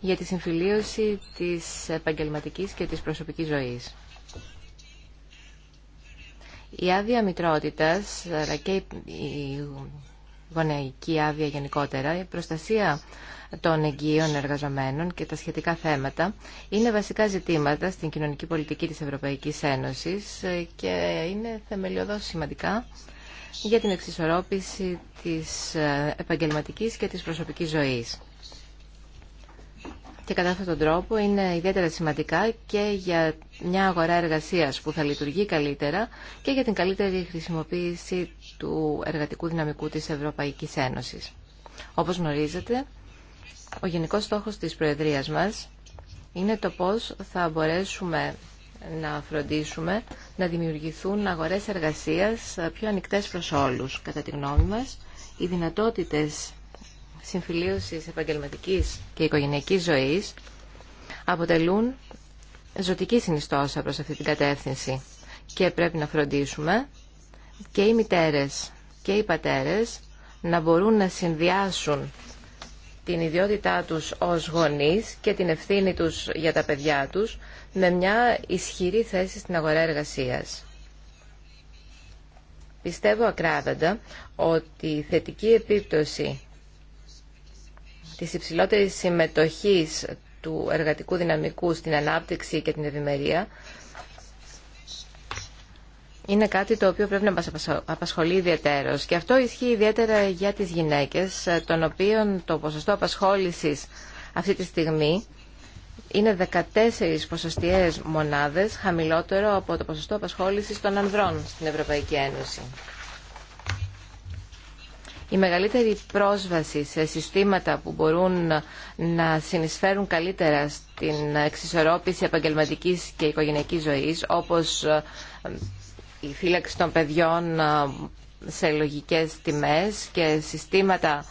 για τη συμφιλίωση της επαγγελματικής και της προσωπικής ζωής. Η άδεια μητρότητας, αλλά και η γονεϊκή άδεια γενικότερα, η προστασία των εγγύων εργαζομένων και τα σχετικά θέματα είναι βασικά ζητήματα στην κοινωνική πολιτική της Ευρωπαϊκής Ένωσης και είναι θεμελιωδώς σημαντικά για την εξισορρόπηση της επαγγελματικής και της προσωπικής ζωής και κατά αυτόν τον τρόπο είναι ιδιαίτερα σημαντικά και για μια αγορά εργασίας που θα λειτουργεί καλύτερα και για την καλύτερη χρησιμοποίηση του εργατικού δυναμικού της Ευρωπαϊκής Ένωσης. Όπως γνωρίζετε, ο γενικός στόχος της Προεδρίας μας είναι το πώς θα μπορέσουμε να φροντίσουμε να δημιουργηθούν αγορές εργασίας πιο ανοιχτές προς όλους. Κατά τη γνώμη μας, οι δυνατότητες συμφιλίωσης επαγγελματικής και οικογενειακής ζωής αποτελούν ζωτική συνιστόσα προς αυτή την κατεύθυνση και πρέπει να φροντίσουμε και οι μητέρες και οι πατέρες να μπορούν να συνδυάσουν την ιδιότητά τους ως γονείς και την ευθύνη τους για τα παιδιά τους με μια ισχυρή θέση στην αγορά εργασίας. Πιστεύω ακράδαντα ότι η θετική επίπτωση της υψηλότερης συμμετοχής του εργατικού δυναμικού στην ανάπτυξη και την ευημερία είναι κάτι το οποίο πρέπει να μας απασχολεί ιδιαίτερος. Και αυτό ισχύει ιδιαίτερα για τις γυναίκες, των οποίων το ποσοστό απασχόλησης αυτή τη στιγμή είναι 14 ποσοστιαίες μονάδες χαμηλότερο από το ποσοστό απασχόλησης των ανδρών στην Ευρωπαϊκή Ένωση. Η μεγαλύτερη πρόσβαση σε συστήματα που μπορούν να συνεισφέρουν καλύτερα στην εξισορρόπηση επαγγελματικής και οικογενειακής ζωής, όπως ε, η φύλαξη των παιδιών ε, σε λογικές τιμές και συστήματα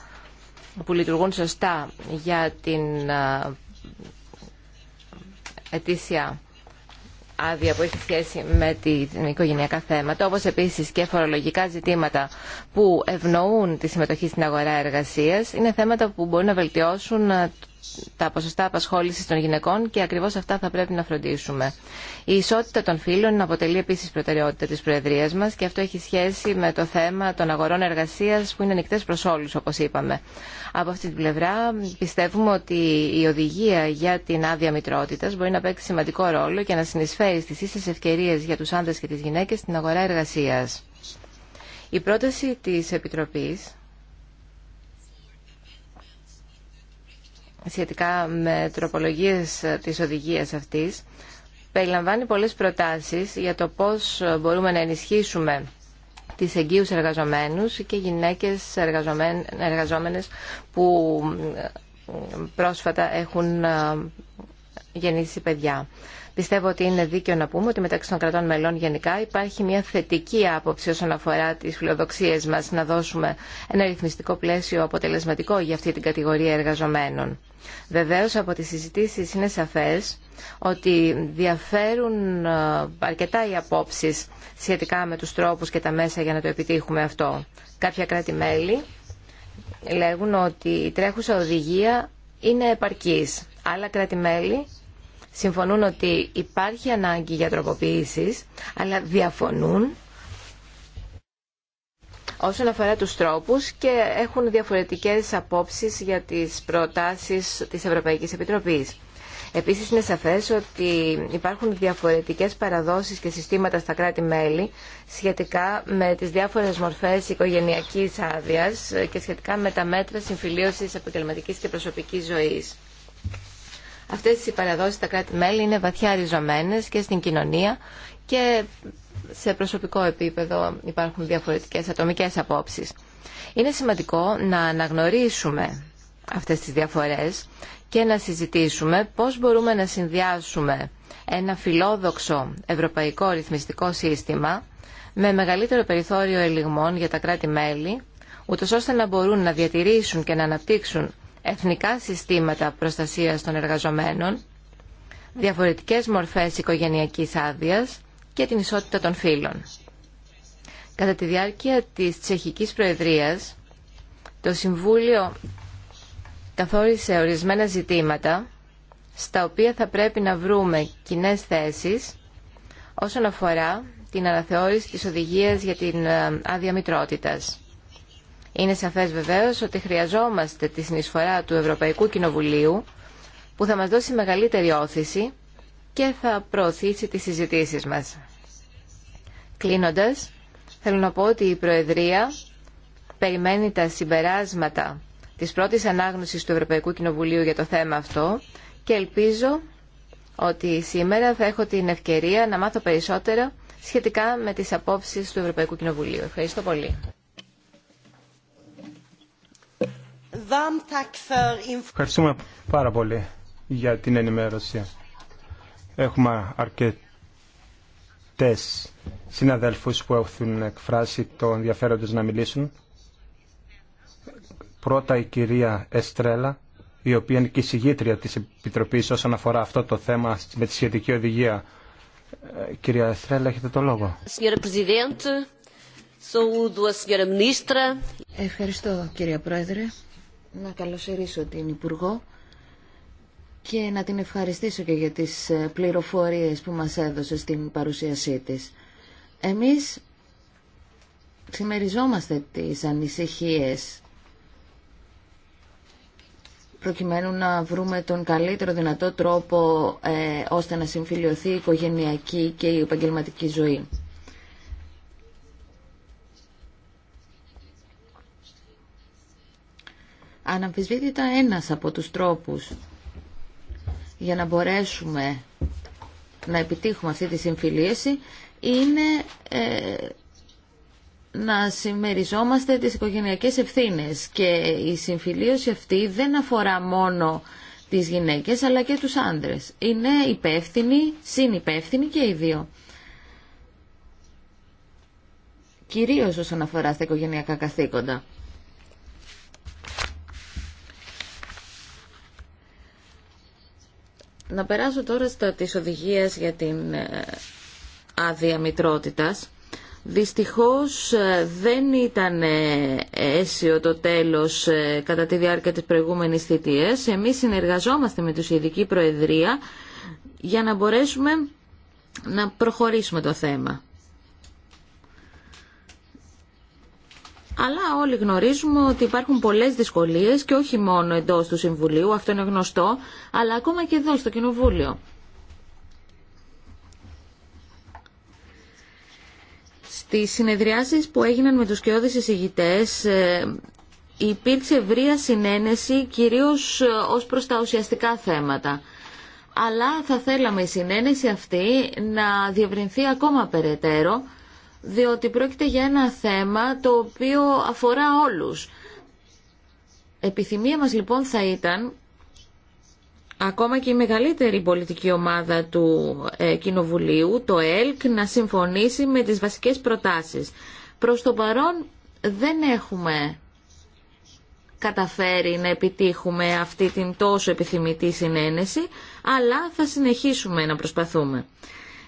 που λειτουργούν σωστά για την ε, ετήσια άδεια που έχει σχέση με την οικογενειακά θέματα, όπως επίσης και φορολογικά ζητήματα που ευνοούν τη συμμετοχή στην αγορά εργασίας, είναι θέματα που μπορεί να βελτιώσουν τα ποσοστά απασχόληση των γυναικών και ακριβώ αυτά θα πρέπει να φροντίσουμε. Η ισότητα των φύλων αποτελεί επίση προτεραιότητα τη Προεδρία μα και αυτό έχει σχέση με το θέμα των αγορών εργασία που είναι ανοιχτέ προ όλου, όπω είπαμε. Από αυτή την πλευρά πιστεύουμε ότι η οδηγία για την άδεια μητρότητας μπορεί να παίξει σημαντικό ρόλο και να συνεισφέρει στις ίσε ευκαιρίες για του άνδρες και τι γυναίκε στην αγορά εργασία. Η πρόταση της Επιτροπής σχετικά με τροπολογίες της οδηγίας αυτής περιλαμβάνει πολλές προτάσεις για το πώς μπορούμε να ενισχύσουμε τις εγγύους εργαζομένους και γυναίκες εργαζόμενες που ε, πρόσφατα έχουν ε, γεννήσει παιδιά. Πιστεύω ότι είναι δίκαιο να πούμε ότι μεταξύ των κρατών μελών γενικά υπάρχει μια θετική άποψη όσον αφορά τι φιλοδοξίε μα να δώσουμε ένα ρυθμιστικό πλαίσιο αποτελεσματικό για αυτή την κατηγορία εργαζομένων. Βεβαίω από τι συζητήσει είναι σαφέ ότι διαφέρουν ε, αρκετά οι απόψει σχετικά με του τρόπου και τα μέσα για να το επιτύχουμε αυτό. Κάποια κράτη-μέλη λέγουν ότι η τρέχουσα οδηγία είναι επαρκής. Άλλα κράτη-μέλη συμφωνούν ότι υπάρχει ανάγκη για τροποποίησης, αλλά διαφωνούν όσον αφορά τους τρόπους και έχουν διαφορετικές απόψεις για τις προτάσεις της Ευρωπαϊκής Επιτροπής. Επίσης είναι σαφές ότι υπάρχουν διαφορετικές παραδόσεις και συστήματα στα κράτη-μέλη σχετικά με τις διάφορες μορφές οικογενειακής άδειας και σχετικά με τα μέτρα συμφιλίωσης επαγγελματική και προσωπικής ζωής. Αυτές οι παραδόσεις στα κράτη-μέλη είναι βαθιά ριζωμένες και στην κοινωνία και σε προσωπικό επίπεδο υπάρχουν διαφορετικές ατομικές απόψεις. Είναι σημαντικό να αναγνωρίσουμε αυτέ τις διαφορές και να συζητήσουμε πώς μπορούμε να συνδυάσουμε ένα φιλόδοξο ευρωπαϊκό ρυθμιστικό σύστημα με μεγαλύτερο περιθώριο ελιγμών για τα κράτη-μέλη, ούτως ώστε να μπορούν να διατηρήσουν και να αναπτύξουν εθνικά συστήματα προστασίας των εργαζομένων, διαφορετικές μορφές οικογενειακής άδειας και την ισότητα των φύλων. Κατά τη διάρκεια της Τσεχικής Προεδρίας, το Συμβούλιο καθόρισε ορισμένα ζητήματα στα οποία θα πρέπει να βρούμε κοινέ θέσεις όσον αφορά την αναθεώρηση της οδηγίας για την ε, άδεια μητρότητας. Είναι σαφές βεβαίως ότι χρειαζόμαστε τη συνεισφορά του Ευρωπαϊκού Κοινοβουλίου που θα μας δώσει μεγαλύτερη όθηση και θα προωθήσει τις συζητήσεις μας. Κλείνοντας, θέλω να πω ότι η Προεδρία περιμένει τα συμπεράσματα της πρώτης ανάγνωσης του Ευρωπαϊκού Κοινοβουλίου για το θέμα αυτό και ελπίζω ότι σήμερα θα έχω την ευκαιρία να μάθω περισσότερα σχετικά με τις απόψεις του Ευρωπαϊκού Κοινοβουλίου. Ευχαριστώ πολύ. Ευχαριστούμε πάρα πολύ για την ενημέρωση. Έχουμε αρκετές συναδέλφους που έχουν εκφράσει το ενδιαφέρον να μιλήσουν. Πρώτα η κυρία Εστρέλα, η οποία είναι και η συγγήτρια της Επιτροπής όσον αφορά αυτό το θέμα με τη σχετική οδηγία. Ε, κυρία Εστρέλα, έχετε το λόγο. Ευχαριστώ κυρία Πρόεδρε να καλωσορίσω την Υπουργό και να την ευχαριστήσω και για τις ε, πληροφορίες που μας έδωσε στην παρουσίασή της. Εμείς συμμεριζόμαστε τις ανησυχίες προκειμένου να βρούμε τον καλύτερο δυνατό τρόπο ε, ώστε να συμφιλειωθεί η οικογενειακή και η επαγγελματική ζωή. αναμφισβήτητα ένας από τους τρόπους για να μπορέσουμε να επιτύχουμε αυτή τη συμφιλίωση είναι ε, να συμμεριζόμαστε τις οικογενειακές ευθύνες και η συμφιλίωση αυτή δεν αφορά μόνο τις γυναίκες αλλά και τους άντρες. Είναι υπεύθυνοι, συνυπεύθυνοι και οι δύο. Κυρίως όσον αφορά στα οικογενειακά καθήκοντα. Να περάσω τώρα στα τη για την ε, άδεια μητρότητας. Δυστυχώς ε, δεν ήταν ε, αίσιο το τέλος κατά τη διάρκεια της προηγούμενης θητείας. Εμείς συνεργαζόμαστε με τους ειδική Προεδρία για να μπορέσουμε να προχωρήσουμε το θέμα. Αλλά όλοι γνωρίζουμε ότι υπάρχουν πολλές δυσκολίες και όχι μόνο εντός του Συμβουλίου, αυτό είναι γνωστό, αλλά ακόμα και εδώ στο Κοινοβούλιο. Στις συνεδριάσεις που έγιναν με τους κοιόδης εισηγητές ε, υπήρξε ευρεία συνένεση κυρίως ε, ως προς τα ουσιαστικά θέματα. Αλλά θα θέλαμε η συνένεση αυτή να διευρυνθεί ακόμα περαιτέρω διότι πρόκειται για ένα θέμα το οποίο αφορά όλους. Επιθυμία μας λοιπόν θα ήταν ακόμα και η μεγαλύτερη πολιτική ομάδα του ε, Κοινοβουλίου, το ΕΛΚ, να συμφωνήσει με τις βασικές προτάσεις. Προς το παρόν δεν έχουμε καταφέρει να επιτύχουμε αυτή την τόσο επιθυμητή συνένεση, αλλά θα συνεχίσουμε να προσπαθούμε.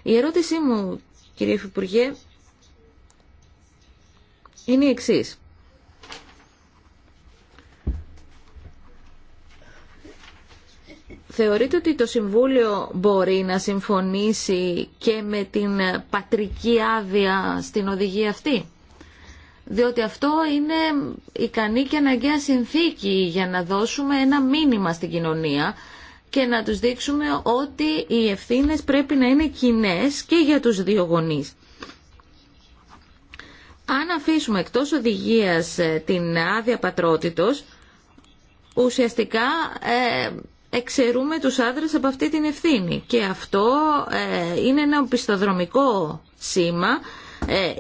Η ερώτησή μου, κύριε Υφυπουργέ, είναι η εξή. Θεωρείτε ότι το Συμβούλιο μπορεί να συμφωνήσει και με την πατρική άδεια στην οδηγία αυτή. Διότι αυτό είναι ικανή και αναγκαία συνθήκη για να δώσουμε ένα μήνυμα στην κοινωνία και να τους δείξουμε ότι οι ευθύνες πρέπει να είναι κοινέ και για τους δύο γονείς αν αφήσουμε εκτός οδηγίας ε, την άδεια πατρότητος, ουσιαστικά ε, εξαιρούμε τους άντρες από αυτή την ευθύνη. Και αυτό ε, είναι ένα πιστοδρομικό σήμα ε,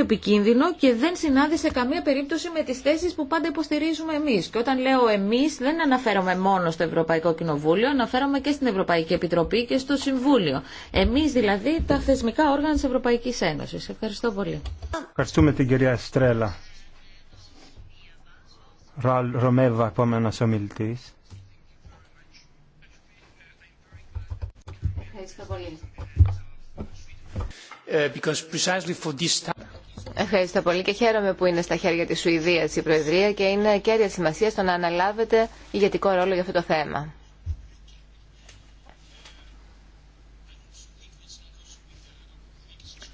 επικίνδυνο και δεν συνάδει σε καμία περίπτωση με τις θέσεις που πάντα υποστηρίζουμε εμείς. Και όταν λέω εμείς δεν αναφέρομαι μόνο στο Ευρωπαϊκό Κοινοβούλιο, αναφέρομαι και στην Ευρωπαϊκή Επιτροπή και στο Συμβούλιο. Εμείς δηλαδή τα θεσμικά όργανα της Ευρωπαϊκής Ένωσης. Ευχαριστώ πολύ. Ευχαριστούμε την κυρία Στρέλα. επόμενο ομιλητή. Ευχαριστώ πολύ. Ε, Ευχαριστώ πολύ και χαίρομαι που είναι στα χέρια της Σουηδίας η Προεδρία και είναι κέρια σημασία στο να αναλάβετε ηγετικό ρόλο για αυτό το θέμα.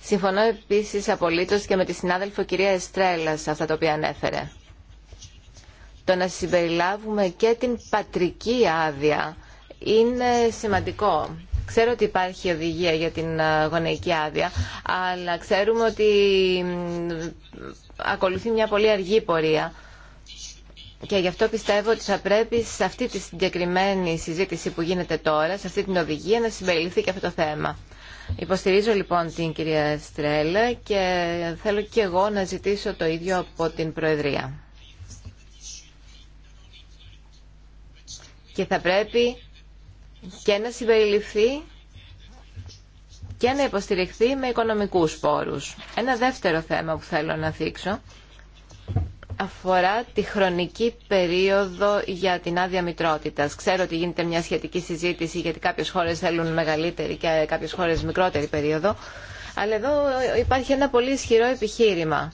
Συμφωνώ επίσης απολύτως και με τη συνάδελφο κυρία Εστρέλα σε αυτά τα οποία ανέφερε. Το να συμπεριλάβουμε και την πατρική άδεια είναι σημαντικό Ξέρω ότι υπάρχει οδηγία για την ε, γονεϊκή άδεια, αλλά ξέρουμε ότι ακολουθεί μια πολύ αργή πορεία. Και γι' αυτό πιστεύω ότι θα πρέπει σε αυτή τη συγκεκριμένη συζήτηση που γίνεται τώρα, σε αυτή την οδηγία, να συμπεριληφθεί και αυτό το θέμα. Υποστηρίζω λοιπόν την κυρία Στρέλα και θέλω και εγώ να ζητήσω το ίδιο από την Προεδρία. Και θα πρέπει και να συμπεριληφθεί και να υποστηριχθεί με οικονομικούς πόρους. Ένα δεύτερο θέμα που θέλω να θίξω αφορά τη χρονική περίοδο για την άδεια μητρότητα. Ξέρω ότι γίνεται μια σχετική συζήτηση γιατί κάποιε χώρε θέλουν μεγαλύτερη και κάποιε χώρε μικρότερη περίοδο. Αλλά εδώ υπάρχει ένα πολύ ισχυρό επιχείρημα.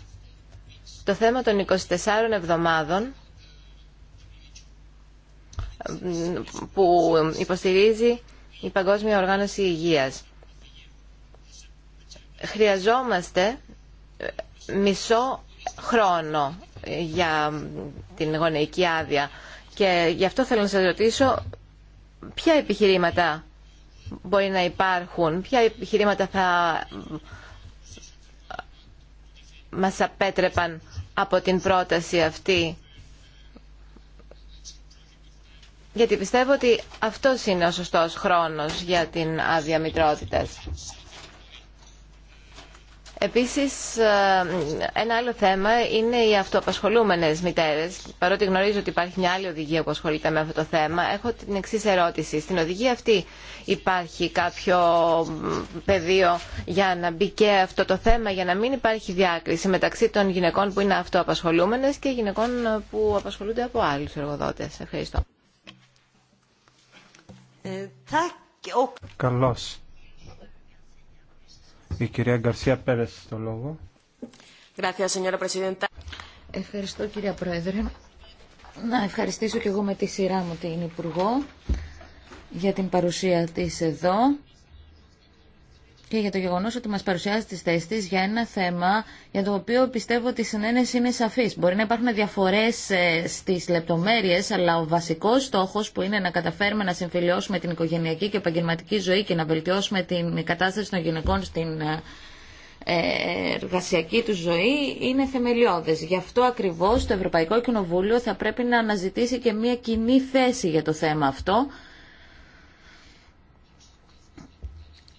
Το θέμα των 24 εβδομάδων που υποστηρίζει η Παγκόσμια Οργάνωση Υγείας. Χρειαζόμαστε ε, μισό χρόνο για την γονεϊκή άδεια και γι' αυτό θέλω να σας ρωτήσω ποια επιχειρήματα μπορεί να υπάρχουν, ποια επιχειρήματα θα μας απέτρεπαν από την πρόταση αυτή γιατί πιστεύω ότι αυτό είναι ο σωστός χρόνος για την άδεια μητρότητας. Επίσης, ε, ένα άλλο θέμα είναι οι αυτοαπασχολούμενες μητέρες. Παρότι γνωρίζω ότι υπάρχει μια άλλη οδηγία που ασχολείται με αυτό το θέμα, έχω την εξής ερώτηση. Στην οδηγία αυτή υπάρχει κάποιο πεδίο για να μπει και αυτό το θέμα, για να μην υπάρχει διάκριση μεταξύ των γυναικών που είναι αυτοαπασχολούμενες και γυναικών που απασχολούνται από άλλους εργοδότες. Ευχαριστώ. Ε, Καλώς. Η κυρία Γκαρσία Πέρες το λόγο. Ευχαριστώ κυρία Πρόεδρε. Να ευχαριστήσω και εγώ με τη σειρά μου την Υπουργό για την παρουσία της εδώ και για το γεγονό ότι μα παρουσιάζει τι θέσει τη για ένα θέμα για το οποίο πιστεύω ότι η συνένεση είναι σαφή. Μπορεί να υπάρχουν διαφορές ε, στι λεπτομέρειε, αλλά ο βασικό στόχο που είναι να καταφέρουμε να συμφιλειώσουμε την οικογενειακή και επαγγελματική ζωή και να βελτιώσουμε την κατάσταση των γυναικών στην ε, ε, εργασιακή του ζωή είναι θεμελιώδε. Γι' αυτό ακριβώ, το Ευρωπαϊκό Κοινοβούλιο θα πρέπει να αναζητήσει και μια κοινή θέση για το θέμα αυτό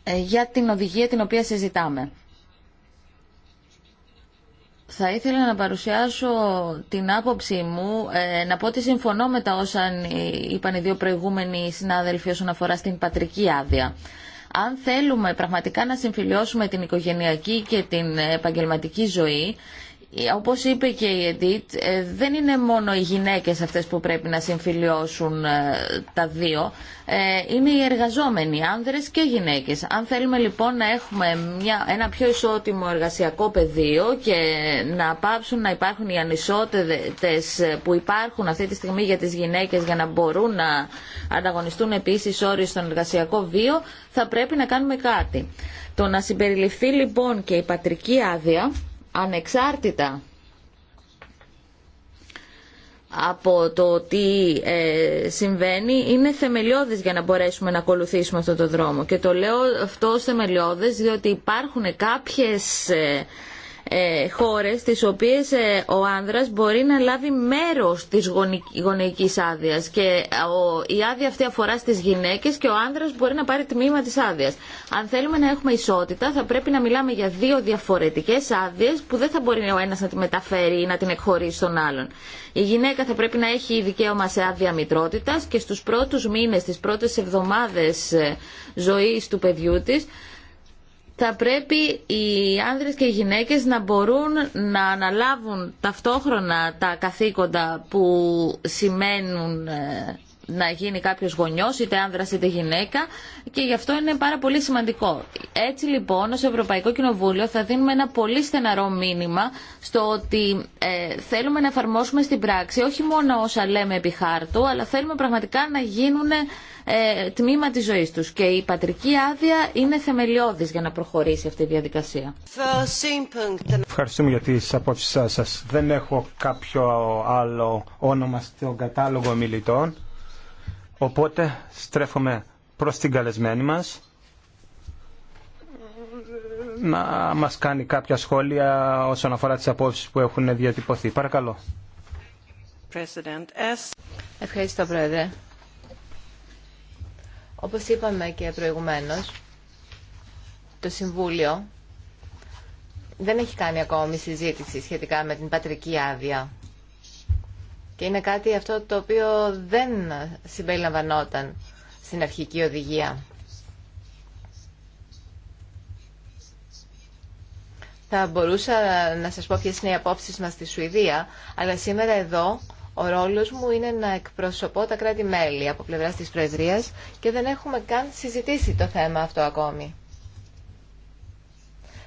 Ε, για την οδηγία την οποία συζητάμε. Θα ήθελα να παρουσιάσω την άποψή μου, ε, να πω ότι συμφωνώ με τα όσα είπαν οι δύο προηγούμενοι συνάδελφοι όσον αφορά στην πατρική άδεια. Αν θέλουμε πραγματικά να συμφιλιώσουμε την οικογενειακή και την επαγγελματική ζωή, όπως είπε και η Εντίτ, δεν είναι μόνο οι γυναίκες αυτές που πρέπει να συμφιλιώσουν ε, τα δύο, ε, είναι οι εργαζόμενοι, άνδρες και γυναίκες. Αν θέλουμε λοιπόν να έχουμε μια, ένα πιο ισότιμο εργασιακό πεδίο και να πάψουν να υπάρχουν οι ανισότητες που υπάρχουν αυτή τη στιγμή για τις γυναίκες για να μπορούν να ανταγωνιστούν επίσης όρις στον εργασιακό βίο, θα πρέπει να κάνουμε κάτι. Το να συμπεριληφθεί λοιπόν και η πατρική άδεια ανεξάρτητα από το τι ε, συμβαίνει είναι θεμελιώδες για να μπορέσουμε να ακολουθήσουμε αυτό το δρόμο. Και το λέω αυτό θεμελιώδες διότι υπάρχουν κάποιες ε, ε, χώρες τις οποίες ε, ο άνδρας μπορεί να λάβει μέρος της γονεϊκής άδειας και ε, η άδεια αυτή αφορά στις γυναίκες και ο άνδρας μπορεί να πάρει τμήμα της άδειας. Αν θέλουμε να έχουμε ισότητα θα πρέπει να μιλάμε για δύο διαφορετικές άδειες που δεν θα μπορεί ο ένας να τη μεταφέρει ή να την εκχωρήσει στον άλλον. Η γυναίκα θα πρέπει να έχει δικαίωμα σε άδεια μητρότητας και στους πρώτους μήνες, τις πρώτες εβδομάδες ζωής του παιδιού της θα πρέπει οι άνδρες και οι γυναίκες να μπορούν να αναλάβουν ταυτόχρονα τα καθήκοντα που σημαίνουν ε, να γίνει κάποιος γονιός, είτε άνδρας είτε γυναίκα και γι' αυτό είναι πάρα πολύ σημαντικό. Έτσι λοιπόν ως Ευρωπαϊκό Κοινοβούλιο θα δίνουμε ένα πολύ στεναρό μήνυμα στο ότι ε, θέλουμε να εφαρμόσουμε στην πράξη όχι μόνο όσα λέμε επί χάρτου, αλλά θέλουμε πραγματικά να γίνουν ε, τμήμα της ζωής τους και η πατρική άδεια είναι θεμελιώδης για να προχωρήσει αυτή η διαδικασία. Ευχαριστούμε για τις απόψεις σας. Δεν έχω κάποιο άλλο όνομα στον κατάλογο μιλητών. Οπότε στρέφουμε προς την καλεσμένη μας να μας κάνει κάποια σχόλια όσον αφορά τις απόψεις που έχουν διατυπωθεί. Παρακαλώ. Ευχαριστώ, Πρόεδρε. Όπως είπαμε και προηγουμένως, το Συμβούλιο δεν έχει κάνει ακόμη συζήτηση σχετικά με την πατρική άδεια. Και είναι κάτι αυτό το οποίο δεν συμπεριλαμβανόταν στην αρχική οδηγία. Θα μπορούσα να σας πω ποιες είναι οι απόψεις μας στη Σουηδία, αλλά σήμερα εδώ ο ρόλος μου είναι να εκπροσωπώ τα κράτη-μέλη από πλευράς της Προεδρίας και δεν έχουμε καν συζητήσει το θέμα αυτό ακόμη.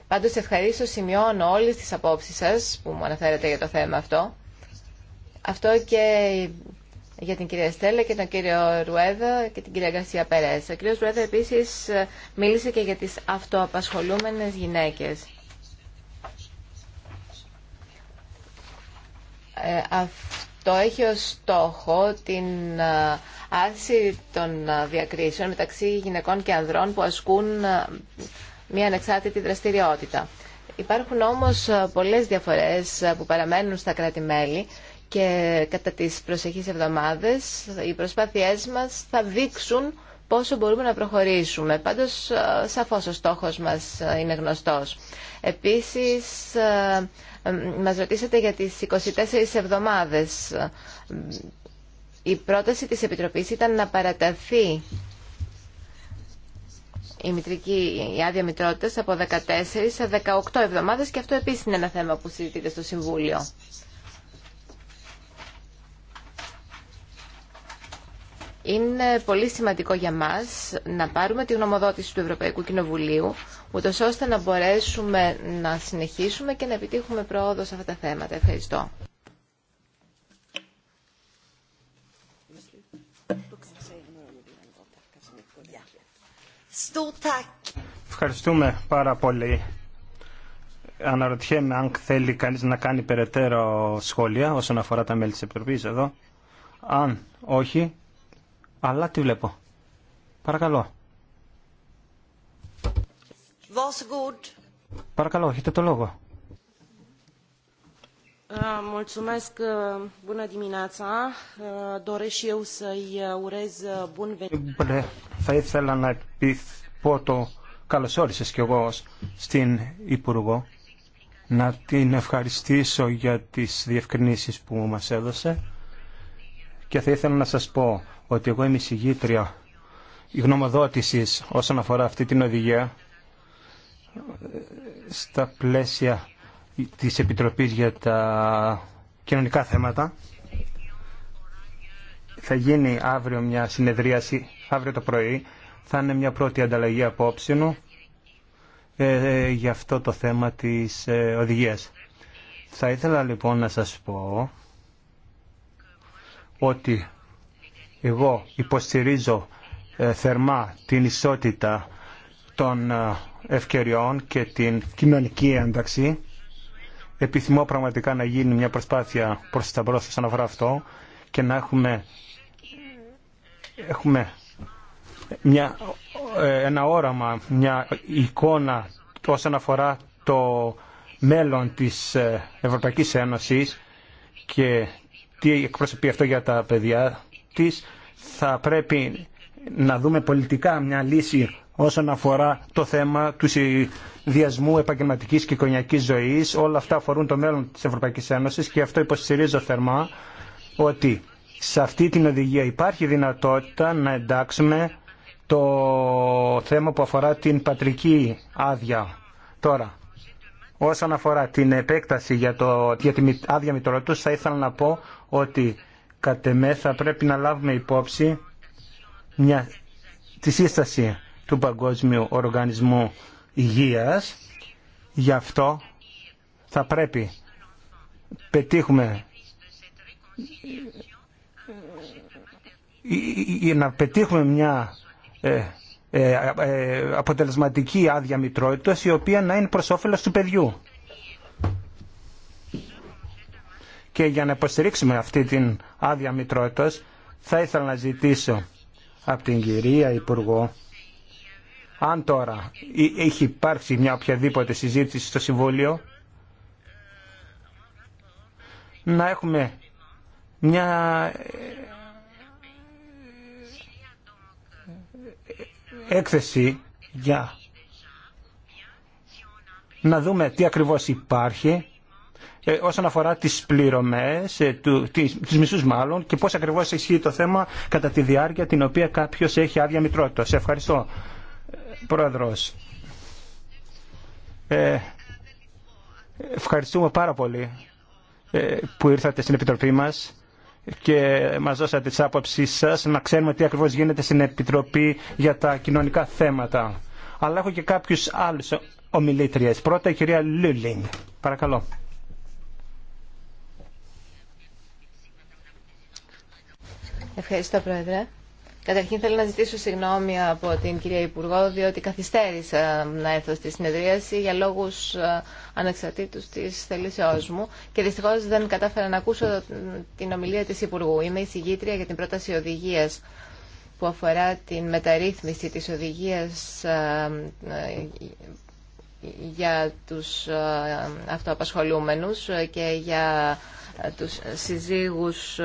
Πάντως ευχαρίστω σημειώνω όλες τις απόψεις σας που μου αναφέρετε για το θέμα αυτό αυτό και για την κυρία Στέλλα και τον κύριο Ρουέδα και την κυρία Γκαρσία Περές. Ο κύριος Ρουέδα επίσης μίλησε και για τις αυτοαπασχολούμενες γυναίκες. Ε, αυτό έχει ως στόχο την ε, άρση των ε, διακρίσεων μεταξύ γυναικών και ανδρών που ασκούν μια ανεξάρτητη δραστηριότητα. Υπάρχουν όμως πολλές διαφορές που παραμένουν στα κράτη-μέλη και κατά τις προσεχείς εβδομάδες οι προσπάθειές μας θα δείξουν πόσο μπορούμε να προχωρήσουμε. Πάντως, ε, σαφώς ο στόχος μας ε, είναι γνωστός. Επίσης, ε, μας ρωτήσατε για τις 24 εβδομάδες. Η πρόταση της Επιτροπής ήταν να παραταθεί η, μητρική, άδεια μητρότητας από 14 σε 18 εβδομάδες και αυτό επίσης είναι ένα θέμα που συζητείται στο Συμβούλιο. Είναι πολύ σημαντικό για μας να πάρουμε τη γνωμοδότηση του Ευρωπαϊκού Κοινοβουλίου, ούτως ώστε να μπορέσουμε να συνεχίσουμε και να επιτύχουμε πρόοδο σε αυτά τα θέματα. Ευχαριστώ. Ευχαριστούμε πάρα πολύ. Αναρωτιέμαι αν θέλει κανείς να κάνει περαιτέρω σχόλια όσον αφορά τα μέλη της Επιτροπής εδώ. Αν όχι, αλλά τι βλέπω. Παρακαλώ. Παρακαλώ, έχετε το λόγο. Θα ήθελα να πω το καλώς όρισες κι εγώ στην Υπουργό να την ευχαριστήσω για τις διευκρινήσεις που μας έδωσε και θα ήθελα να σας πω ότι εγώ είμαι συγγήτρια η γνωμοδότηση όσον αφορά αυτή την οδηγία ε, στα πλαίσια της Επιτροπής για τα κοινωνικά θέματα. Θα γίνει αύριο μια συνεδρίαση, αύριο το πρωί. Θα είναι μια πρώτη ανταλλαγή απόψινου ε, ε, για αυτό το θέμα της οδηγίας. Θα ήθελα λοιπόν να σας πω ότι εγώ υποστηρίζω ε, θερμά την ισότητα των ε, ευκαιριών και την κοινωνική ένταξη. Επιθυμώ πραγματικά να γίνει μια προσπάθεια προς τα μπρος όσον αφορά αυτό και να έχουμε, έχουμε μια, ε, ένα όραμα, μια εικόνα όσον αφορά το μέλλον της Ευρωπαϊκής Ένωσης και τι εκπροσωπεί αυτό για τα παιδιά της θα πρέπει να δούμε πολιτικά μια λύση όσον αφορά το θέμα του διασμού επαγγελματικής και κοινωνικής ζωής. Όλα αυτά αφορούν το μέλλον της Ευρωπαϊκής Ένωσης και αυτό υποστηρίζω θερμά ότι σε αυτή την οδηγία υπάρχει δυνατότητα να εντάξουμε το θέμα που αφορά την πατρική άδεια. Τώρα, όσον αφορά την επέκταση για, το, την άδεια μητρότητα, θα ήθελα να πω ότι κατ' εμέ θα πρέπει να λάβουμε υπόψη μια, τη σύσταση του Παγκόσμιου Οργανισμού Υγείας. Γι' αυτό θα πρέπει πετύχουμε να πετύχουμε μια ε, ε, ε, αποτελεσματική άδεια μητρότητας η οποία να είναι προς όφελος του παιδιού. και για να υποστηρίξουμε αυτή την άδεια μητρότητας θα ήθελα να ζητήσω από την κυρία Υπουργό αν τώρα έχει υπάρξει μια οποιαδήποτε συζήτηση στο Συμβούλιο να έχουμε μια ε, έκθεση για να δούμε τι ακριβώς υπάρχει ε, όσον αφορά τις πληρωμές, ε, τις μισούς μάλλον και πώς ακριβώς ισχύει το θέμα κατά τη διάρκεια την οποία κάποιος έχει άδεια μητρότητα. Σε ευχαριστώ, ε, Πρόεδρος. Ε, ευχαριστούμε πάρα πολύ που ήρθατε στην Επιτροπή μας και μας δώσατε τις άποψεις σας να ξέρουμε τι ακριβώς γίνεται στην Επιτροπή για τα κοινωνικά θέματα. Αλλά έχω και κάποιους άλλους ομιλήτριες. Πρώτα η κυρία Λούλινγκ. Παρακαλώ. Ευχαριστώ, Πρόεδρε. Καταρχήν θέλω να ζητήσω συγγνώμη από την κυρία Υπουργό, διότι καθυστέρησα να έρθω στη συνεδρίαση για λόγους ε, ανεξαρτήτους της θελήσεώς μου και δυστυχώς δεν κατάφερα να ακούσω την ομιλία της Υπουργού. Είμαι συγγήτρια για την πρόταση οδηγίας που αφορά την μεταρρύθμιση της οδηγίας ε, ε, για τους αυτοαπασχολούμενους και για τους συζύγους ε,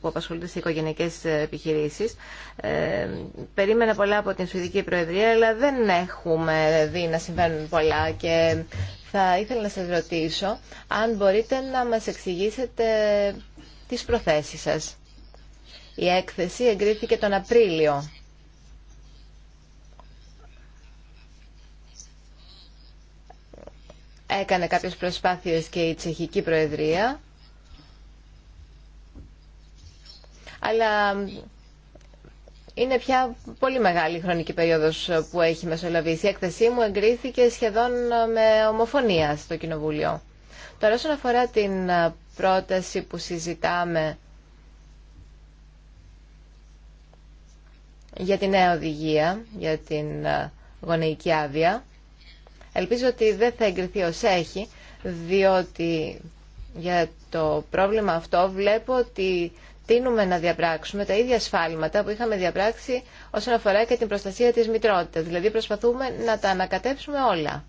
που απασχολούνται σε οικογενειακές επιχειρήσεις. Ε, περίμενα πολλά από την Σουηδική Προεδρία, αλλά δεν έχουμε δει να συμβαίνουν πολλά και θα ήθελα να σας ρωτήσω αν μπορείτε να μας εξηγήσετε τις προθέσεις σας. Η έκθεση εγκρίθηκε τον Απρίλιο. Έκανε κάποιες προσπάθειες και η Τσεχική Προεδρία αλλά είναι πια πολύ μεγάλη χρονική περίοδος που έχει μεσολαβήσει. Η έκθεσή μου εγκρίθηκε σχεδόν με ομοφωνία στο Κοινοβούλιο. Τώρα όσον αφορά την πρόταση που συζητάμε για την νέα οδηγία, για την γονεϊκή άδεια, ελπίζω ότι δεν θα εγκριθεί ως έχει, διότι για το πρόβλημα αυτό βλέπω ότι τείνουμε να διαπράξουμε τα ίδια σφάλματα που είχαμε διαπράξει όσον αφορά και την προστασία της μητρότητας. Δηλαδή προσπαθούμε να τα ανακατέψουμε όλα.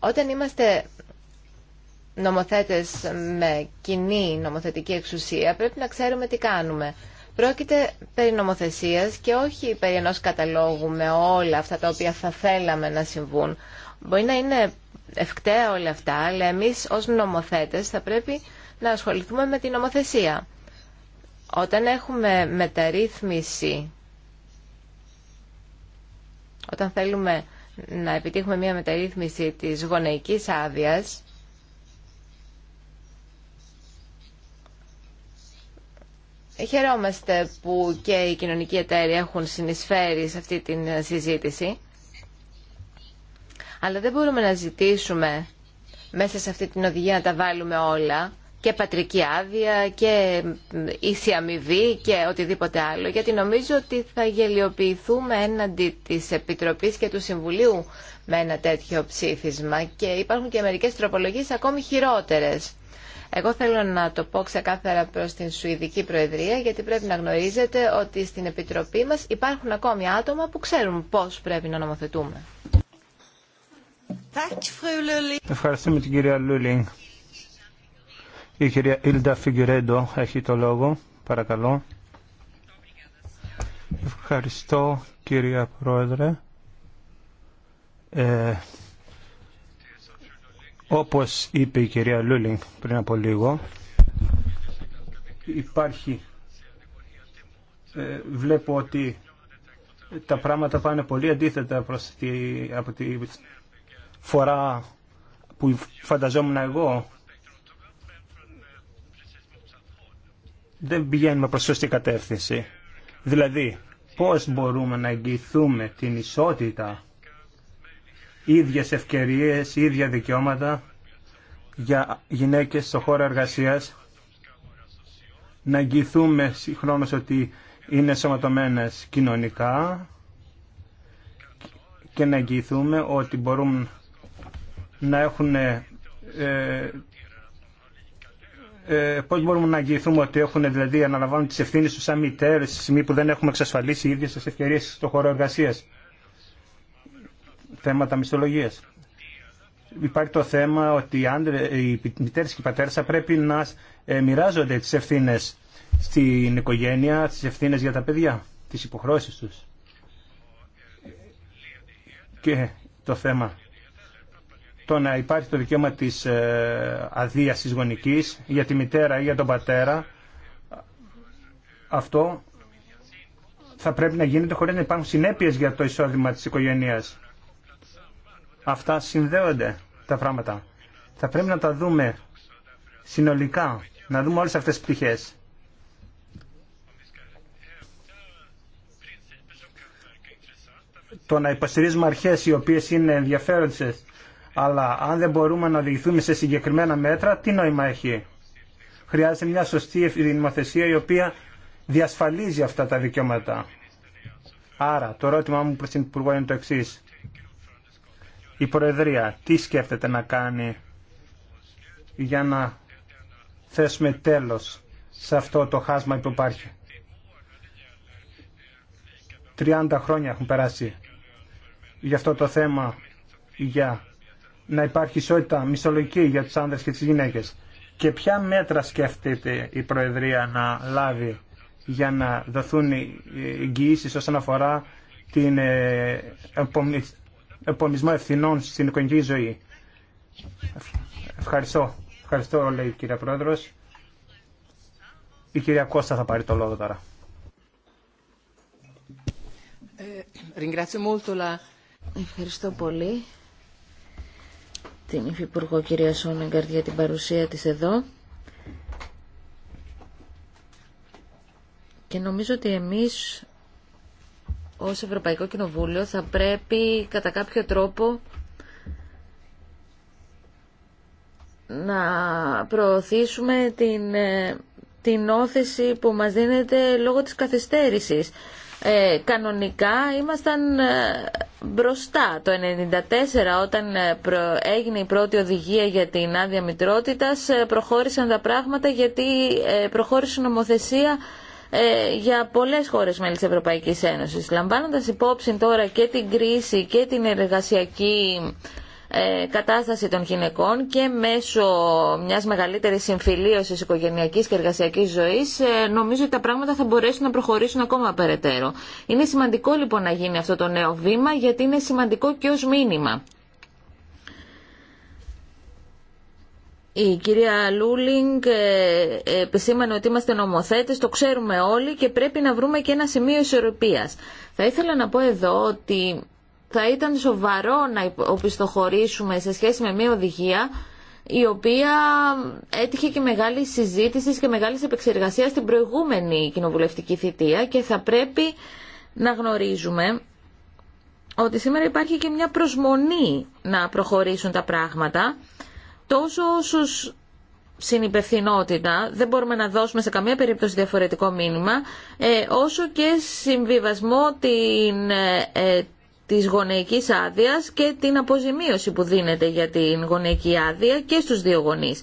Όταν είμαστε νομοθέτες με κοινή νομοθετική εξουσία πρέπει να ξέρουμε τι κάνουμε. Πρόκειται περί νομοθεσίας και όχι περί ενός καταλόγου με όλα αυτά τα οποία θα θέλαμε να συμβούν. Μπορεί να είναι ευκταία όλα αυτά, αλλά εμείς ως νομοθέτες θα πρέπει να ασχοληθούμε με την νομοθεσία. Όταν έχουμε μεταρρύθμιση, όταν θέλουμε να επιτύχουμε μια μεταρρύθμιση της γονεϊκής άδειας, Χαιρόμαστε που και οι κοινωνικοί εταίροι έχουν συνεισφέρει σε αυτή τη συζήτηση. Αλλά δεν μπορούμε να ζητήσουμε μέσα σε αυτή την οδηγία να τα βάλουμε όλα και πατρική άδεια και ίση αμοιβή και οτιδήποτε άλλο γιατί νομίζω ότι θα γελιοποιηθούμε έναντι της Επιτροπής και του Συμβουλίου με ένα τέτοιο ψήφισμα και υπάρχουν και μερικές τροπολογίες ακόμη χειρότερες. Εγώ θέλω να το πω ξεκάθαρα προς την Σουηδική Προεδρία γιατί πρέπει να γνωρίζετε ότι στην Επιτροπή μας υπάρχουν ακόμη άτομα που ξέρουν πώς πρέπει να νομοθετούμε. Ευχαριστούμε την κυρία Λούλινγκ. Η κυρία Ιλντα Φιγκουρέντο έχει το λόγο. Παρακαλώ. Ευχαριστώ κυρία Πρόεδρε. Ε, όπως είπε η κυρία Λούλινγκ πριν από λίγο, υπάρχει, ε, βλέπω ότι τα πράγματα πάνε πολύ αντίθετα προς από τη φορά που φανταζόμουν εγώ δεν πηγαίνουμε προς σωστή κατεύθυνση. Δηλαδή, πώς μπορούμε να εγγυηθούμε την ισότητα, ίδιες ευκαιρίες, ίδια δικαιώματα για γυναίκες στο χώρο εργασίας, να εγγυηθούμε συγχρόνως ότι είναι σωματωμένες κοινωνικά και να εγγυηθούμε ότι μπορούν να έχουν ε, ε, πώς μπορούμε να εγγυηθούμε ότι έχουν δηλαδή αναλαμβάνουν τις ευθύνε του σαν μητέρε στη στιγμή που δεν έχουμε εξασφαλίσει οι ίδιες τις ευκαιρίε στον χώρο εργασία. Θέματα μισθολογία. Υπάρχει το θέμα ότι οι, οι μητέρες και οι πατέρες θα πρέπει να ε, μοιράζονται τις ευθύνε στην οικογένεια, τι ευθύνε για τα παιδιά, τι υποχρώσεις του. Και το θέμα το να υπάρχει το δικαίωμα της ε, αδείας γονικής για τη μητέρα ή για τον πατέρα αυτό θα πρέπει να γίνεται χωρίς να υπάρχουν συνέπειες για το εισόδημα της οικογένειας. Αυτά συνδέονται τα πράγματα. Θα πρέπει να τα δούμε συνολικά, να δούμε όλες αυτές τις πτυχές. Το να υποστηρίζουμε αρχές οι οποίες είναι ενδιαφέροντες αλλά αν δεν μπορούμε να οδηγηθούμε σε συγκεκριμένα μέτρα, τι νόημα έχει. Χρειάζεται μια σωστή νομοθεσία η οποία διασφαλίζει αυτά τα δικαιώματα. Άρα, το ερώτημά μου προς την Υπουργό είναι το εξή. Η Προεδρία τι σκέφτεται να κάνει για να θέσουμε τέλος σε αυτό το χάσμα που υπάρχει. 30 χρόνια έχουν περάσει για αυτό το θέμα για να υπάρχει ισότητα μισολογική για τους άνδρες και τις γυναίκες. Και ποια μέτρα σκέφτεται η Προεδρία να λάβει για να δοθούν εγγυήσεις όσον αφορά την ε, επομισμό ευθυνών στην οικογενική ζωή. Ευχαριστώ. Ευχαριστώ, λέει η κυρία Πρόεδρος. Η κυρία Κώστα θα πάρει το λόγο τώρα. Ε, Ευχαριστώ πολύ την Υφυπουργό κυρία Σόνεγκαρτ για την παρουσία της εδώ. Και νομίζω ότι εμείς ως Ευρωπαϊκό Κοινοβούλιο θα πρέπει κατά κάποιο τρόπο να προωθήσουμε την, ε, την όθεση που μας δίνεται λόγω της καθυστέρησης. Ε, κανονικά ήμασταν ε, μπροστά. Το 1994 όταν ε, έγινε η πρώτη οδηγία για την άδεια μητρότητας προχώρησαν τα πράγματα γιατί προχώρησε η νομοθεσία για πολλές χώρες μέλη της Ευρωπαϊκής Ένωσης. Λαμβάνοντας υπόψη τώρα και την κρίση και την εργασιακή ε, κατάσταση των γυναικών και μέσω μιας μεγαλύτερης συμφιλίωσης οικογενειακής και εργασιακής ζωής ε, νομίζω ότι τα πράγματα θα μπορέσουν να προχωρήσουν ακόμα περαιτέρω. Είναι σημαντικό λοιπόν να γίνει αυτό το νέο βήμα γιατί είναι σημαντικό και ως μήνυμα. Η κυρία Λούλινγκ ε, επισήμανε ότι είμαστε νομοθέτες, το ξέρουμε όλοι και πρέπει να βρούμε και ένα σημείο ισορροπίας. Θα ήθελα να πω εδώ ότι θα ήταν σοβαρό να οπισθοχωρήσουμε σε σχέση με μια οδηγία η οποία έτυχε και μεγάλη συζήτηση και μεγάλη επεξεργασία στην προηγούμενη κοινοβουλευτική θητεία και θα πρέπει να γνωρίζουμε ότι σήμερα υπάρχει και μια προσμονή να προχωρήσουν τα πράγματα τόσο όσους συνυπευθυνότητα, δεν μπορούμε να δώσουμε σε καμία περίπτωση διαφορετικό μήνυμα, ε, όσο και συμβιβασμό την, ε, ε, της γονεϊκής άδειας και την αποζημίωση που δίνεται για την γονεϊκή άδεια και στους δύο γονείς.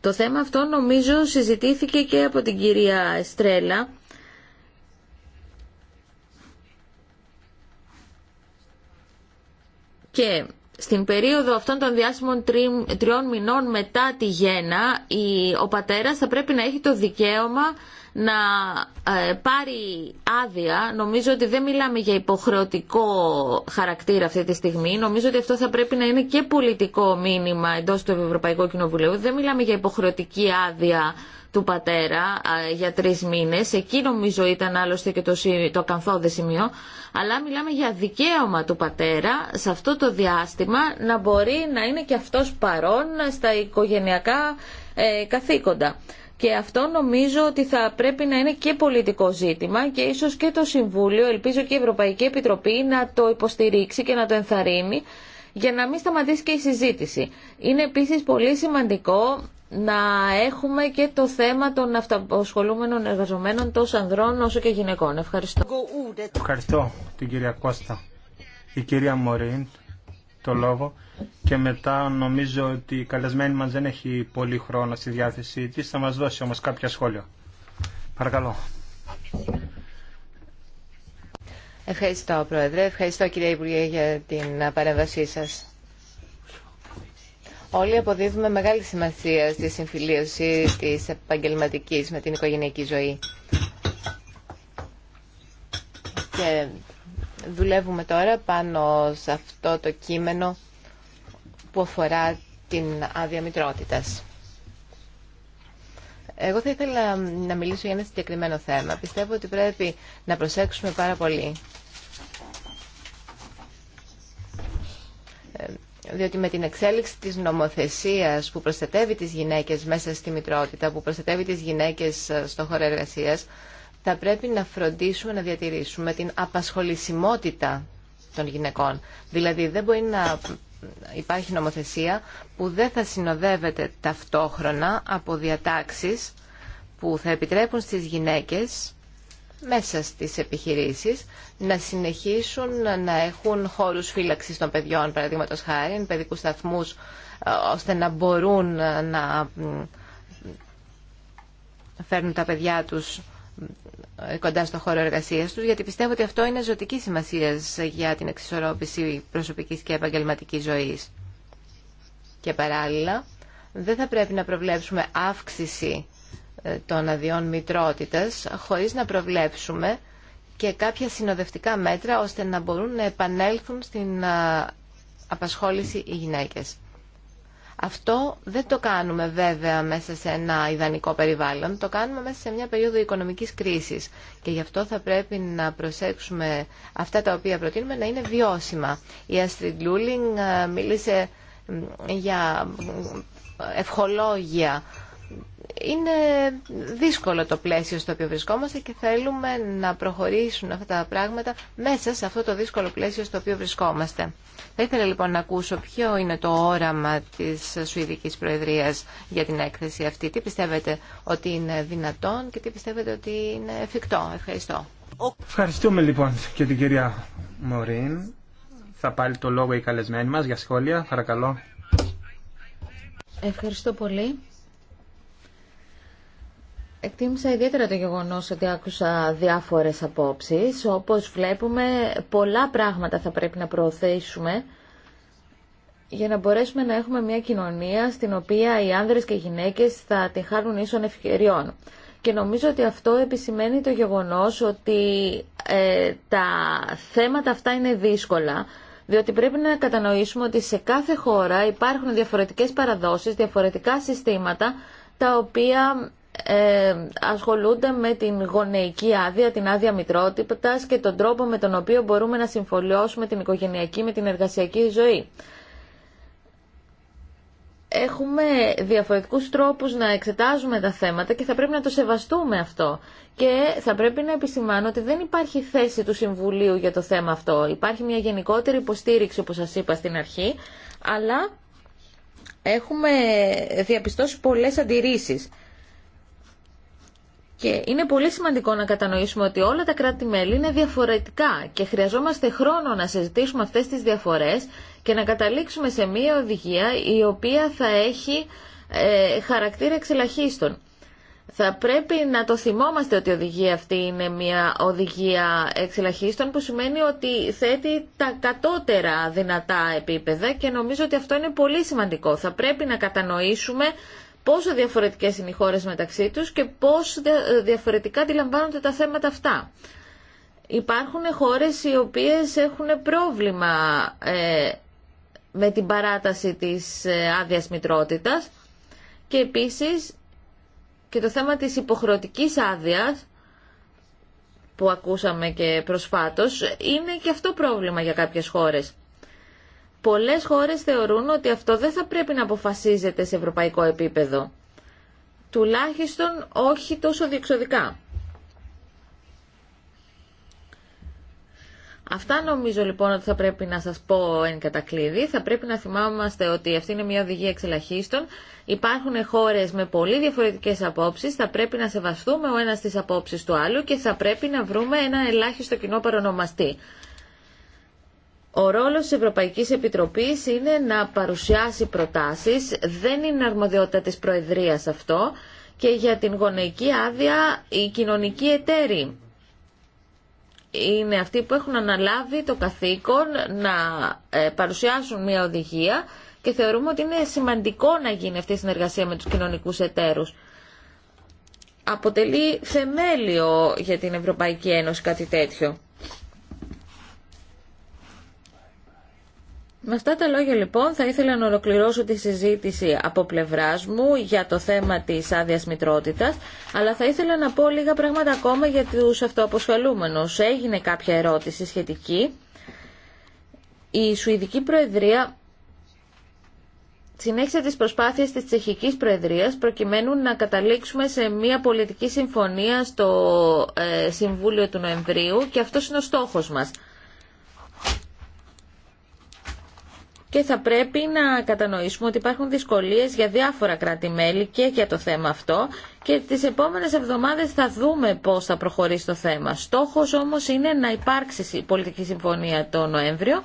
Το θέμα αυτό νομίζω συζητήθηκε και από την κυρία Εστρέλα. Και στην περίοδο αυτών των διάσημων τριών μηνών μετά τη γέννα, ο πατέρας θα πρέπει να έχει το δικαίωμα να ε, πάρει άδεια, νομίζω ότι δεν μιλάμε για υποχρεωτικό χαρακτήρα αυτή τη στιγμή. Νομίζω ότι αυτό θα πρέπει να είναι και πολιτικό μήνυμα εντός του Ευρωπαϊκού Κοινοβουλίου. Δεν μιλάμε για υποχρεωτική άδεια του πατέρα ε, για τρεις μήνες. Εκεί νομίζω ήταν άλλωστε και το, το ακαθόδε σημείο. Αλλά μιλάμε για δικαίωμα του πατέρα σε αυτό το διάστημα να μπορεί να είναι και αυτός παρόν στα οικογενειακά ε, καθήκοντα. Και αυτό νομίζω ότι θα πρέπει να είναι και πολιτικό ζήτημα και ίσως και το Συμβούλιο, ελπίζω και η Ευρωπαϊκή Επιτροπή να το υποστηρίξει και να το ενθαρρύνει για να μην σταματήσει και η συζήτηση. Είναι επίσης πολύ σημαντικό να έχουμε και το θέμα των αυταποσχολούμενων εργαζομένων τόσο ανδρών όσο και γυναικών. Ευχαριστώ. Ευχαριστώ την κυρία Κώστα. Η κυρία Μωρίν, το λόγο και μετά νομίζω ότι η καλεσμένη μας δεν έχει πολύ χρόνο στη διάθεσή της. Θα μας δώσει όμως κάποια σχόλια. Παρακαλώ. Ευχαριστώ, Πρόεδρε. Ευχαριστώ, κύριε Υπουργέ, για την παρέμβασή σας. Όλοι αποδίδουμε μεγάλη σημασία στη συμφιλίωση της επαγγελματικής με την οικογενειακή ζωή. Και δουλεύουμε τώρα πάνω σε αυτό το κείμενο που αφορά την άδεια μητρότητα. Εγώ θα ήθελα να μιλήσω για ένα συγκεκριμένο θέμα. Πιστεύω ότι πρέπει να προσέξουμε πάρα πολύ. Ε, διότι με την εξέλιξη της νομοθεσίας που προστατεύει τις γυναίκες μέσα στη μητρότητα, που προστατεύει τις γυναίκες ε, στο χώρο εργασίας, θα πρέπει να φροντίσουμε να διατηρήσουμε την απασχολησιμότητα των γυναικών. Δηλαδή δεν μπορεί να υπάρχει νομοθεσία που δεν θα συνοδεύεται ταυτόχρονα από διατάξεις που θα επιτρέπουν στις γυναίκες μέσα στις επιχειρήσεις να συνεχίσουν να έχουν χώρους φύλαξης των παιδιών, παραδείγματος χάρη, παιδικούς σταθμούς, ε, ώστε να μπορούν να φέρνουν τα παιδιά τους κοντά στο χώρο εργασία του, γιατί πιστεύω ότι αυτό είναι ζωτική σημασία για την εξισορρόπηση προσωπική και επαγγελματική ζωή. Και παράλληλα, δεν θα πρέπει να προβλέψουμε αύξηση ε, των αδειών μητρότητα χωρίς να προβλέψουμε και κάποια συνοδευτικά μέτρα ώστε να μπορούν να επανέλθουν στην ε, απασχόληση οι γυναίκες. Αυτό δεν το κάνουμε βέβαια μέσα σε ένα ιδανικό περιβάλλον, το κάνουμε μέσα σε μια περίοδο οικονομικής κρίσης και γι' αυτό θα πρέπει να προσέξουμε αυτά τα οποία προτείνουμε να είναι βιώσιμα. Η Astrid Λούλινγκ ε, μίλησε για ευχολόγια είναι δύσκολο το πλαίσιο στο οποίο βρισκόμαστε και θέλουμε να προχωρήσουν αυτά τα πράγματα μέσα σε αυτό το δύσκολο πλαίσιο στο οποίο βρισκόμαστε. Θα ήθελα λοιπόν να ακούσω ποιο είναι το όραμα της Σουηδικής Προεδρίας για την έκθεση αυτή. Τι πιστεύετε ότι είναι δυνατόν και τι πιστεύετε ότι είναι εφικτό. Ευχαριστώ. Ευχαριστούμε λοιπόν και την κυρία Μωρίν. Θα πάρει το λόγο η καλεσμένη μας για σχόλια. Παρακαλώ. Ευχαριστώ πολύ. Εκτίμησα ιδιαίτερα το γεγονός ότι άκουσα διάφορες απόψεις. Όπως βλέπουμε, πολλά πράγματα θα πρέπει να προωθήσουμε για να μπορέσουμε να έχουμε μια κοινωνία στην οποία οι άνδρες και οι γυναίκες θα τη χάνουν ίσων ευκαιριών. Και νομίζω ότι αυτό επισημαίνει το γεγονός ότι ε, τα θέματα αυτά είναι δύσκολα, διότι πρέπει να κατανοήσουμε ότι σε κάθε χώρα υπάρχουν διαφορετικές παραδόσεις, διαφορετικά συστήματα, τα οποία ε, ασχολούνται με την γονεϊκή άδεια, την άδεια μητρότητα και τον τρόπο με τον οποίο μπορούμε να συμφωλιώσουμε την οικογενειακή με την εργασιακή ζωή. Έχουμε διαφορετικούς τρόπους να εξετάζουμε τα θέματα και θα πρέπει να το σεβαστούμε αυτό. Και θα πρέπει να επισημάνω ότι δεν υπάρχει θέση του Συμβουλίου για το θέμα αυτό. Υπάρχει μια γενικότερη υποστήριξη, όπως σας είπα στην αρχή, αλλά έχουμε διαπιστώσει πολλές αντιρρήσεις. Και είναι πολύ σημαντικό να κατανοήσουμε ότι όλα τα κράτη-μέλη είναι διαφορετικά και χρειαζόμαστε χρόνο να συζητήσουμε αυτές τις διαφορές και να καταλήξουμε σε μία οδηγία η οποία θα έχει ε, χαρακτήρα εξελαχίστων. Θα πρέπει να το θυμόμαστε ότι η οδηγία αυτή είναι μια οδηγία εξελαχίστων που σημαίνει ότι θέτει τα κατώτερα δυνατά επίπεδα και νομίζω ότι αυτό είναι πολύ σημαντικό. Θα πρέπει να κατανοήσουμε πόσο διαφορετικές είναι οι χώρες μεταξύ τους και πόσο διαφορετικά αντιλαμβάνονται τα θέματα αυτά. Υπάρχουν χώρες οι οποίες έχουν πρόβλημα ε, με την παράταση της ε, άδεια μητρότητας και επίσης και το θέμα της υποχρεωτικής άδεια που ακούσαμε και προσφάτως είναι και αυτό πρόβλημα για κάποιες χώρες πολλές χώρες θεωρούν ότι αυτό δεν θα πρέπει να αποφασίζεται σε ευρωπαϊκό επίπεδο. Τουλάχιστον όχι τόσο διεξοδικά. Αυτά νομίζω λοιπόν ότι θα πρέπει να σας πω εν κατακλείδη. Θα πρέπει να θυμάμαστε ότι αυτή είναι μια οδηγία εξελαχίστων. Υπάρχουν χώρες με πολύ διαφορετικές απόψεις. Θα πρέπει να σεβαστούμε ο ένας τις απόψεις του άλλου και θα πρέπει να βρούμε ένα ελάχιστο κοινό παρονομαστή. Ο ρόλος της Ευρωπαϊκής Επιτροπής είναι να παρουσιάσει προτάσεις, δεν είναι αρμοδιότητα της Προεδρίας αυτό και για την γονεϊκή άδεια οι κοινωνικοί εταίροι είναι αυτοί που έχουν αναλάβει το καθήκον να ε, παρουσιάσουν μια οδηγία και θεωρούμε ότι είναι σημαντικό να γίνει αυτή η συνεργασία με τους κοινωνικούς εταίρους. Αποτελεί θεμέλιο για την Ευρωπαϊκή Ένωση κάτι τέτοιο. Με αυτά τα λόγια λοιπόν θα ήθελα να ολοκληρώσω τη συζήτηση από πλευρά μου για το θέμα της άδεια μητρότητα, αλλά θα ήθελα να πω λίγα πράγματα ακόμα για τους αυτοαποσχολούμενους. Έγινε κάποια ερώτηση σχετική. Η Σουηδική Προεδρία συνέχισε τις προσπάθειες της Τσεχικής Προεδρίας προκειμένου να καταλήξουμε σε μια πολιτική συμφωνία στο ε, Συμβούλιο του Νοεμβρίου και αυτό είναι ο στόχος μας. και θα πρέπει να κατανοήσουμε ότι υπάρχουν δυσκολίες για διάφορα κράτη-μέλη και για το θέμα αυτό και τις επόμενες εβδομάδες θα δούμε πώς θα προχωρήσει το θέμα. Στόχος όμως είναι να υπάρξει η πολιτική συμφωνία το Νοέμβριο.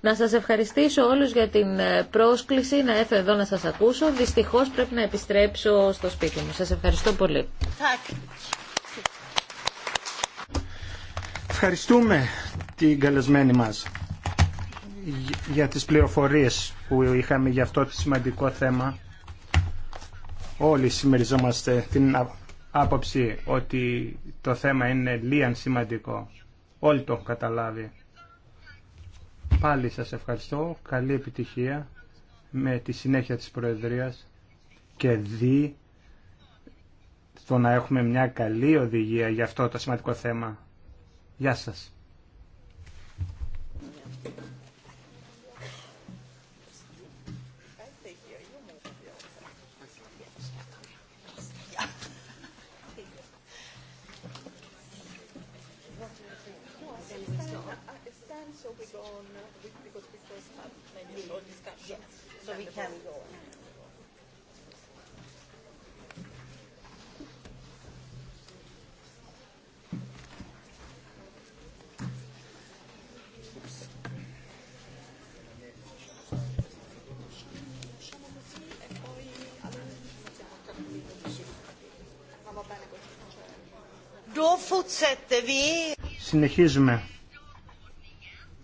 Να σας ευχαριστήσω όλους για την ε, πρόσκληση να έρθω εδώ να σας ακούσω. Δυστυχώς πρέπει να επιστρέψω στο σπίτι μου. Σας ευχαριστώ πολύ. Ευχαριστούμε την καλεσμένη μας για τις πληροφορίες που είχαμε για αυτό το σημαντικό θέμα. Όλοι συμμεριζόμαστε την άποψη ότι το θέμα είναι λίαν σημαντικό. Όλοι το έχουν καταλάβει. Πάλι σας ευχαριστώ. Καλή επιτυχία με τη συνέχεια της Προεδρίας και δι το να έχουμε μια καλή οδηγία για αυτό το σημαντικό θέμα. Γεια σας. discussion. Συνεχίζουμε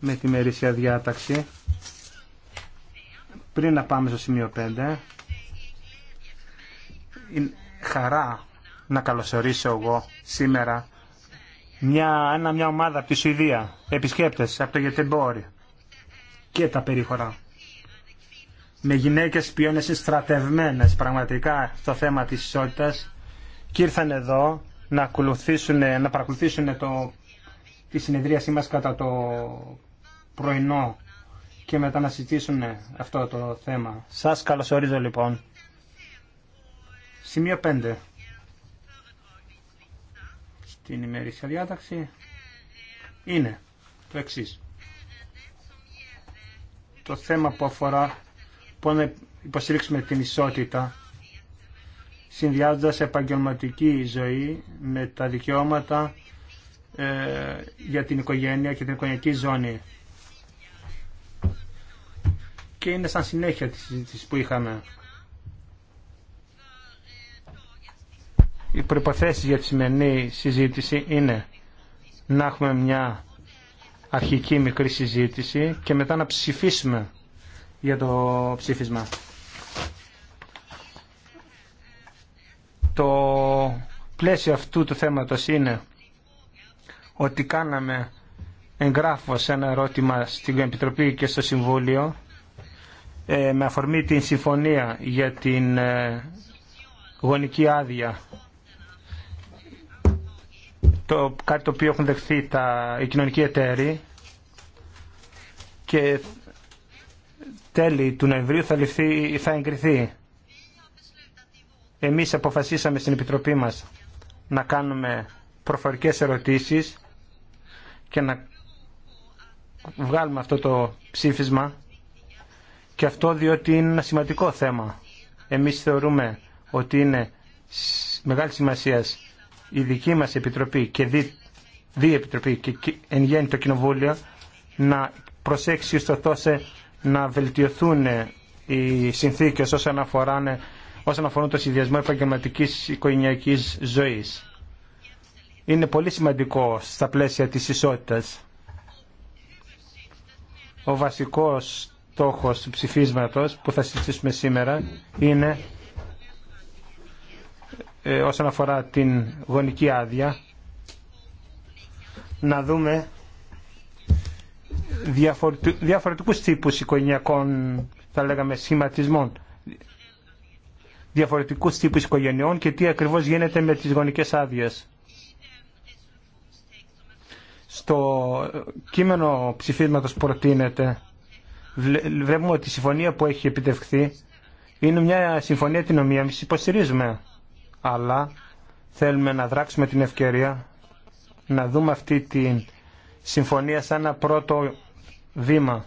με τη μερίσια διάταξη. Πριν να πάμε στο σημείο 5, χαρά να καλωσορίσω εγώ σήμερα μια, ένα, μια ομάδα από τη Σουηδία, επισκέπτες από το Γετεμπόρι και τα περίχωρα. Με γυναίκες που είναι στρατευμένες πραγματικά στο θέμα της ισότητας και ήρθαν εδώ να, ακολουθήσουν, να παρακολουθήσουν το, τη συνεδρίασή μας κατά το πρωινό και μετά να συζητήσουν αυτό το θέμα. Σας καλωσορίζω λοιπόν. Σημείο 5. Στην ημερήσια διάταξη είναι το εξή. Το θέμα που αφορά πώς να υποστηρίξουμε την ισότητα συνδυάζοντας επαγγελματική ζωή με τα δικαιώματα ε, για την οικογένεια και την οικογενειακή ζώνη και είναι σαν συνέχεια της συζήτηση που είχαμε. Οι προϋποθέσεις για τη σημερινή συζήτηση είναι να έχουμε μια αρχική μικρή συζήτηση και μετά να ψηφίσουμε για το ψήφισμα. Το πλαίσιο αυτού του θέματος είναι ότι κάναμε σε ένα ερώτημα στην Επιτροπή και στο Συμβούλιο ε, με αφορμή την συμφωνία για την ε, γονική άδεια το, κάτι το οποίο έχουν δεχθεί τα, οι κοινωνικοί εταίροι και τέλη του Νοεμβρίου θα, ληφθεί, θα εγκριθεί. Εμείς αποφασίσαμε στην Επιτροπή μας να κάνουμε προφορικές ερωτήσεις και να βγάλουμε αυτό το ψήφισμα και αυτό διότι είναι ένα σημαντικό θέμα. Εμείς θεωρούμε ότι είναι μεγάλη σημασία η δική μας Επιτροπή και δι, δι Επιτροπή και, εν γέννη το Κοινοβούλιο να προσέξει στο να βελτιωθούν οι συνθήκες όσον, αφοράνε, όσον αφορούν το συνδυασμό επαγγελματική οικογενειακής ζωής. Είναι πολύ σημαντικό στα πλαίσια της ισότητας. Ο βασικός στόχος του ψηφίσματος που θα συζητήσουμε σήμερα είναι ε, όσον αφορά την γονική άδεια να δούμε διαφορετικούς τύπους οικογενειακών θα λέγαμε σχηματισμών διαφορετικούς τύπους οικογενειών και τι ακριβώς γίνεται με τις γονικές άδειες. Στο κείμενο ψηφίσματος προτείνεται βλέπουμε ότι η συμφωνία που έχει επιτευχθεί είναι μια συμφωνία την οποία εμείς υποστηρίζουμε. Αλλά θέλουμε να δράξουμε την ευκαιρία να δούμε αυτή τη συμφωνία σαν ένα πρώτο βήμα.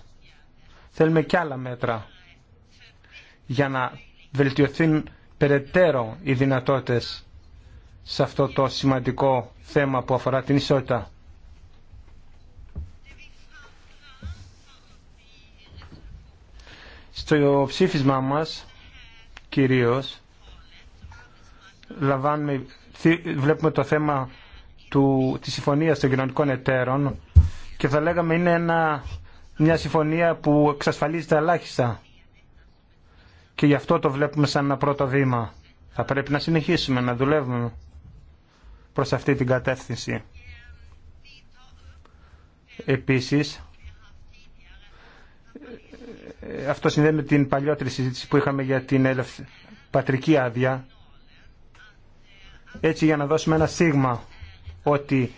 Θέλουμε και άλλα μέτρα για να βελτιωθούν περαιτέρω οι δυνατότητες σε αυτό το σημαντικό θέμα που αφορά την ισότητα. Στο ψήφισμά μας κυρίως λαμβάνουμε, βλέπουμε το θέμα του, της συμφωνίας των κοινωνικών εταίρων και θα λέγαμε είναι ένα, μια συμφωνία που εξασφαλίζει τα ελάχιστα και γι' αυτό το βλέπουμε σαν ένα πρώτο βήμα. Θα πρέπει να συνεχίσουμε να δουλεύουμε προς αυτή την κατεύθυνση. Επίσης, ε, αυτό συνδέεται με την παλιότερη συζήτηση που είχαμε για την πατρική άδεια. Έτσι για να δώσουμε ένα σίγμα ότι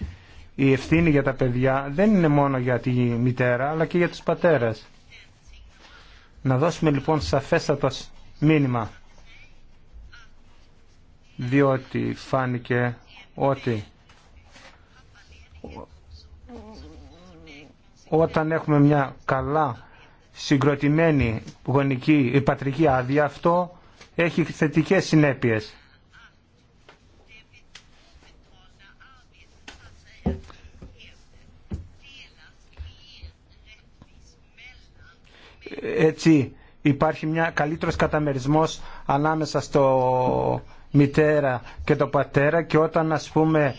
η ευθύνη για τα παιδιά δεν είναι μόνο για τη μητέρα αλλά και για τους πατέρες. Να δώσουμε λοιπόν σαφέστατο μήνυμα διότι φάνηκε ότι όταν έχουμε μια καλά συγκροτημένη γονική πατρική άδεια αυτό έχει θετικές συνέπειες. Έτσι υπάρχει μια καλύτερος καταμερισμός ανάμεσα στο μητέρα και το πατέρα και όταν ας πούμε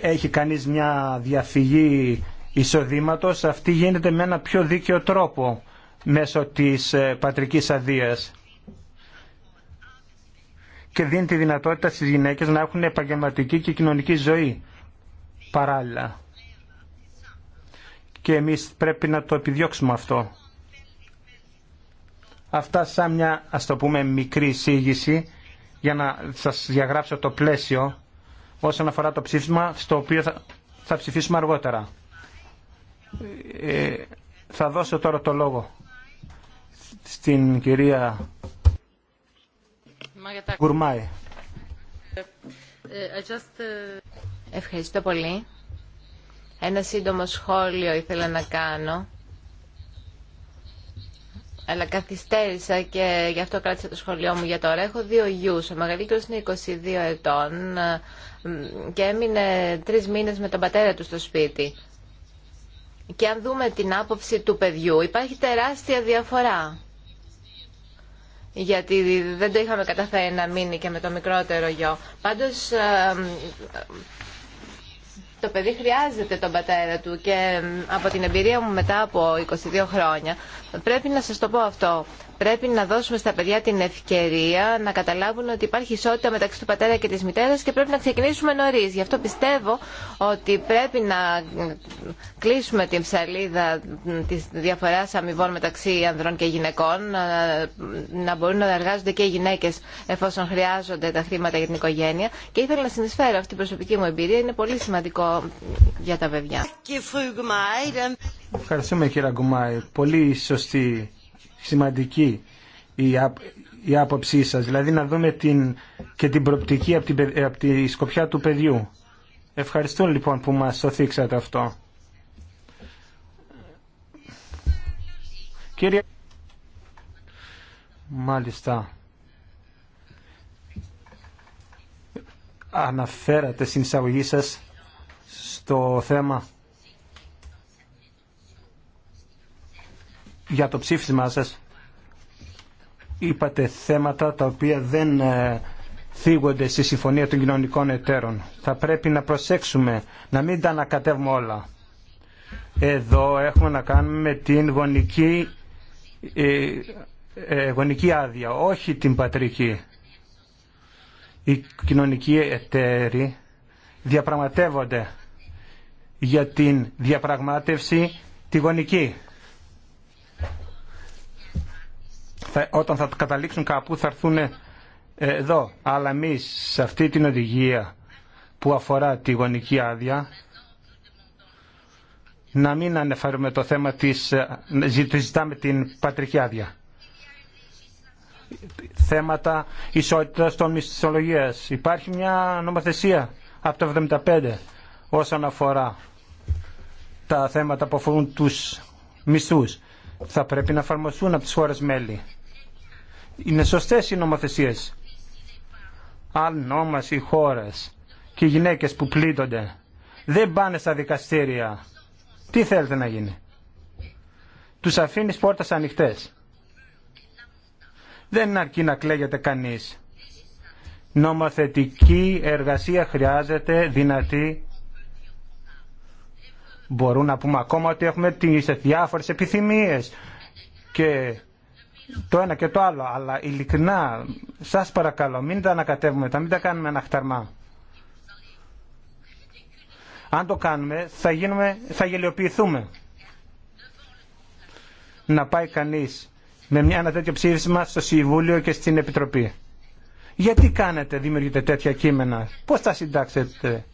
έχει κανείς μια διαφυγή εισοδήματος αυτή γίνεται με ένα πιο δίκαιο τρόπο μέσω της ε, πατρικής αδείας και δίνει τη δυνατότητα στις γυναίκες να έχουν επαγγελματική και κοινωνική ζωή παράλληλα. Και εμείς πρέπει να το επιδιώξουμε αυτό. Αυτά σαν μια, ας το πούμε, μικρή εισήγηση για να σας διαγράψω το πλαίσιο όσον αφορά το ψήφισμα στο οποίο θα, θα ψηφίσουμε αργότερα. Ε, θα δώσω τώρα το λόγο στην κυρία Γκουρμάη. Ε, ε, ε, Ευχαριστώ πολύ. Ένα σύντομο σχόλιο ήθελα να κάνω. Αλλά καθυστέρησα και γι' αυτό κράτησα το σχολείο μου για τώρα. Έχω δύο γιου, Ο μεγαλύτερο είναι 22 ετών και έμεινε τρει μήνε με τον πατέρα του στο σπίτι. Και αν δούμε την άποψη του παιδιού, υπάρχει τεράστια διαφορά γιατί δεν το είχαμε καταφέρει να μείνει και με το μικρότερο γιο. Πάντως ε, το παιδί χρειάζεται τον πατέρα του και ε, από την εμπειρία μου μετά από 22 χρόνια Πρέπει να σας το πω αυτό. Πρέπει να δώσουμε στα παιδιά την ευκαιρία να καταλάβουν ότι υπάρχει ισότητα μεταξύ του πατέρα και της μητέρας και πρέπει να ξεκινήσουμε νωρίς. Γι' αυτό πιστεύω ότι πρέπει να κλείσουμε την ψαλίδα της διαφοράς αμοιβών μεταξύ ανδρών και γυναικών, να μπορούν να εργάζονται και οι γυναίκες εφόσον χρειάζονται τα χρήματα για την οικογένεια. Και ήθελα να συνεισφέρω αυτή την προσωπική μου εμπειρία. Είναι πολύ σημαντικό για τα παιδιά. Ευχαριστούμε κύριε Αγκουμάη. Πολύ στη σημαντική η, η άποψή σας, δηλαδή να δούμε την, και την προπτική από, τη σκοπιά του παιδιού. Ευχαριστώ λοιπόν που μας σωθήξατε αυτό. Κύριε... Μάλιστα. Αναφέρατε στην εισαγωγή σας στο θέμα για το ψήφισμά σας είπατε θέματα τα οποία δεν ε, θίγονται στη Συμφωνία των Κοινωνικών Εταίρων. Θα πρέπει να προσέξουμε, να μην τα ανακατεύουμε όλα. Εδώ έχουμε να κάνουμε την γονική, ε, ε, γονική άδεια, όχι την πατρική. Οι κοινωνικοί εταίροι διαπραγματεύονται για την διαπραγμάτευση τη γονική. όταν θα καταλήξουν κάπου θα έρθουν ε, εδώ. Αλλά εμεί σε αυτή την οδηγία που αφορά τη γονική άδεια να μην ανεφέρουμε το θέμα της, ε, ζητάμε την πατρική άδεια. Θέματα ισότητας των μισθολογίας. Υπάρχει μια νομοθεσία από το 1975 όσον αφορά τα θέματα που αφορούν τους μισθούς. Θα πρέπει να εφαρμοστούν από τις χώρες μέλη. Είναι σωστές οι νομοθεσίες. Αν όμως οι χώρες και οι γυναίκες που πλήττονται δεν πάνε στα δικαστήρια, τι θέλετε να γίνει. Τους αφήνεις πόρτες ανοιχτές. Δεν αρκεί να κλαίγεται κανείς. Νομοθετική εργασία χρειάζεται δυνατή. Μπορούν να πούμε ακόμα ότι έχουμε τις διάφορες επιθυμίες και το ένα και το άλλο, αλλά ειλικρινά σας παρακαλώ μην τα ανακατεύουμε, τα μην τα κάνουμε αναχταρμά. Αν το κάνουμε θα, γίνουμε, θα γελιοποιηθούμε. Να πάει κανείς με μια, ένα τέτοιο ψήφισμα στο Συμβούλιο και στην Επιτροπή. Γιατί κάνετε, δημιουργείτε τέτοια κείμενα, πώς τα συντάξετε.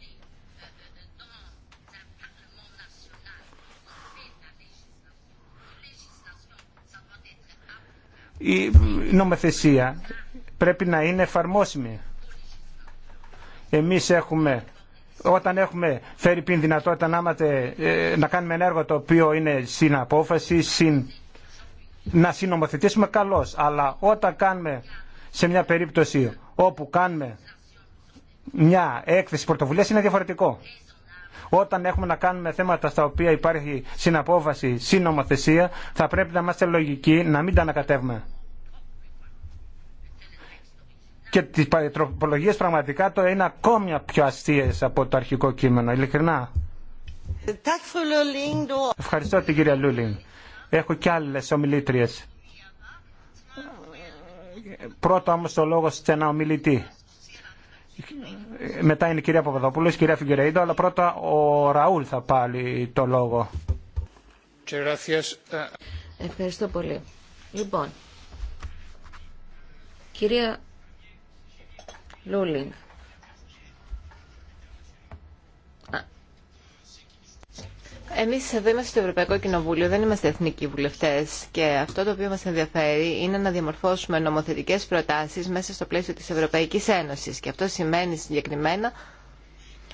η νομοθεσία πρέπει να είναι εφαρμόσιμη. Εμείς έχουμε, όταν έχουμε φέρει πίν δυνατότητα να, ε, να κάνουμε ένα έργο το οποίο είναι συν απόφαση, συν, να συνομοθετήσουμε καλώς. Αλλά όταν κάνουμε σε μια περίπτωση όπου κάνουμε μια έκθεση πρωτοβουλία είναι διαφορετικό. Όταν έχουμε να κάνουμε θέματα στα οποία υπάρχει συναπόφαση, συνομοθεσία, θα πρέπει να είμαστε λογικοί, να μην τα ανακατεύουμε. Και τι τροπολογίε πραγματικά το είναι ακόμη πιο αστείε από το αρχικό κείμενο, ειλικρινά. Ευχαριστώ την κυρία Λούλιν. Έχω κι άλλε ομιλήτριε. Πρώτο όμω ο λόγο σε ένα ομιλητή. Μετά είναι η κυρία Παπαδοπούλου, η κυρία Φιγκερέιντο, αλλά πρώτα ο Ραούλ θα πάλι το λόγο. Ευχαριστώ πολύ. Λοιπόν, κυρία Λούλινγκ, Εμείς εδώ είμαστε στο Ευρωπαϊκό Κοινοβούλιο, δεν είμαστε εθνικοί βουλευτές και αυτό το οποίο μας ενδιαφέρει είναι να διαμορφώσουμε νομοθετικές προτάσεις μέσα στο πλαίσιο της Ευρωπαϊκής Ένωσης και αυτό σημαίνει συγκεκριμένα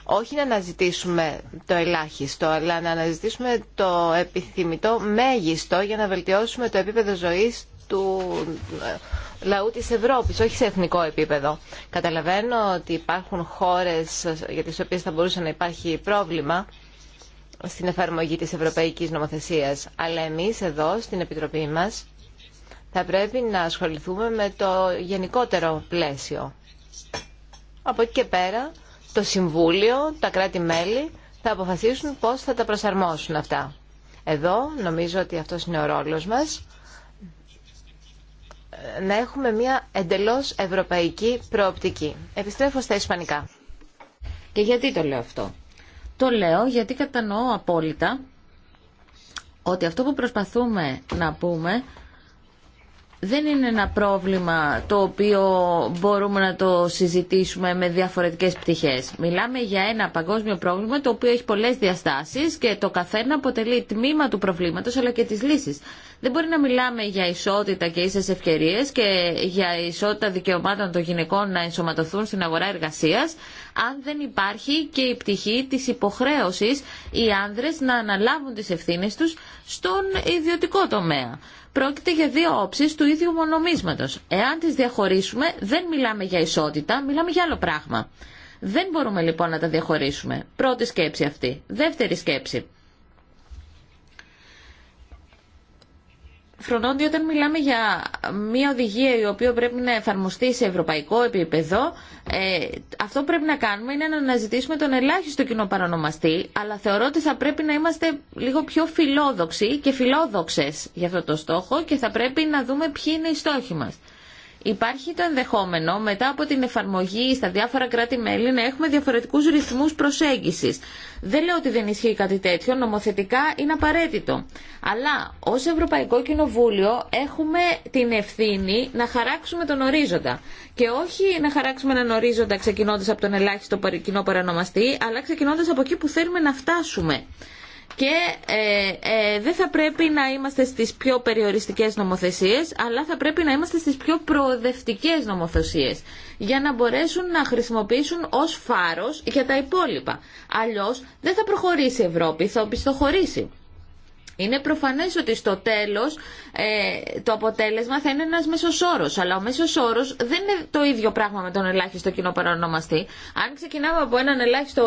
όχι να αναζητήσουμε το ελάχιστο, αλλά να αναζητήσουμε το επιθυμητό μέγιστο για να βελτιώσουμε το επίπεδο ζωής του ε, λαού της Ευρώπης, όχι σε εθνικό επίπεδο. Καταλαβαίνω ότι υπάρχουν χώρες για τις οποίες θα μπορούσε να υπάρχει πρόβλημα, στην εφαρμογή της ευρωπαϊκής νομοθεσίας. Αλλά εμείς εδώ στην Επιτροπή μας θα πρέπει να ασχοληθούμε με το γενικότερο πλαίσιο. Από εκεί και πέρα το Συμβούλιο, τα κράτη-μέλη θα αποφασίσουν πώς θα τα προσαρμόσουν αυτά. Εδώ νομίζω ότι αυτός είναι ο ρόλος μας να έχουμε μια εντελώς ευρωπαϊκή προοπτική. Επιστρέφω στα ισπανικά. Και γιατί το λέω αυτό. Το λέω γιατί κατανοώ απόλυτα ότι αυτό που προσπαθούμε να πούμε δεν είναι ένα πρόβλημα το οποίο μπορούμε να το συζητήσουμε με διαφορετικές πτυχές. Μιλάμε για ένα παγκόσμιο πρόβλημα το οποίο έχει πολλές διαστάσεις και το καθένα αποτελεί τμήμα του προβλήματος αλλά και της λύσης. Δεν μπορεί να μιλάμε για ισότητα και ίσες ευκαιρίες και για ισότητα δικαιωμάτων των γυναικών να ενσωματωθούν στην αγορά εργασίας αν δεν υπάρχει και η πτυχή της υποχρέωσης οι άνδρες να αναλάβουν τις ευθύνες τους στον ιδιωτικό τομέα πρόκειται για δύο όψεις του ίδιου μονομίσματος. Εάν τις διαχωρίσουμε δεν μιλάμε για ισότητα, μιλάμε για άλλο πράγμα. Δεν μπορούμε λοιπόν να τα διαχωρίσουμε. Πρώτη σκέψη αυτή. Δεύτερη σκέψη. Φρονώνται όταν μιλάμε για μια οδηγία η οποία πρέπει να εφαρμοστεί σε ευρωπαϊκό επίπεδο, ε, αυτό που πρέπει να κάνουμε είναι να αναζητήσουμε τον ελάχιστο κοινό παρονομαστή, αλλά θεωρώ ότι θα πρέπει να είμαστε λίγο πιο φιλόδοξοι και φιλόδοξες για αυτό το στόχο και θα πρέπει να δούμε ποιοι είναι οι στόχοι μα. Υπάρχει το ενδεχόμενο μετά από την εφαρμογή στα διάφορα κράτη-μέλη να έχουμε διαφορετικού ρυθμού προσέγγιση. Δεν λέω ότι δεν ισχύει κάτι τέτοιο, νομοθετικά είναι απαραίτητο. Αλλά ω Ευρωπαϊκό Κοινοβούλιο έχουμε την ευθύνη να χαράξουμε τον ορίζοντα. Και όχι να χαράξουμε έναν ορίζοντα ξεκινώντα από τον ελάχιστο κοινό παρανομαστή, αλλά ξεκινώντα από εκεί που θέλουμε να φτάσουμε και ε, ε, δεν θα πρέπει να είμαστε στις πιο περιοριστικές νομοθεσίες αλλά θα πρέπει να είμαστε στις πιο προοδευτικές νομοθεσίες για να μπορέσουν να χρησιμοποιήσουν ως φάρος για τα υπόλοιπα. Αλλιώς δεν θα προχωρήσει η Ευρώπη, θα οπισθοχωρήσει. Είναι προφανέ ότι στο τέλος ε, το αποτέλεσμα θα είναι ένας μέσο όρο. αλλά ο μέσο όρο δεν είναι το ίδιο πράγμα με τον ελάχιστο κοινό παρονομαστή. Αν ξεκινάμε από έναν ελάχιστο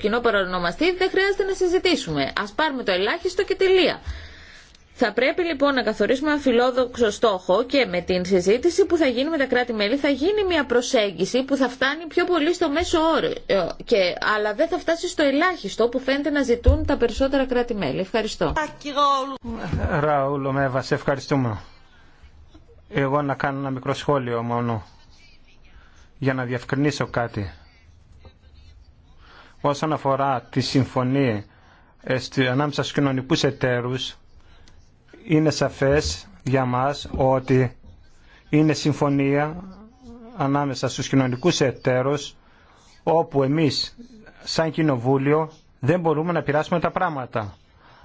κοινό παρονομαστή δεν χρειάζεται να συζητήσουμε. Ας πάρουμε το ελάχιστο και τελεία. Θα πρέπει λοιπόν να καθορίσουμε ένα φιλόδοξο στόχο και με την συζήτηση που θα γίνει με τα κράτη-μέλη θα γίνει μια προσέγγιση που θα φτάνει πιο πολύ στο μέσο όρο, ε, και, αλλά δεν θα φτάσει στο ελάχιστο που φαίνεται να ζητούν τα περισσότερα κράτη-μέλη. Ευχαριστώ. Ραούλο Μέβα, σε ευχαριστούμε. Εγώ να κάνω ένα μικρό σχόλιο μόνο για να διευκρινίσω κάτι. Όσον αφορά τη συμφωνία ε, ανάμεσα στους κοινωνικούς εταίρους είναι σαφές για μας ότι είναι συμφωνία ανάμεσα στους κοινωνικούς εταίρους όπου εμείς σαν κοινοβούλιο δεν μπορούμε να πειράσουμε τα πράγματα.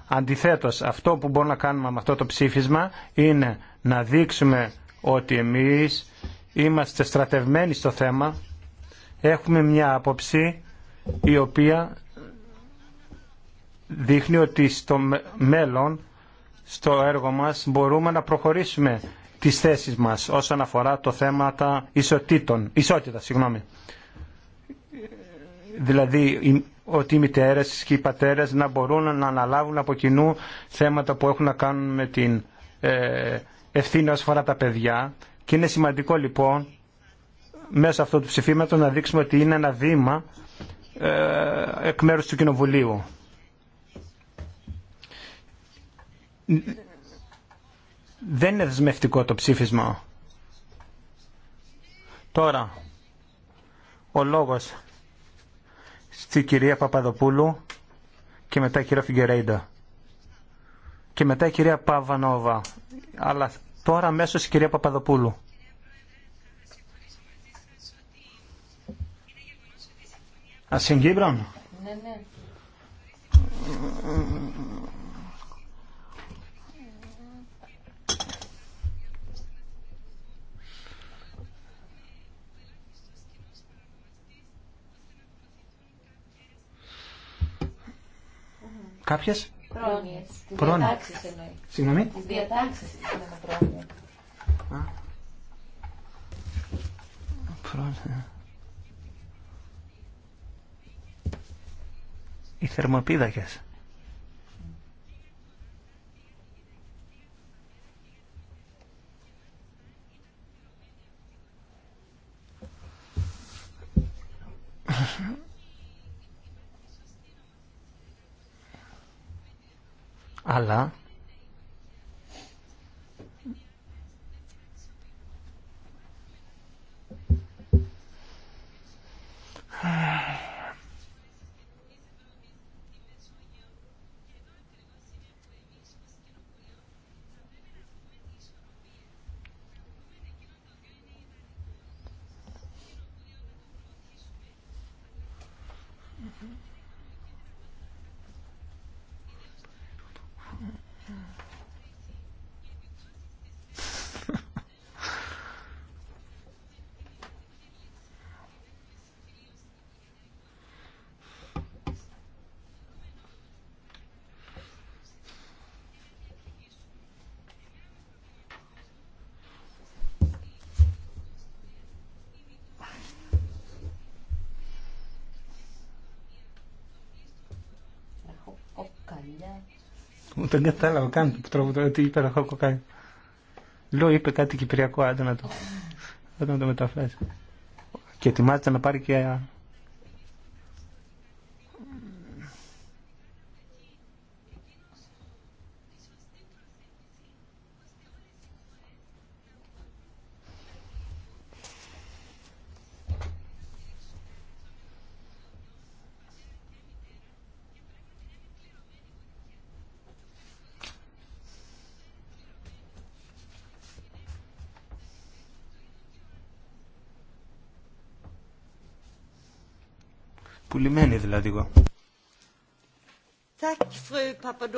Αντιθέτως, αυτό που μπορούμε να κάνουμε με αυτό το ψήφισμα είναι να δείξουμε ότι εμείς είμαστε στρατευμένοι στο θέμα, έχουμε μια άποψη η οποία δείχνει ότι στο μέλλον στο έργο μας μπορούμε να προχωρήσουμε τις θέσεις μας όσον αφορά το θέμα τα ισοτήτων, ισότητα. Συγγνώμη. Δηλαδή ότι οι μητέρες και οι πατέρες να μπορούν να αναλάβουν από κοινού θέματα που έχουν να κάνουν με την ε, ευθύνη όσον αφορά τα παιδιά και είναι σημαντικό λοιπόν μέσω αυτού του ψηφίματος να δείξουμε ότι είναι ένα βήμα ε, εκ μέρους του Κοινοβουλίου. δεν είναι δεσμευτικό το ψήφισμα. Τώρα, ο λόγος στη κυρία Παπαδοπούλου και μετά η κυρία Φιγκερέιντα και μετά η κυρία Παβανόβα αλλά τώρα μέσω η κυρία Παπαδοπούλου. Α Ναι, ναι. Κάποιες. Πρόνοιες. Τις διατάξεις εννοεί. Συγγνώμη. Τις διατάξεις είναι πρόνοια. Πρόνοια. Οι θερμοπίδακες. Mm. Mm-hmm. αλλά δεν κατάλαβα καν που τρόπο τι είπε ο κάνει. Λέω είπε κάτι κυπριακό, άντε να το, να το μεταφράσει. Και ετοιμάζεται να πάρει και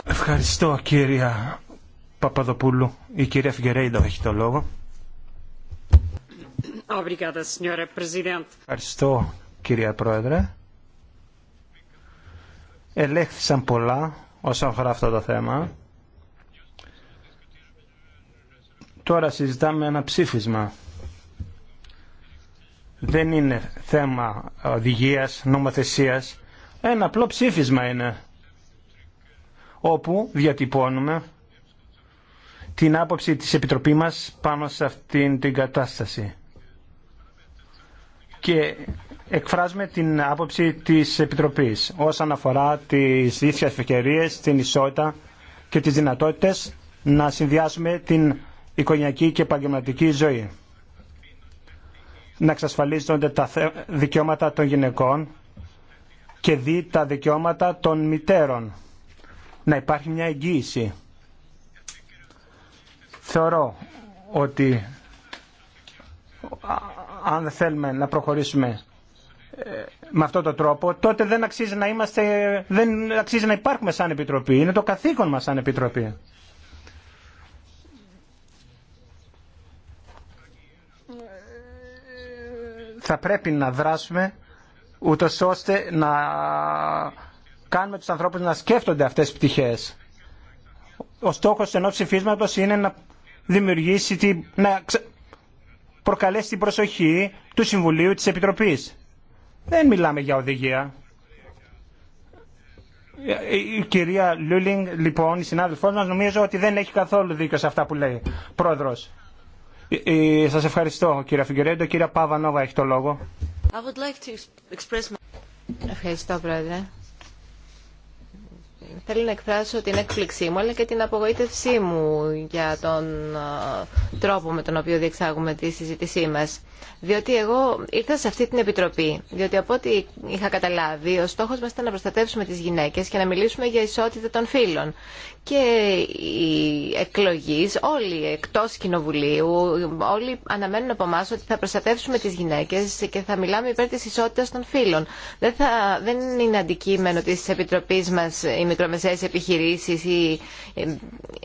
Ευχαριστώ κυρία Παπαδοπούλου. Η κυρία Φιγκερέιντο έχει το λόγο. Ευχαριστώ κυρία Πρόεδρε. Ελέγχθησαν πολλά όσον αφορά αυτό το θέμα. Τώρα συζητάμε ένα ψήφισμα. Δεν είναι θέμα οδηγίας, νομοθεσίας. Ένα απλό ψήφισμα είναι όπου διατυπώνουμε την άποψη της Επιτροπή μας πάνω σε αυτήν την κατάσταση. Και εκφράζουμε την άποψη της Επιτροπής όσον αφορά τις ίδιες ευκαιρίε, την ισότητα και τις δυνατότητες να συνδυάσουμε την οικογενειακή και επαγγελματική ζωή. Να εξασφαλίζονται τα δικαιώματα των γυναικών και δει τα δικαιώματα των μητέρων. Να υπάρχει μια εγγύηση. Θεωρώ ότι αν θέλουμε να προχωρήσουμε ε, με αυτόν τον τρόπο, τότε δεν αξίζει να είμαστε, δεν αξίζει να υπάρχουμε σαν Επιτροπή. Είναι το καθήκον μας σαν Επιτροπή. Θα πρέπει να δράσουμε ούτω ώστε να κάνουμε τους ανθρώπους να σκέφτονται αυτές τις πτυχές. Ο στόχος ενό ψηφίσματο είναι να δημιουργήσει, να προκαλέσει την προσοχή του Συμβουλίου της Επιτροπής. Δεν μιλάμε για οδηγία. Η κυρία Λούλινγκ, λοιπόν, η συνάδελφός μας, νομίζω ότι δεν έχει καθόλου δίκιο σε αυτά που λέει. Πρόεδρος, ε, ε, σας ευχαριστώ κύριε Φιγκερέντο. Κύριε Πάβανόβα έχει το λόγο. Ευχαριστώ, Πρόεδρε θέλω να εκφράσω την έκπληξή μου αλλά και την απογοήτευσή μου για τον τρόπο με τον οποίο διεξάγουμε τη συζήτησή μας. Διότι εγώ ήρθα σε αυτή την επιτροπή, διότι από ό,τι είχα καταλάβει ο στόχος μας ήταν να προστατεύσουμε τις γυναίκες και να μιλήσουμε για ισότητα των φύλων. Και οι εκλογείς, όλοι εκτός κοινοβουλίου, όλοι αναμένουν από εμά ότι θα προστατεύσουμε τις γυναίκες και θα μιλάμε υπέρ της ισότητας των φύλων. Δεν, θα, δεν είναι αντικείμενο της Επιτροπής μας η μικρομεσαίες επιχειρήσεις ή ε,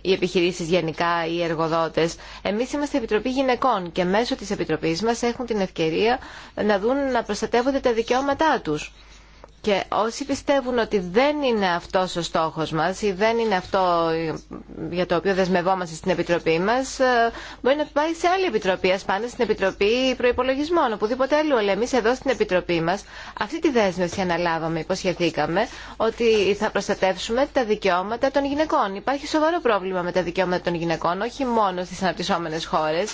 οι επιχειρήσεις γενικά ή οι εργοδότες. Εμείς είμαστε Επιτροπή Γυναικών και μέσω της Επιτροπής μας έχουν την ευκαιρία να δουν να προστατεύονται τα δικαιώματά τους. Και όσοι πιστεύουν ότι δεν είναι αυτός ο στόχος μας ή δεν είναι αυτό για το οποίο δεσμευόμαστε στην Επιτροπή μας, ε, μπορεί να πάει σε άλλη Επιτροπή, ας πάνε στην Επιτροπή Προϋπολογισμών, οπουδήποτε άλλο. Αλλά εμείς εδώ στην Επιτροπή μας αυτή τη δέσμευση αναλάβαμε, υποσχεθήκαμε, ότι θα προστατεύσουμε τα δικαιώματα των γυναικών. Υπάρχει σοβαρό πρόβλημα με τα δικαιώματα των γυναικών, όχι μόνο στις αναπτυσσόμενες χώρες,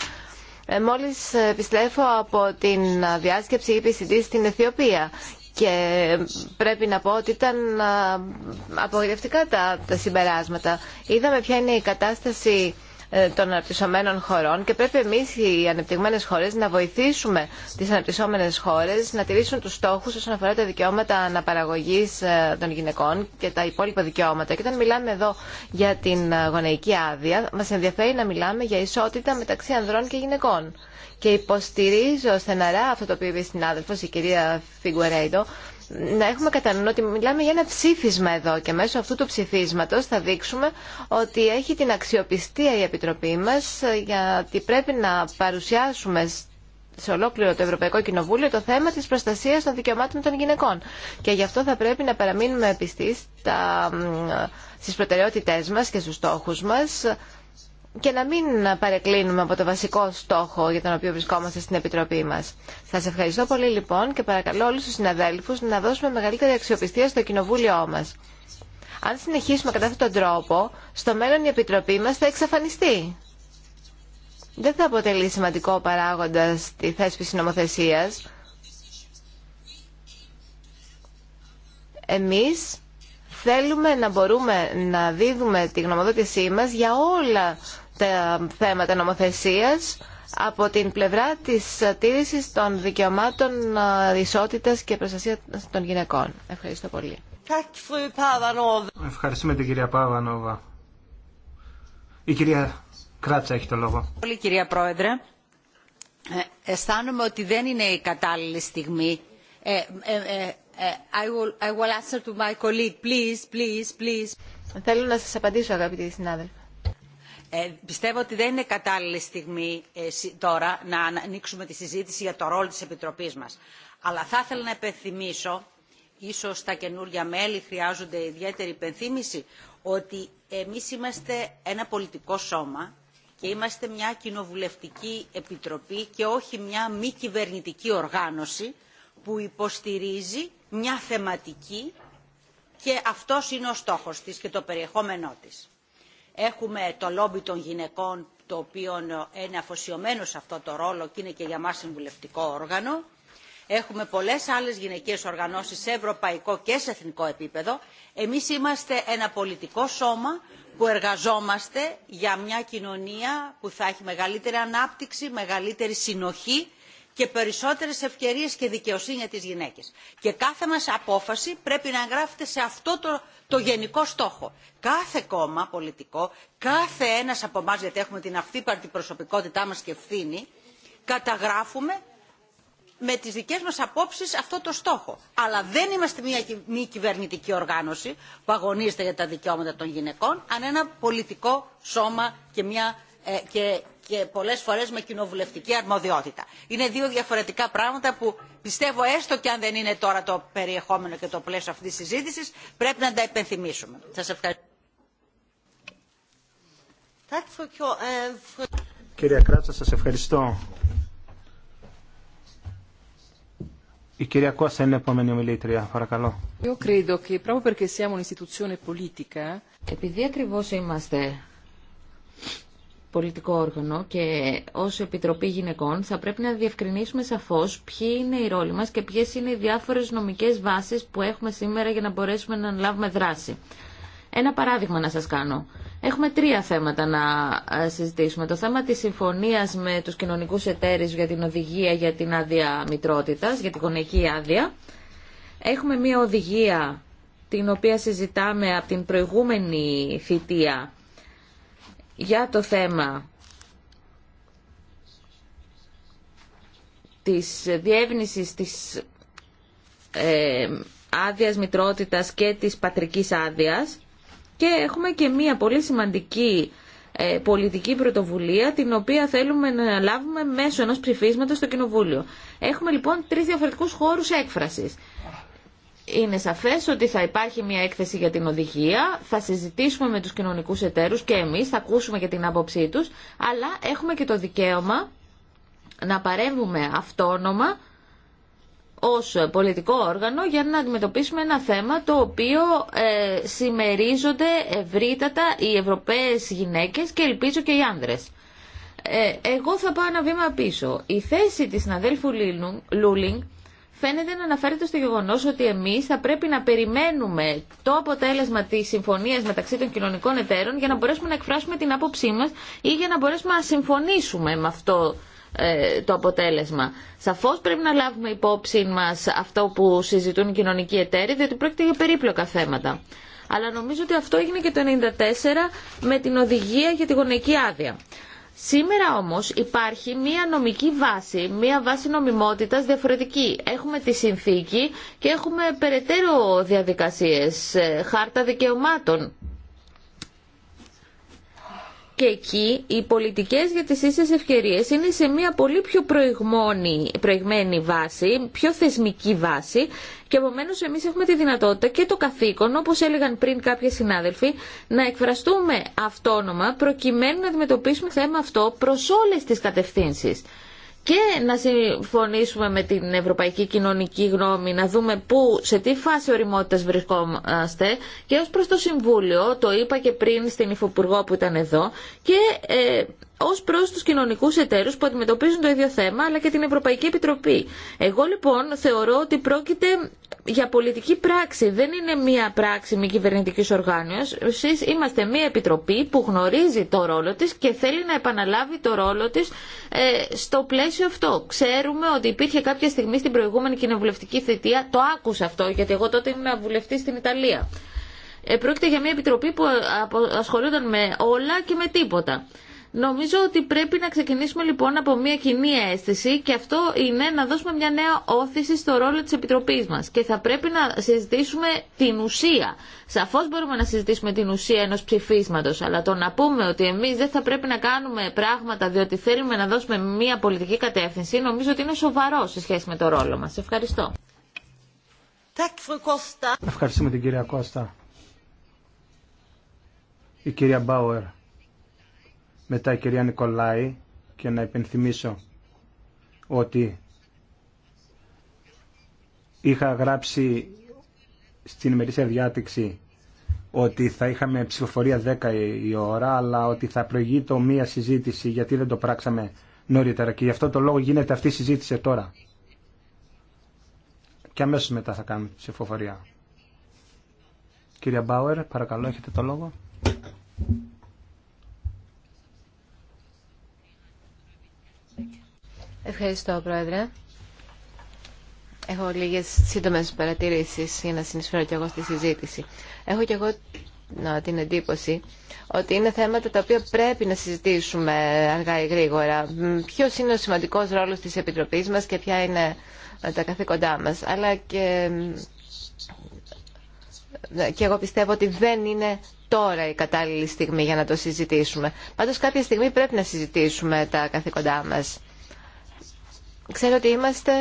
ε, Μόλις επιστρέφω από την διάσκεψη EPCD στην Αιθιοπία και πρέπει να πω ότι ήταν απογοητευτικά τα, τα συμπεράσματα. Είδαμε ποια είναι η κατάσταση ε, των αναπτυσσομένων χωρών και πρέπει εμείς οι ανεπτυγμένες χώρες να βοηθήσουμε τις αναπτυσσόμενες χώρες να τηρήσουν τους στόχους όσον αφορά τα δικαιώματα αναπαραγωγής ε, των γυναικών και τα υπόλοιπα δικαιώματα. Και όταν μιλάμε εδώ για την γονεϊκή άδεια, μας ενδιαφέρει να μιλάμε για ισότητα μεταξύ ανδρών και γυναικών και υποστηρίζω στεναρά αυτό το οποίο είπε η συνάδελφος, η κυρία Φιγκουερέιντο, να έχουμε κατά ότι μιλάμε για ένα ψήφισμα εδώ και μέσω αυτού του ψηφίσματος θα δείξουμε ότι έχει την αξιοπιστία η Επιτροπή μας ε, γιατί πρέπει να παρουσιάσουμε σε ολόκληρο το Ευρωπαϊκό Κοινοβούλιο το θέμα της προστασίας των δικαιωμάτων των γυναικών. Και γι' αυτό θα πρέπει να παραμείνουμε πιστοί στα, ε, στις προτεραιότητές μας και στους στόχους μας και να μην παρεκκλίνουμε από το βασικό στόχο για τον οποίο βρισκόμαστε στην Επιτροπή μας. Σας ευχαριστώ πολύ λοιπόν και παρακαλώ όλους τους συναδέλφους να δώσουμε μεγαλύτερη αξιοπιστία στο κοινοβούλιο μας. Αν συνεχίσουμε κατά αυτόν τον τρόπο, στο μέλλον η Επιτροπή μας θα εξαφανιστεί. Δεν θα αποτελεί σημαντικό παράγοντα στη θέσπιση νομοθεσίας. Εμείς θέλουμε να μπορούμε να δίδουμε τη γνωμοδότησή μας για όλα τα θέματα νομοθεσίας από την πλευρά της τήρησης των δικαιωμάτων ε, ισότητας και προστασία των γυναικών. Ευχαριστώ πολύ. Ευχαριστούμε την κυρία Παβανόβα. Η κυρία Κράτσα έχει το λόγο. Πολύ κυρία Πρόεδρε. Ε, αισθάνομαι ότι δεν είναι η κατάλληλη στιγμή. Ε, ε, ε, ε I will, I will answer to my colleague, please, please, please. Θέλω να σας απαντήσω αγαπητοί συνάδελφοι. Ε, πιστεύω ότι δεν είναι κατάλληλη στιγμή ε, τώρα να ανοίξουμε τη συζήτηση για το ρόλο της Επιτροπής μας. Αλλά θα ήθελα να επενθυμίσω, ίσως τα καινούργια μέλη χρειάζονται ιδιαίτερη υπενθύμηση, ότι εμείς είμαστε ένα πολιτικό σώμα και είμαστε μια κοινοβουλευτική επιτροπή και όχι μια μη κυβερνητική οργάνωση που υποστηρίζει μια θεματική και αυτός είναι ο στόχος της και το περιεχόμενό της. Έχουμε το λόμπι των γυναικών, το οποίο είναι αφοσιωμένο σε αυτό το ρόλο και είναι και για μας συμβουλευτικό όργανο. Έχουμε πολλές άλλες γυναικείες οργανώσεις σε ευρωπαϊκό και σε εθνικό επίπεδο. Εμείς είμαστε ένα πολιτικό σώμα που εργαζόμαστε για μια κοινωνία που θα έχει μεγαλύτερη ανάπτυξη, μεγαλύτερη συνοχή και περισσότερες ευκαιρίες και δικαιοσύνη για τις γυναίκες. Και κάθε μας απόφαση πρέπει να εγγράφεται σε αυτό το, το γενικό στόχο. Κάθε κόμμα πολιτικό, κάθε ένας από εμά γιατί έχουμε την αυθύπαρτη προσωπικότητά μας και ευθύνη, καταγράφουμε με τις δικές μας απόψεις αυτό το στόχο. Αλλά δεν είμαστε μια μη κυβερνητική οργάνωση που αγωνίζεται για τα δικαιώματα των γυναικών, αν ένα πολιτικό σώμα και μια, ε, και και πολλές φορές με κοινοβουλευτική αρμοδιότητα. Είναι δύο διαφορετικά πράγματα που πιστεύω έστω και αν δεν είναι τώρα το περιεχόμενο και το πλαίσιο αυτής της συζήτησης πρέπει να τα υπενθυμίσουμε. ευχαριστώ. Uh, κυρία Κράτσα, σας ευχαριστώ. Η κυρία Κώστα είναι επόμενη ομιλήτρια, παρακαλώ. Επειδή ακριβώ είμαστε πολιτικό όργανο και ως Επιτροπή Γυναικών θα πρέπει να διευκρινίσουμε σαφώς ποιοι είναι οι ρόλοι μας και ποιες είναι οι διάφορες νομικές βάσεις που έχουμε σήμερα για να μπορέσουμε να λάβουμε δράση. Ένα παράδειγμα να σας κάνω. Έχουμε τρία θέματα να ε, συζητήσουμε. Το θέμα της συμφωνίας με τους κοινωνικούς εταίρους για την οδηγία για την άδεια μητρότητας, για την γονεϊκή άδεια. Έχουμε μία οδηγία την οποία συζητάμε από την προηγούμενη θητεία για το θέμα της διεύνησης της ε, άδειας μητρότητας και της πατρικής άδειας και έχουμε και μία πολύ σημαντική ε, πολιτική πρωτοβουλία την οποία θέλουμε να λάβουμε μέσω ενός ψηφίσματος στο Κοινοβούλιο. Έχουμε λοιπόν τρεις διαφορετικούς χώρους έκφρασης είναι σαφές ότι θα υπάρχει μια έκθεση για την οδηγία, θα συζητήσουμε με τους κοινωνικούς εταίρους και εμείς, θα ακούσουμε και την άποψή τους, αλλά έχουμε και το δικαίωμα να παρέμβουμε αυτόνομα ως πολιτικό όργανο για να αντιμετωπίσουμε ένα θέμα το οποίο ε, συμμερίζονται ευρύτατα οι Ευρωπαίες γυναίκες και ελπίζω και οι άνδρες. Ε, εγώ θα πάω ένα βήμα πίσω. Η θέση της συναδέλφου Λούλινγκ φαίνεται να αναφέρεται στο γεγονός ότι εμείς θα πρέπει να περιμένουμε το αποτέλεσμα της συμφωνίας μεταξύ των κοινωνικών εταίρων για να μπορέσουμε να εκφράσουμε την άποψή μας ή για να μπορέσουμε να συμφωνήσουμε με αυτό ε, το αποτέλεσμα. Σαφώς πρέπει να λάβουμε υπόψη μας αυτό που συζητούν οι κοινωνικοί εταίροι, διότι πρόκειται για περίπλοκα θέματα. Αλλά νομίζω ότι αυτό έγινε και το 1994 με την οδηγία για τη γονεϊκή άδεια. Σήμερα όμως υπάρχει μία νομική βάση, μία βάση νομιμότητας διαφορετική. Έχουμε τη συνθήκη και έχουμε περαιτέρω διαδικασίες, ε, χάρτα δικαιωμάτων. Και εκεί οι πολιτικές για τις ίσες ευκαιρίες είναι σε μια πολύ πιο προηγμένη βάση, πιο θεσμική βάση και επομένω εμεί έχουμε τη δυνατότητα και το καθήκον, όπω έλεγαν πριν κάποιοι συνάδελφοι, να εκφραστούμε αυτόνομα προκειμένου να αντιμετωπίσουμε θέμα αυτό προ όλε τι κατευθύνσει και να συμφωνήσουμε με την ευρωπαϊκή κοινωνική γνώμη, να δούμε πού, σε τι φάση οριμότητας βρισκόμαστε και ως προς το Συμβούλιο, το είπα και πριν στην Υφοπουργό που ήταν εδώ και ε, ω προ του κοινωνικού εταίρου που αντιμετωπίζουν το ίδιο θέμα, αλλά και την Ευρωπαϊκή Επιτροπή. Εγώ λοιπόν θεωρώ ότι πρόκειται για πολιτική πράξη. Δεν είναι μία πράξη μη κυβερνητική οργάνωση. Είμαστε μία επιτροπή που γνωρίζει το ρόλο τη και θέλει να επαναλάβει το ρόλο τη ε, στο πλαίσιο αυτό. Ξέρουμε ότι υπήρχε κάποια στιγμή στην προηγούμενη κοινοβουλευτική θητεία, το άκουσα αυτό, γιατί εγώ τότε ήμουν βουλευτή στην Ιταλία. Ε, πρόκειται για μια επιτροπή που ε, ασχολούνταν με όλα και με τίποτα. Νομίζω ότι πρέπει να ξεκινήσουμε λοιπόν από μια κοινή αίσθηση και αυτό είναι να δώσουμε μια νέα όθηση στο ρόλο της Επιτροπής μας και θα πρέπει να συζητήσουμε την ουσία. Σαφώς μπορούμε να συζητήσουμε την ουσία ενός ψηφίσματος, αλλά το να πούμε ότι εμείς δεν θα πρέπει να κάνουμε πράγματα διότι θέλουμε να δώσουμε μια πολιτική κατεύθυνση, νομίζω ότι είναι σοβαρό σε σχέση με το ρόλο μας. Ευχαριστώ. Ευχαριστούμε την κυρία Κώστα. Η κυρία Μπάουερ μετά η κυρία Νικολάη και να υπενθυμίσω ότι είχα γράψει στην ημερήσια διάτηξη ότι θα είχαμε ψηφοφορία 10 η ώρα, αλλά ότι θα προηγεί το μία συζήτηση γιατί δεν το πράξαμε νωρίτερα. Και γι' αυτό το λόγο γίνεται αυτή η συζήτηση τώρα. Και αμέσως μετά θα κάνουμε ψηφοφορία. Κυρία Μπάουερ, παρακαλώ, έχετε το λόγο. Ευχαριστώ, Πρόεδρε. Έχω λίγε σύντομε παρατηρήσει για να συνεισφέρω κι εγώ στη συζήτηση. Έχω κι εγώ την εντύπωση ότι είναι θέματα τα οποία πρέπει να συζητήσουμε αργά ή γρήγορα. Ποιο είναι ο σημαντικό ρόλο τη Επιτροπή μα και ποια είναι ε, τα καθήκοντά μα. Αλλά και, ε, και εγώ πιστεύω ότι δεν είναι τώρα η κατάλληλη στιγμή για να το συζητήσουμε. Πάντως κάποια στιγμή πρέπει να συζητήσουμε τα καθήκοντά μας. Ξέρω ότι είμαστε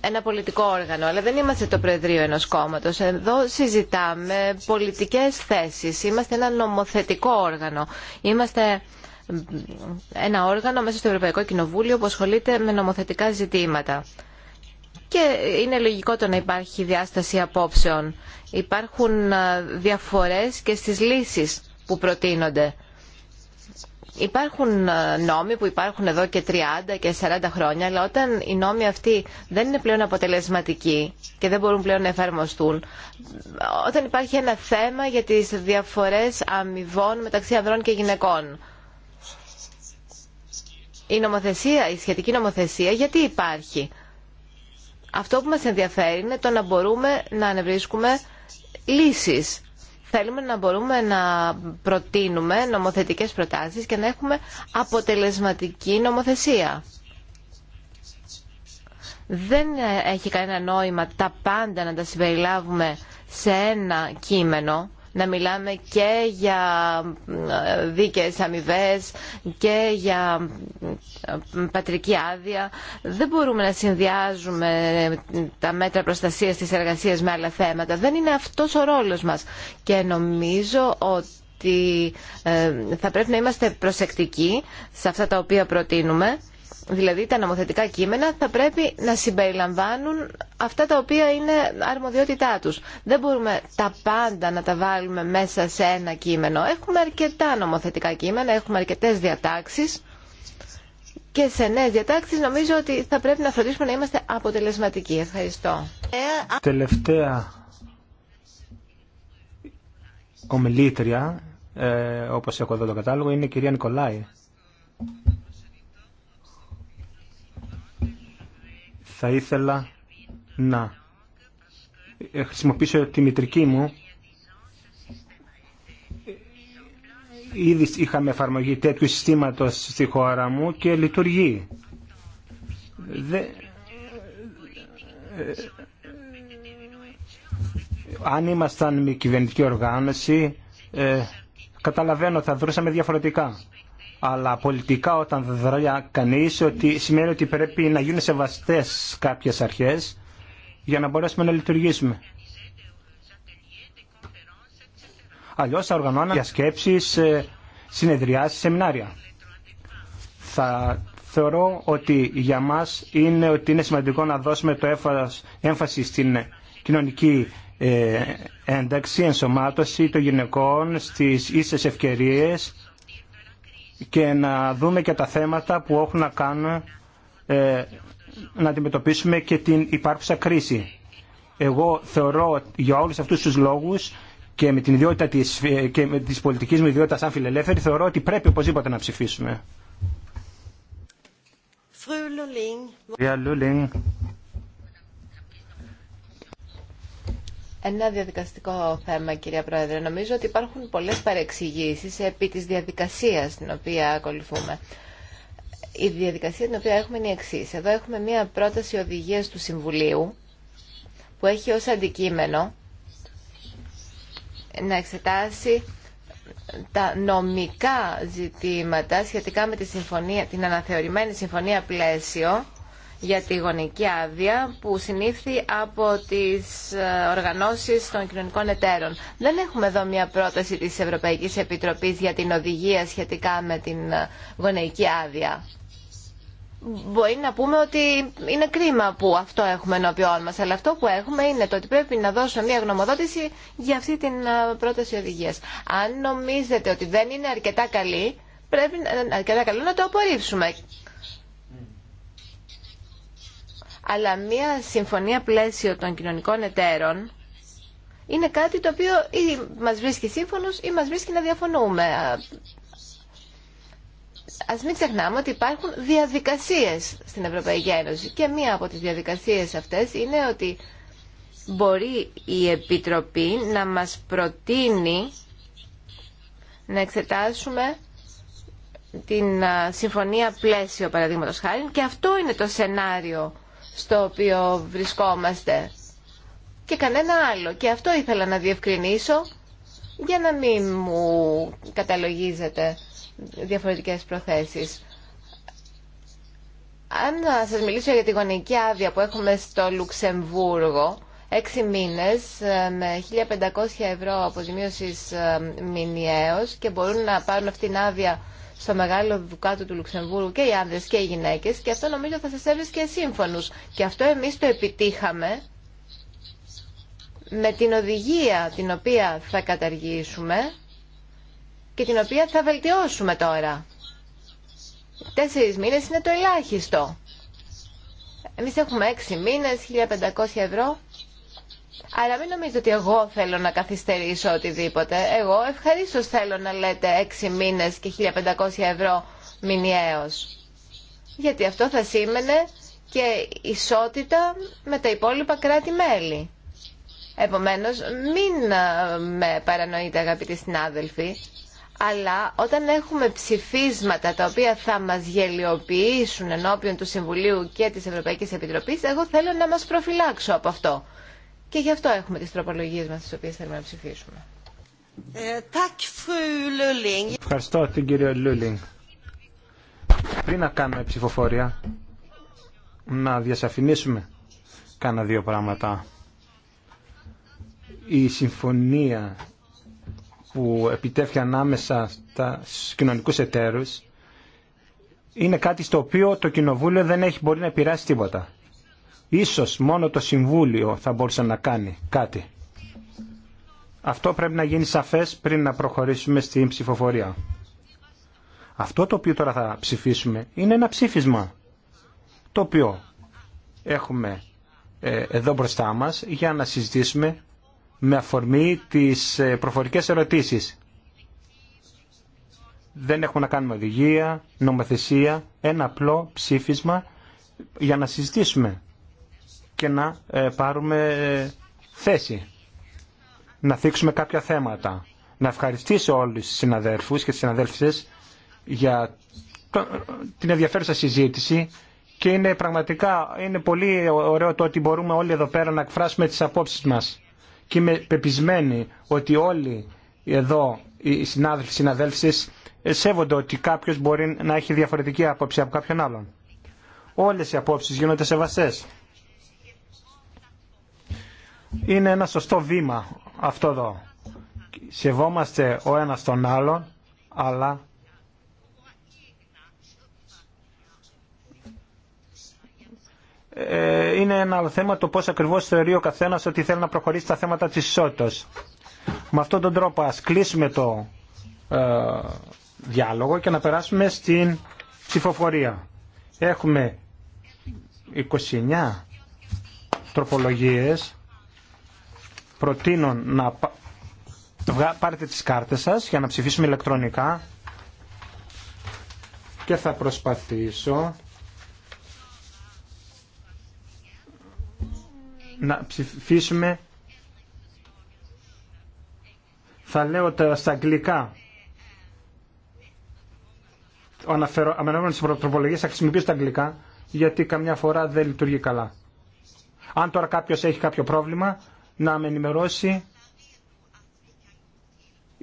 ένα πολιτικό όργανο, αλλά δεν είμαστε το Προεδρείο ενός κόμματος. Εδώ συζητάμε πολιτικές θέσεις. Είμαστε ένα νομοθετικό όργανο. Είμαστε ένα όργανο μέσα στο Ευρωπαϊκό Κοινοβούλιο που ασχολείται με νομοθετικά ζητήματα. Και είναι λογικό το να υπάρχει διάσταση απόψεων. Υπάρχουν διαφορές και στις λύσεις που προτείνονται. Υπάρχουν ε, νόμοι που υπάρχουν εδώ και 30 και 40 χρόνια, αλλά όταν οι νόμοι αυτοί δεν είναι πλέον αποτελεσματικοί και δεν μπορούν πλέον να εφαρμοστούν, όταν υπάρχει ένα θέμα για τις διαφορές αμοιβών μεταξύ ανδρών και γυναικών, η νομοθεσία, η σχετική νομοθεσία, γιατί υπάρχει. Αυτό που μας ενδιαφέρει είναι το να μπορούμε να ανεβρίσκουμε λύσεις Θέλουμε να μπορούμε να προτείνουμε νομοθετικές προτάσεις και να έχουμε αποτελεσματική νομοθεσία. Δεν έχει κανένα νόημα τα πάντα να τα συμπεριλάβουμε σε ένα κείμενο να μιλάμε και για ε, δίκαιες αμοιβέ και για ε, πατρική άδεια. Δεν μπορούμε να συνδυάζουμε τα μέτρα προστασίας της εργασίας με άλλα θέματα. Δεν είναι αυτός ο ρόλος μας. Και νομίζω ότι ε, θα πρέπει να είμαστε προσεκτικοί σε αυτά τα οποία προτείνουμε δηλαδή τα νομοθετικά κείμενα θα πρέπει να συμπεριλαμβάνουν αυτά τα οποία είναι αρμοδιότητά τους. Δεν μπορούμε τα πάντα να τα βάλουμε μέσα σε ένα κείμενο. Έχουμε αρκετά νομοθετικά κείμενα, έχουμε αρκετές διατάξεις και σε νέε διατάξεις νομίζω ότι θα πρέπει να φροντίσουμε να είμαστε αποτελεσματικοί. Ευχαριστώ. Τελευταία ομιλήτρια, ε, όπως έχω εδώ το κατάλογο, είναι η κυρία Νικολάη. θα ήθελα να χρησιμοποιήσω τη μητρική μου. Ήδη είχαμε εφαρμογή τέτοιου συστήματος στη χώρα μου και λειτουργεί. Δε... Αν ήμασταν με κυβερνητική οργάνωση, ε, καταλαβαίνω, θα δρούσαμε διαφορετικά αλλά πολιτικά όταν δράει κανείς ότι σημαίνει ότι πρέπει να γίνουν σεβαστές κάποιες αρχές για να μπορέσουμε να λειτουργήσουμε. Αλλιώς θα οργανώναμε διασκέψεις, ε, συνεδριάσεις, σεμινάρια. Θα θεωρώ ότι για μας είναι ότι είναι σημαντικό να δώσουμε το έμφαση στην κοινωνική ε, ένταξη, ενσωμάτωση των γυναικών, στις ίσες ευκαιρίες και να δούμε και τα θέματα που έχουν να κάνουν ε, να αντιμετωπίσουμε και την υπάρχουσα κρίση. Εγώ θεωρώ για όλους αυτούς τους λόγους και με την ιδιότητα της, ε, και της πολιτικής μου ιδιότητα σαν φιλελεύθερη θεωρώ ότι πρέπει οπωσδήποτε να ψηφίσουμε. Ένα διαδικαστικό θέμα, κυρία Πρόεδρε. Νομίζω ότι υπάρχουν πολλές παρεξηγήσεις επί της διαδικασίας την οποία ακολουθούμε. Η διαδικασία την οποία έχουμε είναι η εξή. Εδώ έχουμε μία πρόταση οδηγίας του Συμβουλίου που έχει ως αντικείμενο να εξετάσει τα νομικά ζητήματα σχετικά με τη συμφωνία, την αναθεωρημένη συμφωνία πλαίσιο για τη γονική άδεια που συνήφθη από τις ε, οργανώσεις των κοινωνικών εταίρων. Δεν έχουμε εδώ μια πρόταση της Ευρωπαϊκής Επιτροπής για την οδηγία σχετικά με την ε, γονεϊκή άδεια. Μπορεί να πούμε ότι είναι κρίμα που αυτό έχουμε ενώπιόν μας, αλλά αυτό που έχουμε είναι το ότι πρέπει να δώσουμε μια γνωμοδότηση για αυτή την ε, πρόταση οδηγίας. Αν νομίζετε ότι δεν είναι αρκετά καλή, πρέπει αρκετά καλό να το απορρίψουμε αλλά μια συμφωνία πλαίσιο των κοινωνικών εταίρων είναι κάτι το οποίο ή μας βρίσκει σύμφωνος ή μας βρίσκει να διαφωνούμε. Ας μην ξεχνάμε ότι υπάρχουν διαδικασίες στην Ευρωπαϊκή Ένωση και μία από τις διαδικασίες αυτές είναι ότι μπορεί η Επιτροπή να μας προτείνει να εξετάσουμε την συμφωνία πλαίσιο παραδείγματος χάρη και αυτό είναι το σενάριο στο οποίο βρισκόμαστε και κανένα άλλο. Και αυτό ήθελα να διευκρινίσω για να μην μου καταλογίζετε διαφορετικές προθέσεις. Αν σας μιλήσω για τη γονική άδεια που έχουμε στο Λουξεμβούργο, έξι μήνες ε, με 1.500 ευρώ αποζημίωσης ε, μηνιαίως και μπορούν να πάρουν αυτήν άδεια στο Μεγάλο Δουκάτο του Λουξεμβούργου και οι άνδρες και οι γυναίκες και αυτό νομίζω θα σας και σύμφωνου. Και αυτό εμείς το επιτύχαμε με την οδηγία την οποία θα καταργήσουμε και την οποία θα βελτιώσουμε τώρα. Τέσσερις μήνες είναι το ελάχιστο. Εμείς έχουμε έξι μήνες, 1500 ευρώ. Άρα μην νομίζετε ότι εγώ θέλω να καθυστερήσω οτιδήποτε. Εγώ ευχαρίστω θέλω να λέτε 6 μήνες και 1500 ευρώ μηνιαίως. Γιατί αυτό θα σήμαινε και ισότητα με τα υπόλοιπα κράτη-μέλη. Επομένως, μην ε, με παρανοείτε αγαπητοί συνάδελφοι, αλλά όταν έχουμε ψηφίσματα τα οποία θα μας γελιοποιήσουν ενώπιον του Συμβουλίου και τη Ευρωπαϊκή Επιτροπή, εγώ θέλω να μα προφυλάξω από αυτό. Και γι' αυτό έχουμε τις τροπολογίες μας τις οποίες θέλουμε να ψηφίσουμε. Ε, Ευχαριστώ την κυρία Λούλινγκ. Πριν να κάνουμε ψηφοφορία, να διασαφηνίσουμε κάνα δύο πράγματα. Η συμφωνία που επιτεύχει ανάμεσα στους κοινωνικούς εταίρους είναι κάτι στο οποίο το Κοινοβούλιο δεν έχει μπορεί να επηρεάσει τίποτα. Ίσως μόνο το Συμβούλιο θα μπορούσε να κάνει κάτι. Αυτό πρέπει να γίνει σαφές πριν να προχωρήσουμε στην ψηφοφορία. Αυτό το οποίο τώρα θα ψηφίσουμε είναι ένα ψήφισμα το οποίο έχουμε ε, εδώ μπροστά μας για να συζητήσουμε με αφορμή τις ε, προφορικές ερωτήσεις. Δεν έχουμε να κάνουμε οδηγία, νομοθεσία, ένα απλό ψήφισμα για να συζητήσουμε και να ε, πάρουμε ε, θέση, να θίξουμε κάποια θέματα. Να ευχαριστήσω όλους τους συναδέλφους και τις συναδέλφισες για την ενδιαφέρουσα συζήτηση και είναι πραγματικά είναι πολύ ωραίο το ότι μπορούμε όλοι εδώ πέρα να εκφράσουμε τις απόψεις μας. Και είμαι πεπισμένη ότι όλοι εδώ οι συνάδελφοι, συναδέλφισες ε, σέβονται ότι κάποιος μπορεί να έχει διαφορετική άποψη από κάποιον άλλον. Όλες οι απόψεις γίνονται σεβαστές είναι ένα σωστό βήμα αυτό εδώ. Σεβόμαστε ο ένας τον άλλον, αλλά ε, είναι ένα θέμα το πώς ακριβώς θεωρεί ο καθένας ότι θέλει να προχωρήσει στα θέματα της ισότητας. Με αυτόν τον τρόπο ας κλείσουμε το ε, διάλογο και να περάσουμε στην ψηφοφορία. Έχουμε 29 τροπολογίες προτείνω να πάρετε τις κάρτες σας για να ψηφίσουμε ηλεκτρονικά και θα προσπαθήσω να ψηφίσουμε θα λέω τα στα αγγλικά ο αναφερόμενος της θα χρησιμοποιήσω τα αγγλικά γιατί καμιά φορά δεν λειτουργεί καλά αν τώρα κάποιος έχει κάποιο πρόβλημα να με ενημερώσει.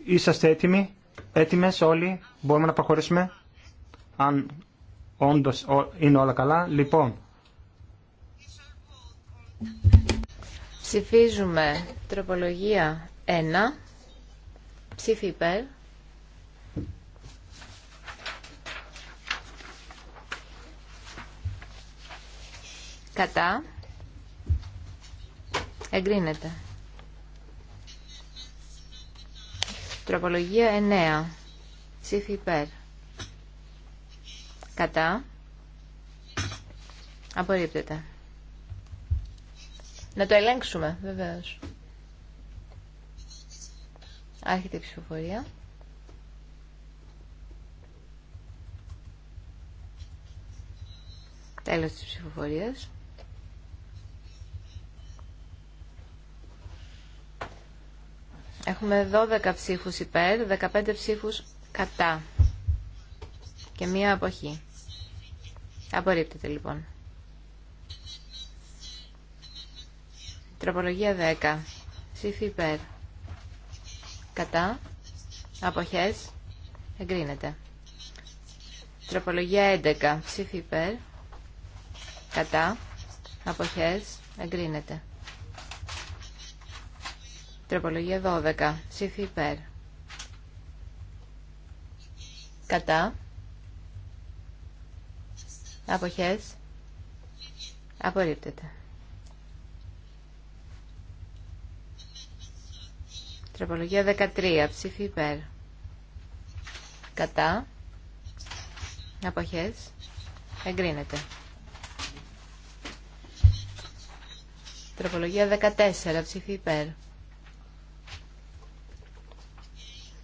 Είσαστε έτοιμοι, έτοιμες όλοι, μπορούμε να προχωρήσουμε, αν όντως είναι όλα καλά. Λοιπόν, ψηφίζουμε τροπολογία 1, ψήφι υπέρ. Κατά. Εγκρίνεται. Τροπολογία 9. Ψήφι υπέρ. Κατά. Απορρίπτεται. Να το ελέγξουμε, βεβαίως. Άρχεται η ψηφοφορία. Τέλος της ψηφοφορίας. Έχουμε 12 ψήφους υπέρ, 15 ψήφους κατά και μία αποχή. Απορρίπτεται λοιπόν. Τροπολογία 10. Ψήφι υπέρ. Κατά. Αποχές. Εγκρίνεται. Τροπολογία 11. Ψήφι υπέρ. Κατά. Αποχές. Εγκρίνεται. Τροπολογία 12. Ψήφι υπέρ. Κατά. Αποχές. Απορρίπτεται. Τροπολογία 13. Ψήφι υπέρ. Κατά. Αποχές. Εγκρίνεται. Τροπολογία 14. Ψήφι υπέρ.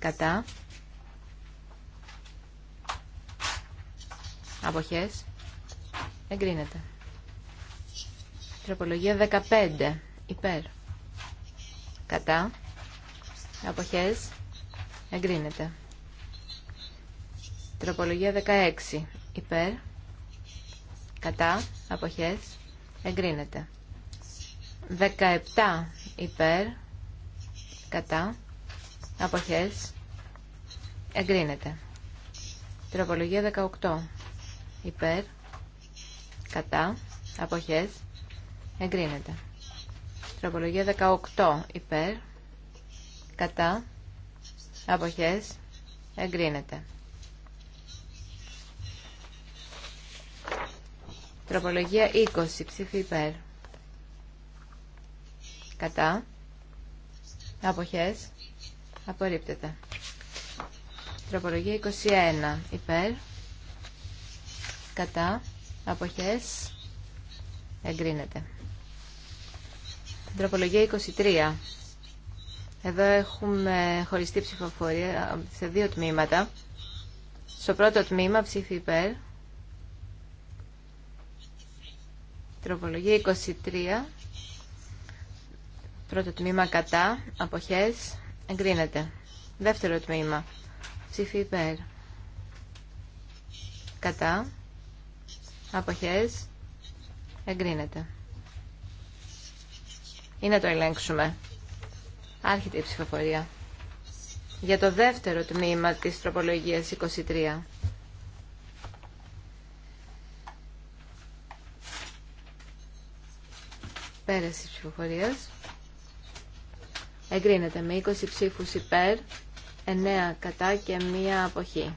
κατά αποχές εγκρίνεται τροπολογία 15 υπέρ κατά αποχές εγκρίνεται τροπολογία 16 υπέρ κατά αποχές εγκρίνεται 17 υπέρ κατά αποχές Εγκρίνεται. Τροπολογία 18. Υπέρ. Κατά. Αποχές. Εγκρίνεται. Τροπολογία 18. Υπέρ. Κατά. Αποχές. Εγκρίνεται. Τροπολογία 20. Ψήφι υπέρ. Κατά. Αποχές. Απορρίπτεται. Τροπολογία 21. Υπέρ. Κατά. Αποχές. Εγκρίνεται. Τροπολογία 23. Εδώ έχουμε χωριστή ψηφοφορία σε δύο τμήματα. Στο πρώτο τμήμα ψήφι υπέρ. Τροπολογία 23. Πρώτο τμήμα κατά. Αποχές. Εγκρίνεται. Δεύτερο τμήμα ψήφι υπέρ. Κατά. Αποχές. Εγκρίνεται. Ή να το ελέγξουμε. Άρχεται η ψηφοφορία. Για το δεύτερο τμήμα της τροπολογίας 23. Πέραση ψηφοφορίας. Εγκρίνεται με 20 ψήφους υπέρ, Εννέα κατά και μία αποχή.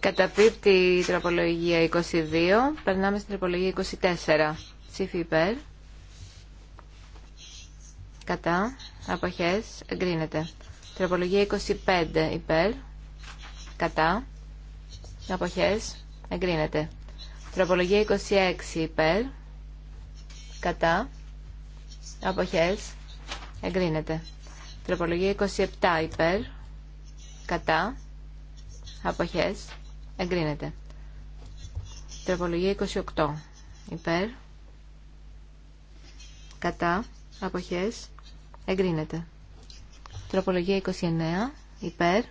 Καταπίπτει η τροπολογία 22. Περνάμε στην τροπολογία 24. Ψήφι υπέρ. Κατά. Αποχές. Εγκρίνεται. Τροπολογία 25 υπέρ. Κατά. Αποχές. Εγκρίνεται. Τροπολογία 26 υπέρ. Κατά. Αποχές. Εγκρίνεται. Τροπολογία 27 υπέρ. Κατά. Αποχές. Εγκρίνεται. Τροπολογία 28 υπέρ. Κατά. Αποχές. Εγκρίνεται. Τροπολογία 29 υπέρ.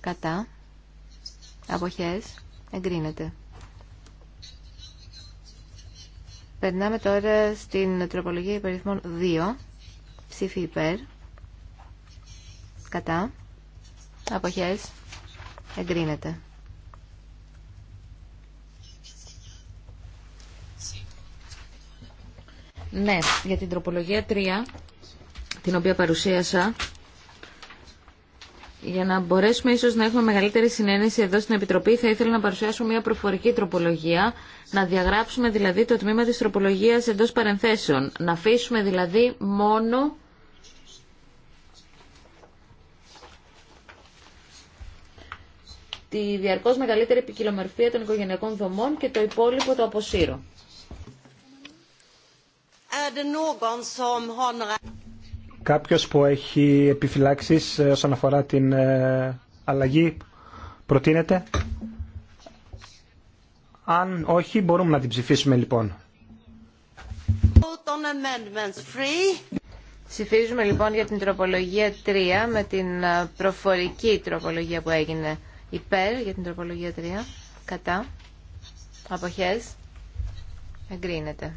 Κατά. Αποχές. Εγκρίνεται. Περνάμε τώρα στην τροπολογία υπεριθμών 2. Ψήφι υπέρ. Κατά. Αποχές. Εγκρίνεται. Ναι, για την τροπολογία 3, την οποία παρουσίασα, για να μπορέσουμε ίσως να έχουμε μεγαλύτερη συνένεση εδώ στην Επιτροπή, θα ήθελα να παρουσιάσω μια προφορική τροπολογία, να διαγράψουμε δηλαδή το τμήμα τη τροπολογία εντό παρενθέσεων, να αφήσουμε δηλαδή μόνο τη διαρκώς μεγαλύτερη ποικιλομορφία των οικογενειακών δομών και το υπόλοιπο το αποσύρω. Ε, κάποιος που έχει επιφυλάξεις ε, όσον αφορά την ε, αλλαγή προτείνεται. Αν όχι, μπορούμε να την ψηφίσουμε λοιπόν. Ψηφίζουμε λοιπόν για την τροπολογία 3 με την ε, προφορική τροπολογία που έγινε υπέρ για την τροπολογία 3. Κατά. Αποχές. Εγκρίνεται.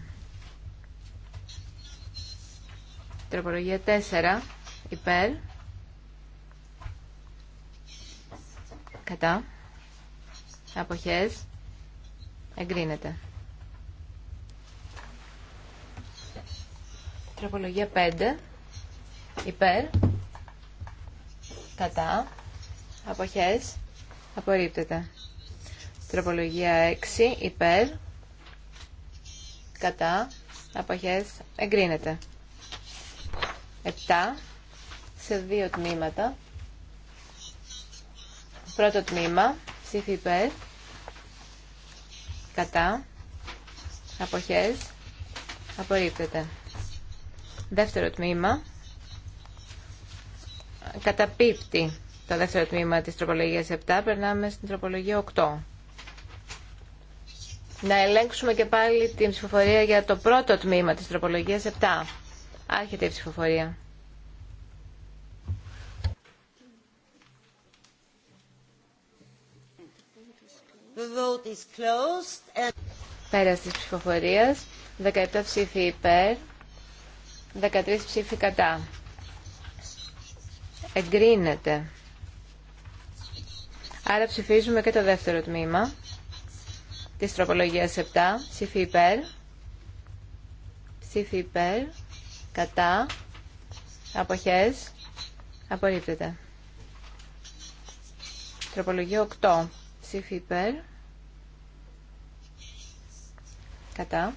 Τροπολογία 4 υπέρ. Κατά. Αποχές. Εγκρίνεται. Τροπολογία 5 υπέρ. Κατά. Αποχές. Απορρίπτεται. Τροπολογία 6 υπέρ. Κατά. Αποχές. Εγκρίνεται. 7 σε δύο τμήματα. Πρώτο τμήμα, ψήφι υπέρ, κατά, αποχές, απορρίπτεται. Δεύτερο τμήμα, καταπίπτει το δεύτερο τμήμα της τροπολογίας 7, περνάμε στην τροπολογία 8. Να ελέγξουμε και πάλι την ψηφοφορία για το πρώτο τμήμα της τροπολογίας 7. Άρχεται η ψηφοφορία. The τη ψηφοφορία, Πέρας της ψηφοφορίας, 17 ψήφοι υπέρ, 13 ψήφοι κατά. Εγκρίνεται. Άρα ψηφίζουμε και το δεύτερο τμήμα της τροπολογίας 7, ψήφι υπέρ, ψήφι υπέρ, κατά, αποχές, απορρίπτεται. Τροπολογία 8, ψήφι υπέρ, κατά,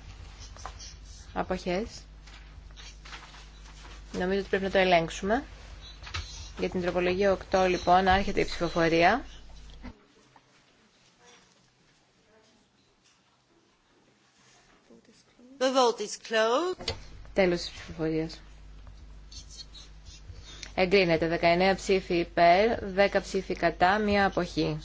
αποχές. Νομίζω ότι πρέπει να το ελέγξουμε. Για την τροπολογία 8 λοιπόν άρχεται η ψηφοφορία. The vote is closed. Τέλος της ψηφοφορίας. Εγκρίνεται 19 ψήφοι υπέρ, 10 ψήφοι κατά, μία αποχή.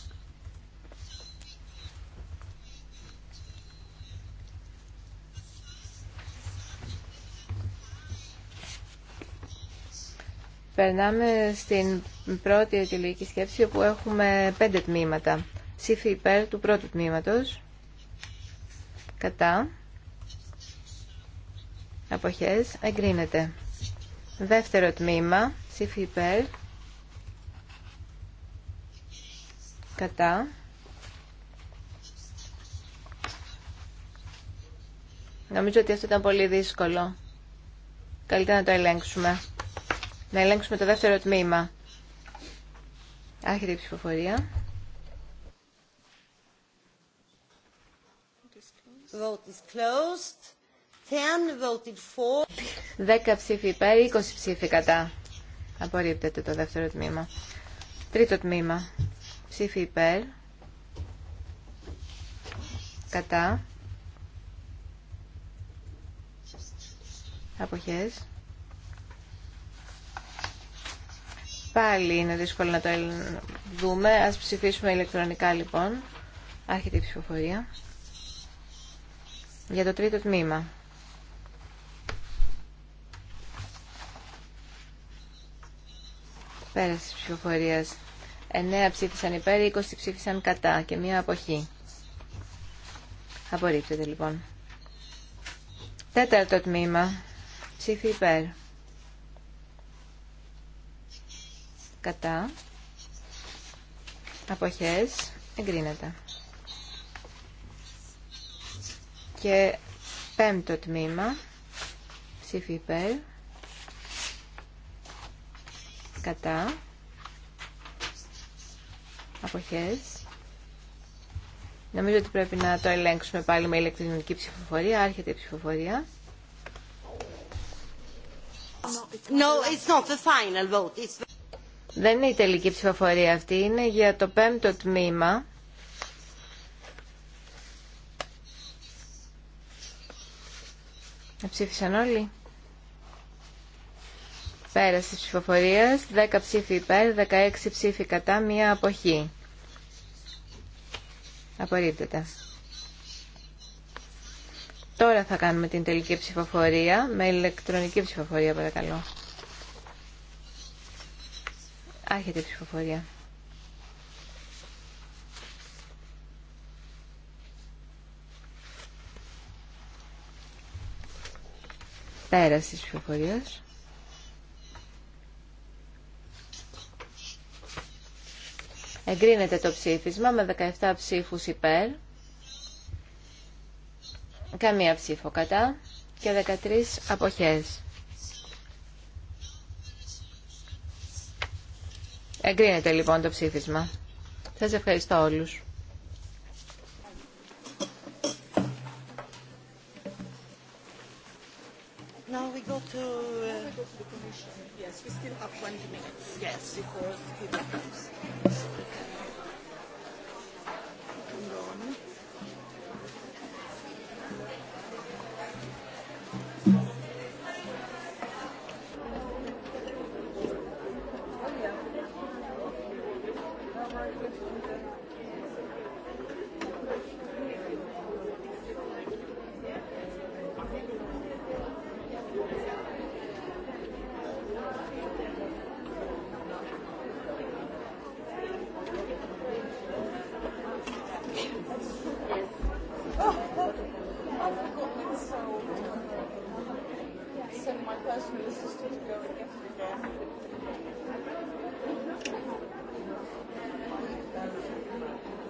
Περνάμε στην πρώτη αιτιολογική σκέψη όπου έχουμε πέντε τμήματα. Ψήφι υπέρ του πρώτου τμήματος. Κατά αποχές εγκρίνεται. Δεύτερο τμήμα, ΣΥΦΙΠΕΡ. κατά, Νομίζω ότι αυτό ήταν πολύ δύσκολο. Καλύτερα να το ελέγξουμε. Να ελέγξουμε το δεύτερο τμήμα. Άρχεται η ψηφοφορία. Vote closed. 10 ψήφοι υπέρ, 20 ψήφοι κατά. Απορρίπτεται το δεύτερο τμήμα. Τρίτο τμήμα. Ψήφοι υπέρ. Κατά. Αποχές. Πάλι είναι δύσκολο να το δούμε. Ας ψηφίσουμε ηλεκτρονικά λοιπόν. Άρχεται η ψηφοφορία. Για το τρίτο τμήμα. Πέρασε τη ψηφοφορία. 9 ψήφισαν υπέρ, 20 ψήφισαν κατά και μία αποχή. Απορρίπτεται λοιπόν. Τέταρτο τμήμα. Ψήφι υπέρ. Κατά. Αποχές. Εγκρίνεται. Και πέμπτο τμήμα. Ψήφι υπέρ κατά αποχές νομίζω ότι πρέπει να το ελέγξουμε πάλι με ηλεκτρονική ψηφοφορία άρχεται η ψηφοφορία no, it's not the final vote. It's... δεν είναι η τελική ψηφοφορία αυτή είναι για το πέμπτο τμήμα ψήφισαν όλοι Πέραση της ψηφοφορίας, 10 ψήφοι υπέρ, 16 ψήφοι κατά, μία αποχή. Απορρίπτεται. Τώρα θα κάνουμε την τελική ψηφοφορία, με ηλεκτρονική ψηφοφορία παρακαλώ. Άρχεται η ψηφοφορία. Πέραση της ψηφοφορίας. Εγκρίνεται το ψήφισμα με 17 ψήφους υπέρ, καμία ψήφο κατά και 13 αποχές. Εγκρίνεται λοιπόν το ψήφισμα. Σας ευχαριστώ όλους. Now we go to, uh, Yes, still Yes, because send my personal assistant to go and get it again. Thank you.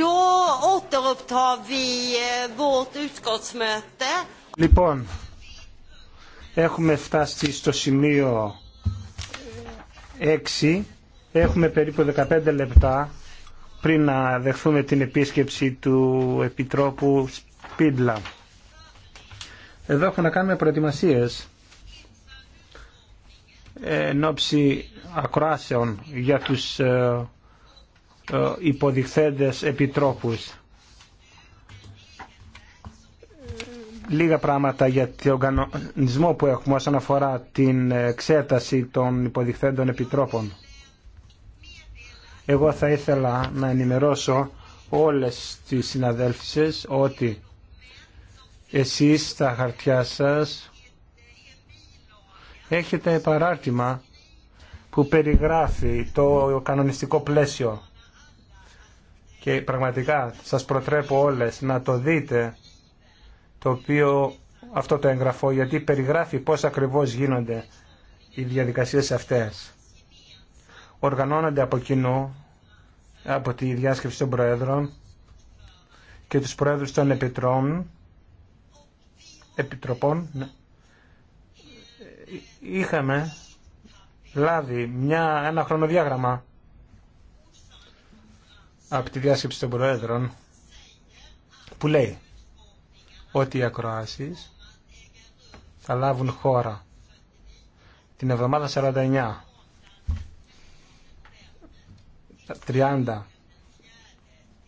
Eh, λοιπόν, έχουμε φτάσει στο σημείο 6. Έχουμε περίπου 15 λεπτά πριν να δεχθούμε την επίσκεψη του Επιτρόπου Σπίτλα. Εδώ έχουμε να κάνουμε προετοιμασίες εν ώψη ακροάσεων για τους ε, ε, υποδειχθέντες επιτρόπους. Λίγα πράγματα για τον κανονισμό που έχουμε όσον αφορά την εξέταση των υποδειχθέντων επιτρόπων. Εγώ θα ήθελα να ενημερώσω όλες τις συναδέλφισες ότι εσείς στα χαρτιά σας έχετε παράρτημα που περιγράφει το κανονιστικό πλαίσιο και πραγματικά σας προτρέπω όλες να το δείτε το οποίο αυτό το εγγραφό γιατί περιγράφει πώς ακριβώς γίνονται οι διαδικασίες αυτές. Οργανώνονται από κοινού, από τη διάσκεψη των Προέδρων και τους Προέδρους των Επιτρών, Επιτροπών. Ναι. Είχαμε λάβει μια, ένα χρονοδιάγραμμα από τη διάσκεψη των Προέδρων που λέει ότι οι ακροάσεις θα λάβουν χώρα την εβδομάδα 49 30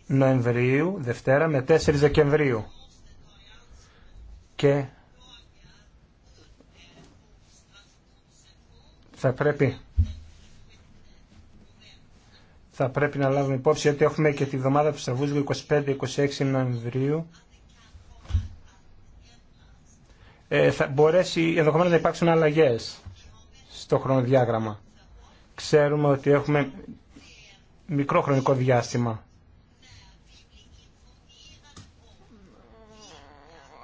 Νοεμβρίου, Δευτέρα με 4 Δεκεμβρίου και θα πρέπει θα πρέπει να λάβουμε υπόψη ότι έχουμε και τη βδομάδα του Στραβούζου 25-26 Νοεμβρίου. Ε, θα μπορέσει ενδεχομένως να υπάρξουν αλλαγές στο χρονοδιάγραμμα. Ξέρουμε ότι έχουμε μικρό χρονικό διάστημα.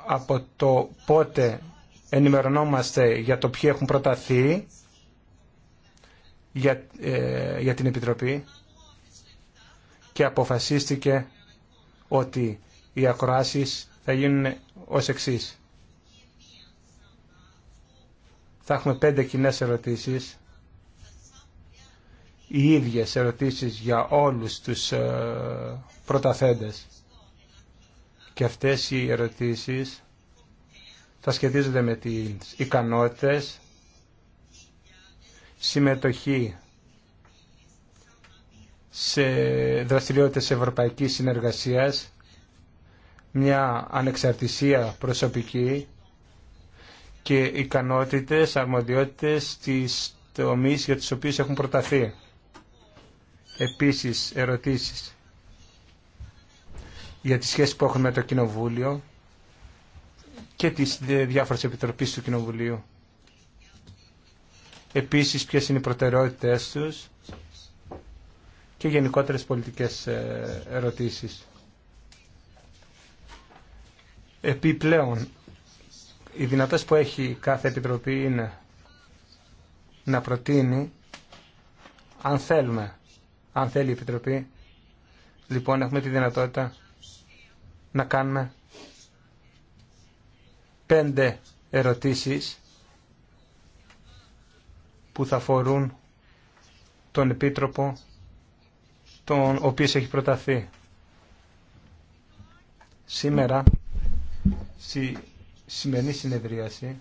Από το πότε ενημερωνόμαστε για το ποιοι έχουν προταθεί για, ε, για την Επιτροπή και αποφασίστηκε ότι οι ακροάσεις θα γίνουν ως εξής. Θα έχουμε πέντε κοινέ ερωτήσεις, οι ίδιες ερωτήσεις για όλους τους ε, πρωταθέντες. Και αυτές οι ερωτήσεις θα σχετίζονται με τις ικανότητες, συμμετοχή σε δραστηριότητες ευρωπαϊκής συνεργασίας, μια ανεξαρτησία προσωπική και ικανότητες, αρμοδιότητες της τομείς για τις οποίες έχουν προταθεί. Επίσης, ερωτήσεις για τις σχέσεις που έχουν με το Κοινοβούλιο και τις διάφορες επιτροπές του Κοινοβουλίου. Επίσης, ποιες είναι οι προτεραιότητες τους και γενικότερες πολιτικές ε, ερωτήσεις. Επιπλέον, η δυνατότητα που έχει κάθε επιτροπή είναι να προτείνει αν θέλουμε, αν θέλει η Επιτροπή, λοιπόν έχουμε τη δυνατότητα να κάνουμε πέντε ερωτήσεις που θα αφορούν τον Επίτροπο τον οποίο έχει προταθεί. Σήμερα, στη σημερινή συνεδρίαση,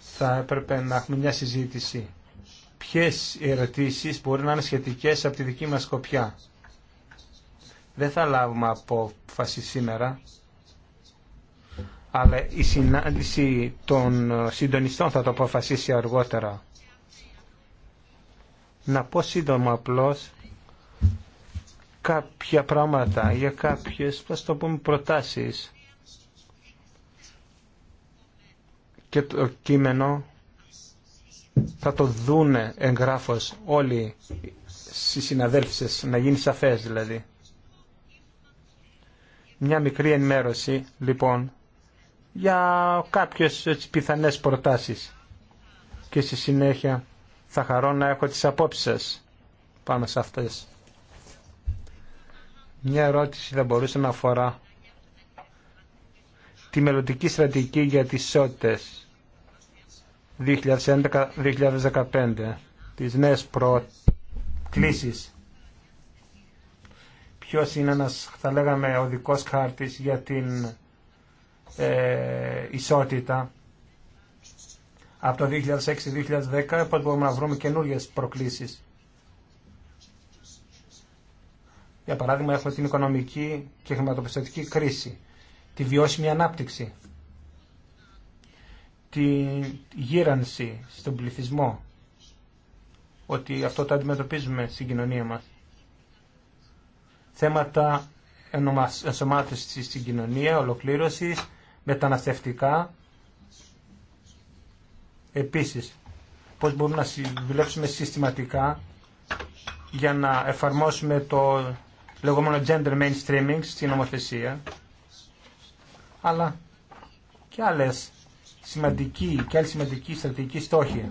θα έπρεπε να έχουμε μια συζήτηση. Ποιες ερωτήσεις μπορεί να είναι σχετικές από τη δική μας σκοπιά. Δεν θα λάβουμε απόφαση σήμερα, αλλά η συνάντηση των συντονιστών θα το αποφασίσει αργότερα. Να πω σύντομα απλώς κάποια πράγματα για κάποιες, θα το πούμε, προτάσεις. Και το κείμενο θα το δούνε εγγράφως όλοι οι συναδέλφισες, να γίνει σαφές δηλαδή. Μια μικρή ενημέρωση λοιπόν για κάποιες έτσι, πιθανές προτάσεις και στη συνέχεια θα χαρώ να έχω τις απόψεις σας πάνω σε αυτές. Μια ερώτηση θα μπορούσε να αφορά τη μελλοντική στρατηγική για τις ισότητες 2011-2015, τις νέες προκλήσεις. Ποιος είναι ένας, θα λέγαμε, οδικός χάρτης για την ε, ισότητα από το 2006-2010, μπορούμε να βρούμε καινούριε προκλήσεις. Για παράδειγμα, έχουμε την οικονομική και χρηματοπιστωτική κρίση, τη βιώσιμη ανάπτυξη, τη γύρανση στον πληθυσμό, ότι αυτό το αντιμετωπίζουμε στην κοινωνία μας. Θέματα ενσωμάτωσης στην κοινωνία, ολοκλήρωσης, μεταναστευτικά, Επίσης, πώς μπορούμε να δουλέψουμε συστηματικά για να εφαρμόσουμε το λεγόμενο gender mainstreaming στην νομοθεσία, αλλά και άλλες σημαντικοί και άλλες σημαντικοί στρατηγικοί στόχοι.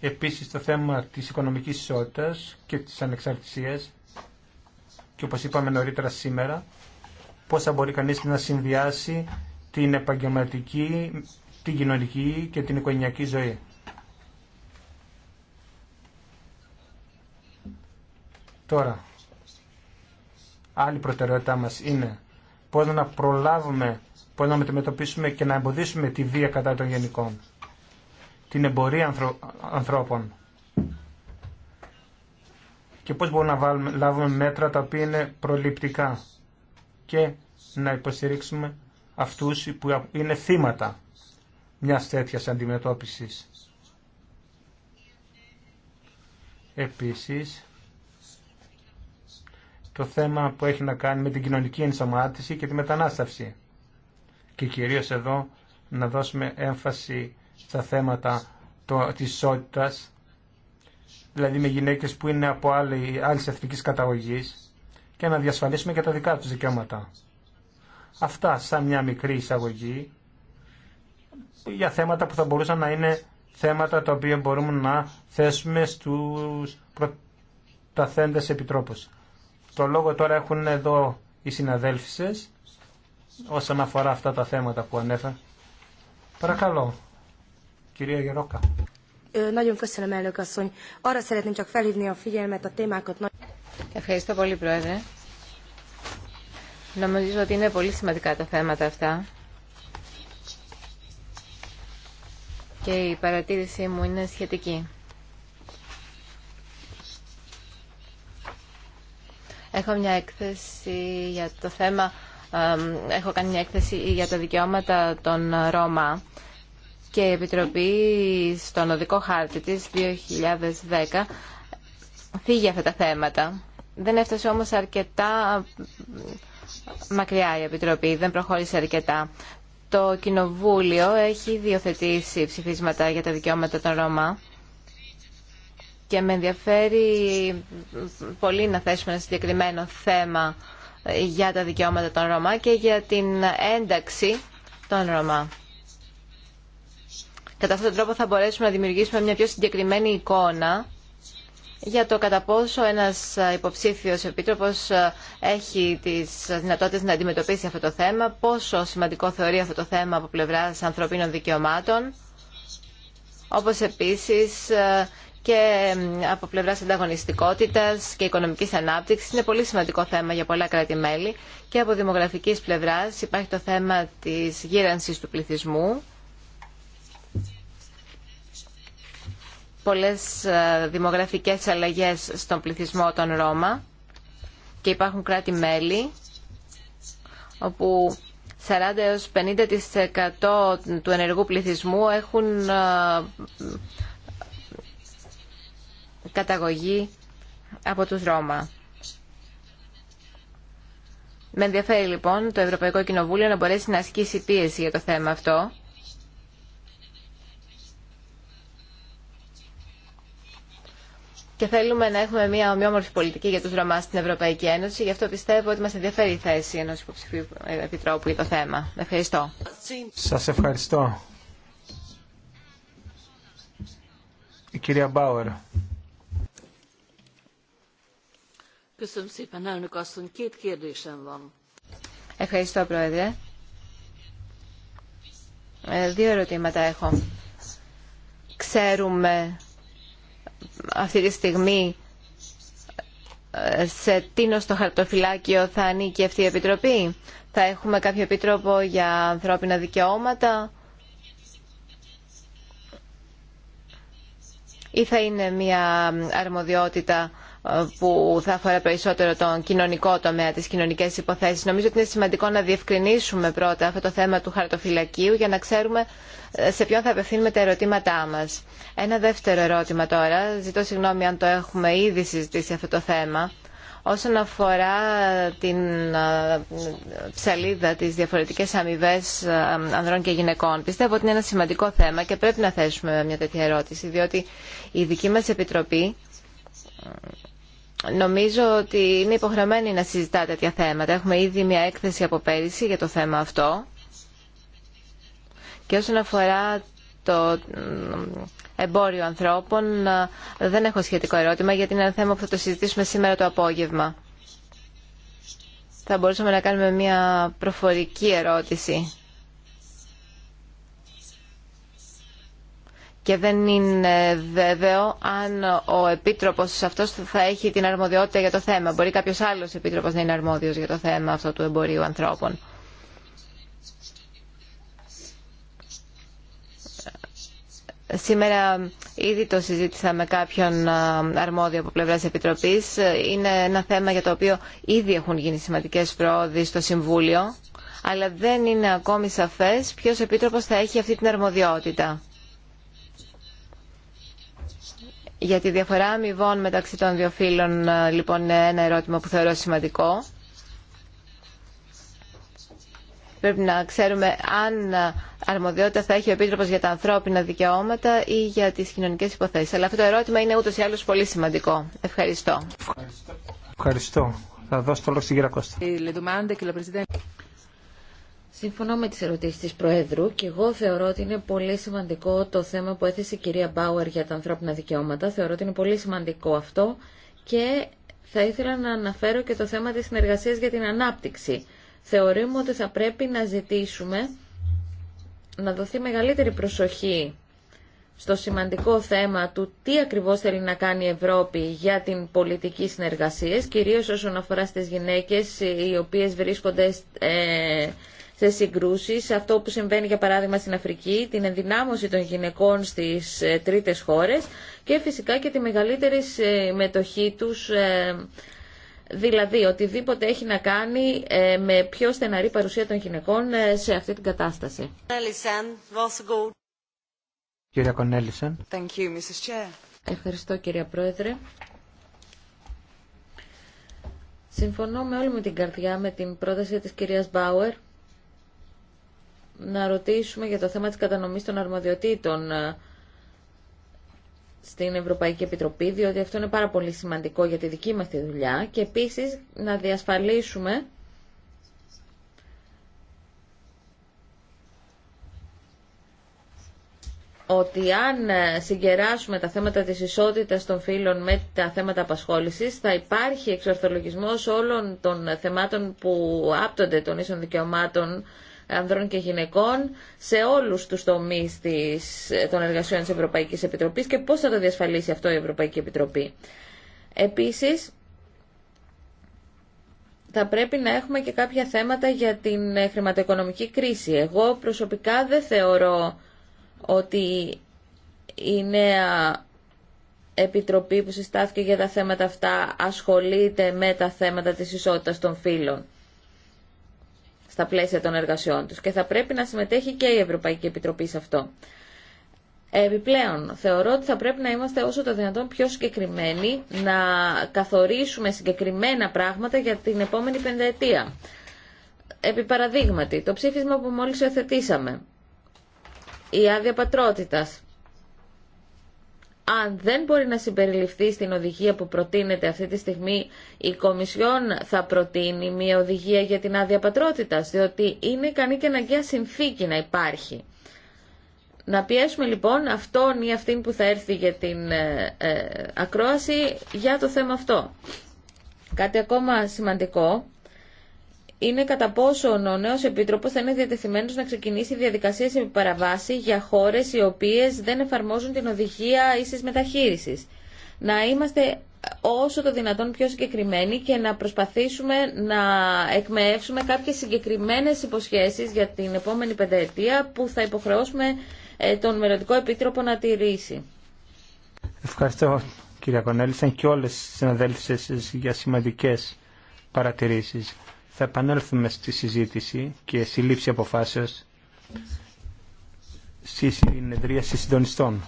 Επίσης το θέμα της οικονομικής ισότητας και της ανεξαρτησίας και όπως είπαμε νωρίτερα σήμερα, πώς θα μπορεί κανείς να συνδυάσει την επαγγελματική, την κοινωνική και την οικογενειακή ζωή. Τώρα, άλλη προτεραιότητά μας είναι πώς να προλάβουμε, πώς να μεταμετωπίσουμε και να εμποδίσουμε τη βία κατά των γενικών, την εμπορία ανθρώπων και πώς μπορούμε να βάλουμε, λάβουμε μέτρα τα οποία είναι προληπτικά και να υποστηρίξουμε αυτούς που είναι θύματα μιας τέτοιας αντιμετώπισης. Επίσης, το θέμα που έχει να κάνει με την κοινωνική ενσωμάτιση και τη μετανάστευση. Και κυρίως εδώ να δώσουμε έμφαση στα θέματα το, της ισότητας, δηλαδή με γυναίκες που είναι από άλλη, άλλης εθνικής καταγωγής και να διασφαλίσουμε και τα δικά τους δικαιώματα. Αυτά σαν μια μικρή εισαγωγή για θέματα που θα μπορούσαν να είναι θέματα τα οποία μπορούμε να θέσουμε στους προταθέντες επιτρόπους. Το λόγο τώρα έχουν εδώ οι συναδέλφισες όσον αφορά αυτά τα θέματα που ανέφερα. Παρακαλώ, κυρία Γερόκα. Ευχαριστώ πολύ, Πρόεδρε. Νομίζω ότι είναι πολύ σημαντικά τα θέματα αυτά. Και η παρατήρησή μου είναι σχετική. Έχω μια έκθεση για το θέμα, έχω κάνει μια έκθεση για τα δικαιώματα των Ρώμα και η Επιτροπή στον οδικό χάρτη της 2010 φύγει αυτά τα θέματα. Δεν έφτασε όμως αρκετά μακριά η Επιτροπή, δεν προχώρησε αρκετά. Το Κοινοβούλιο έχει διοθετήσει ψηφίσματα για τα δικαιώματα των Ρώμα και με ενδιαφέρει πολύ να θέσουμε ένα συγκεκριμένο θέμα για τα δικαιώματα των Ρώμα και για την ένταξη των Ρώμα. Κατά αυτόν τον τρόπο θα μπορέσουμε να δημιουργήσουμε μια πιο συγκεκριμένη εικόνα για το κατά πόσο ένας ε, υποψήφιος επίτροπος ε, έχει τις δυνατότητες να αντιμετωπίσει αυτό το θέμα, πόσο σημαντικό θεωρεί αυτό το θέμα από πλευράς ανθρωπίνων δικαιωμάτων, όπως επίσης ε, και από πλευράς ανταγωνιστικότητας και οικονομικής ανάπτυξης είναι πολύ σημαντικό θέμα για πολλά κράτη-μέλη και από δημογραφικής πλευράς υπάρχει το θέμα της γύρανσης του πληθυσμού πολλές ε, δημογραφικές αλλαγές στον πληθυσμό των Ρώμα και υπάρχουν κράτη-μέλη όπου 40 έως 50% του ενεργού πληθυσμού έχουν ε, καταγωγή από τους Ρώμα. Με ενδιαφέρει λοιπόν το Ευρωπαϊκό Κοινοβούλιο να μπορέσει να ασκήσει πίεση για το θέμα αυτό και θέλουμε να έχουμε μια ομοιόμορφη πολιτική για τους Ρωμά στην Ευρωπαϊκή Ένωση. Γι' αυτό πιστεύω ότι μα ενδιαφέρει η θέση ενό υποψηφίου επιτρόπου για το θέμα. Ευχαριστώ. Σας ευχαριστώ. Η κυρία Μπάουερ. Ευχαριστώ, Πρόεδρε. Ε, δύο ερωτήματα έχω. Ξέρουμε αυτή τη στιγμή ε, σε τίνο στο χαρτοφυλάκιο θα ανήκει αυτή η Επιτροπή. Θα έχουμε κάποιο Επίτροπο για ανθρώπινα δικαιώματα ή θα είναι μια αρμοδιότητα που θα αφορά περισσότερο τον κοινωνικό τομέα, τις κοινωνικές υποθέσεις. Νομίζω ότι είναι σημαντικό να διευκρινίσουμε πρώτα αυτό το θέμα του χαρτοφυλακίου για να ξέρουμε ε, σε ποιον θα απευθύνουμε τα ερωτήματά μας. Ένα δεύτερο ερώτημα τώρα, ζητώ συγγνώμη αν το έχουμε ήδη συζητήσει αυτό το θέμα, όσον αφορά την ε, ψαλίδα της διαφορετικές αμοιβέ ε, ανδρών και γυναικών. Πιστεύω ότι είναι ένα σημαντικό θέμα και πρέπει να θέσουμε μια τέτοια ερώτηση, διότι η δική μας Επιτροπή Νομίζω ότι είναι υποχρεωμένοι να συζητά τέτοια θέματα. Έχουμε ήδη μια έκθεση από πέρυσι για το θέμα αυτό. Και όσον αφορά το εμπόριο ανθρώπων, ε, δεν έχω σχετικό ερώτημα γιατί είναι ένα θέμα που θα το συζητήσουμε σήμερα το απόγευμα. Θα μπορούσαμε να κάνουμε μια προφορική ερώτηση και δεν είναι βέβαιο αν ο επίτροπος αυτός θα έχει την αρμοδιότητα για το θέμα. Μπορεί κάποιος άλλος επίτροπος να είναι αρμόδιος για το θέμα αυτό του εμπορίου ανθρώπων. Σήμερα ήδη το συζήτησα με κάποιον αρμόδιο από πλευράς Επιτροπής. Είναι ένα θέμα για το οποίο ήδη έχουν γίνει σημαντικές πρόοδοι στο Συμβούλιο, αλλά δεν είναι ακόμη σαφές ποιος επίτροπος θα έχει αυτή την αρμοδιότητα. Για τη διαφορά αμοιβών μεταξύ των δύο φύλων, ε, λοιπόν, είναι ένα ερώτημα που θεωρώ σημαντικό. Πρέπει να ξέρουμε αν ε, αρμοδιότητα θα έχει ο Επίτροπος για τα ανθρώπινα δικαιώματα ή για τις κοινωνικές υποθέσεις. Αλλά αυτό το ερώτημα είναι ούτως ή άλλως πολύ σημαντικό. Ευχαριστώ. Ευχαριστώ. Θα δώσω το λόγο στην κυρία Κώστα. Ε, Συμφωνώ με τις ερωτήσεις της Προέδρου και εγώ θεωρώ ότι είναι πολύ σημαντικό το θέμα που έθεσε η κυρία Μπάουερ για τα ανθρώπινα δικαιώματα. Θεωρώ ότι είναι πολύ σημαντικό αυτό και θα ήθελα να αναφέρω και το θέμα της συνεργασίας για την ανάπτυξη. Θεωρούμε ότι θα πρέπει να ζητήσουμε να δοθεί μεγαλύτερη προσοχή στο σημαντικό θέμα του τι ακριβώς θέλει να κάνει η Ευρώπη για την πολιτική συνεργασία, κυρίως όσον αφορά στις γυναίκες οι οποίες βρίσκονται ε, σε αυτό που συμβαίνει για παράδειγμα στην Αφρική, την ενδυνάμωση των γυναικών στις ε, τρίτες χώρες και φυσικά και τη μεγαλύτερη συμμετοχή ε, τους ε, Δηλαδή, οτιδήποτε έχει να κάνει με πιο στεναρή παρουσία των γυναικών σε αυτή την κατάσταση. Κυρία Κονέλησεν. Ευχαριστώ, κυρία Πρόεδρε. Συμφωνώ με όλη μου την καρδιά με την πρόταση της κυρίας Μπάουερ να ρωτήσουμε για το θέμα της κατανομής των αρμοδιοτήτων ε, στην Ευρωπαϊκή Επιτροπή, διότι αυτό είναι πάρα πολύ σημαντικό για τη δική μας τη δουλειά και επίσης να διασφαλίσουμε ότι αν ε, συγκεράσουμε τα θέματα της ισότητας των φύλων με τα θέματα απασχόλησης θα υπάρχει εξορθολογισμός όλων των θεμάτων που άπτονται των ίσων δικαιωμάτων ανδρών και γυναικών σε όλους τους τομείς των εργασιών τη ευρωπαϊκή Επιτροπή και πώς θα το διασφαλίσει αυτό η Ευρωπαϊκή Επιτροπή. Επίσης, θα πρέπει να έχουμε και κάποια θέματα για την χρηματοοικονομική κρίση. Εγώ προσωπικά δεν θεωρώ ότι η νέα επιτροπή που συστάθηκε για τα θέματα αυτά ασχολείται με τα θέματα της ισότητας των φύλων στα πλαίσια των εργασιών τους και θα πρέπει να συμμετέχει και η Ευρωπαϊκή Επιτροπή σε αυτό. Επιπλέον, θεωρώ ότι θα πρέπει να είμαστε όσο το δυνατόν πιο συγκεκριμένοι, να καθορίσουμε συγκεκριμένα πράγματα για την επόμενη πενταετία. Επί το ψήφισμα που μόλις υιοθετήσαμε, η άδεια πατρότητας, αν δεν μπορεί να συμπεριληφθεί στην οδηγία που προτείνεται αυτή τη στιγμή, η Κομισιόν θα προτείνει μια οδηγία για την άδεια πατρότητας, διότι είναι ικανή και αναγκαία συνθήκη να υπάρχει. Να πιέσουμε λοιπόν αυτόν ή αυτήν που θα έρθει για την ε, ε, ακρόαση για το θέμα αυτό. Κάτι ακόμα σημαντικό είναι κατά πόσο ο νέος Επίτροπος θα είναι διατεθειμένος να ξεκινήσει διαδικασίες επί παραβάση για χώρες οι οποίες δεν εφαρμόζουν την οδηγία ίσης μεταχείρισης. Να είμαστε όσο το δυνατόν πιο συγκεκριμένοι και να προσπαθήσουμε να εκμεεύσουμε κάποιες συγκεκριμένες υποσχέσεις για την επόμενη πενταετία που θα υποχρεώσουμε ε, τον μελλοντικό Επίτροπο να τηρήσει. Ευχαριστώ κυρία Κονέλη. Ήταν και όλες τις συναδέλφες για σημαντικές παρατηρήσεις. Θα επανέλθουμε στη συζήτηση και στη λήψη αποφάσεως στη συνεδρία συντονιστών.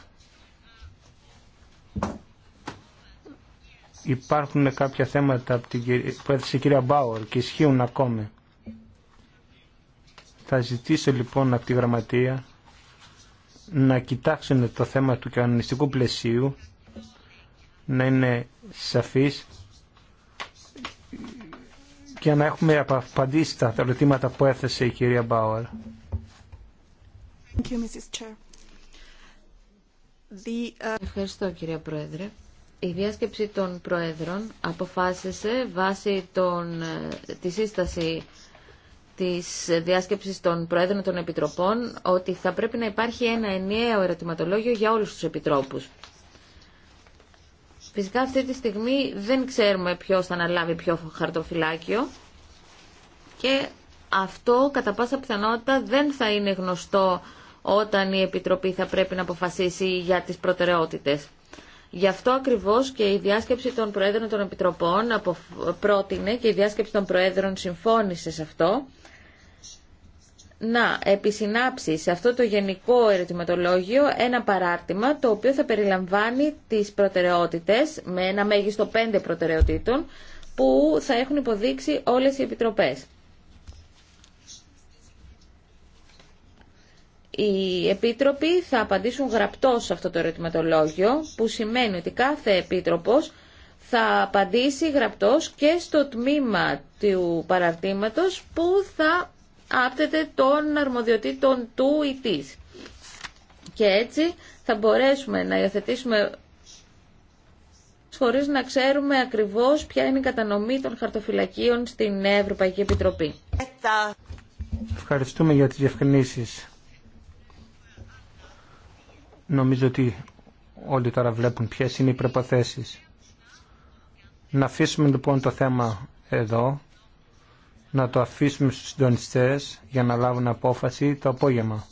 Υπάρχουν κάποια θέματα που έθεσε η κυρία Μπάουερ και ισχύουν ακόμη. Θα ζητήσω λοιπόν από τη Γραμματεία να κοιτάξουν το θέμα του κανονιστικού πλαισίου, να είναι σαφής για να έχουμε απαντήσει τα ερωτήματα που έθεσε η κυρία Μπάουερ. Uh, Ευχαριστώ κυρία Πρόεδρε. Η διάσκεψη των Προέδρων αποφάσισε βάσει των, ε, τη σύσταση της διάσκεψης των Προέδρων των Επιτροπών ότι θα πρέπει να υπάρχει ένα ενιαίο ερωτηματολόγιο για όλους τους Επιτρόπους. Φυσικά αυτή τη στιγμή δεν ξέρουμε ποιο θα αναλάβει ποιο χαρτοφυλάκιο και αυτό κατά πάσα πιθανότητα δεν θα είναι γνωστό όταν η Επιτροπή θα πρέπει να αποφασίσει για τις προτεραιότητες. Γι' αυτό ακριβώς και η διάσκεψη των Προέδρων των Επιτροπών πρότεινε και η διάσκεψη των Προέδρων συμφώνησε σε αυτό να επισυνάψει σε αυτό το γενικό ερωτηματολόγιο ένα παράρτημα το οποίο θα περιλαμβάνει τις προτεραιότητες με ένα μέγιστο πέντε προτεραιοτήτων που θα έχουν υποδείξει όλες οι επιτροπές. Οι επίτροποι θα απαντήσουν γραπτός σε αυτό το ερωτηματολόγιο που σημαίνει ότι κάθε επίτροπος θα απαντήσει γραπτός και στο τμήμα του παραρτήματος που θα άπτεται των αρμοδιοτήτων του ή της. Και έτσι θα μπορέσουμε να υιοθετήσουμε χωρίς να ξέρουμε ακριβώς ποια είναι η κατανομή των χαρτοφυλακίων στην Ευρωπαϊκή Επιτροπή. Ευχαριστούμε για τις διευκρινήσεις. Νομίζω ότι όλοι τώρα βλέπουν ποιες είναι οι προποθέσεις. Να αφήσουμε λοιπόν το θέμα εδώ να το αφήσουμε στους συντονιστές για να λάβουν απόφαση το απόγευμα.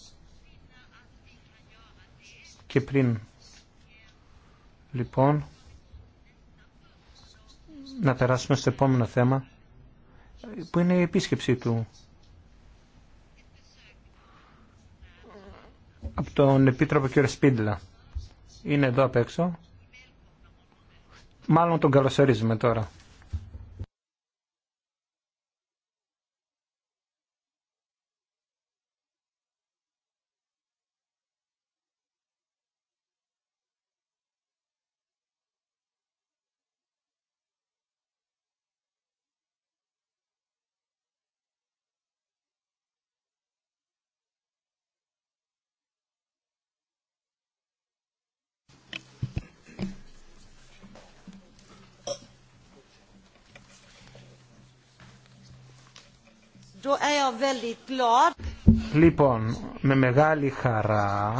Και πριν. Λοιπόν, να περάσουμε στο επόμενο θέμα, που είναι η επίσκεψη του. Από τον Επίτροπο κ. Σπίντλα Είναι εδώ απ' έξω. Μάλλον τον καλωσορίζουμε τώρα. Λοιπόν, με μεγάλη χαρά...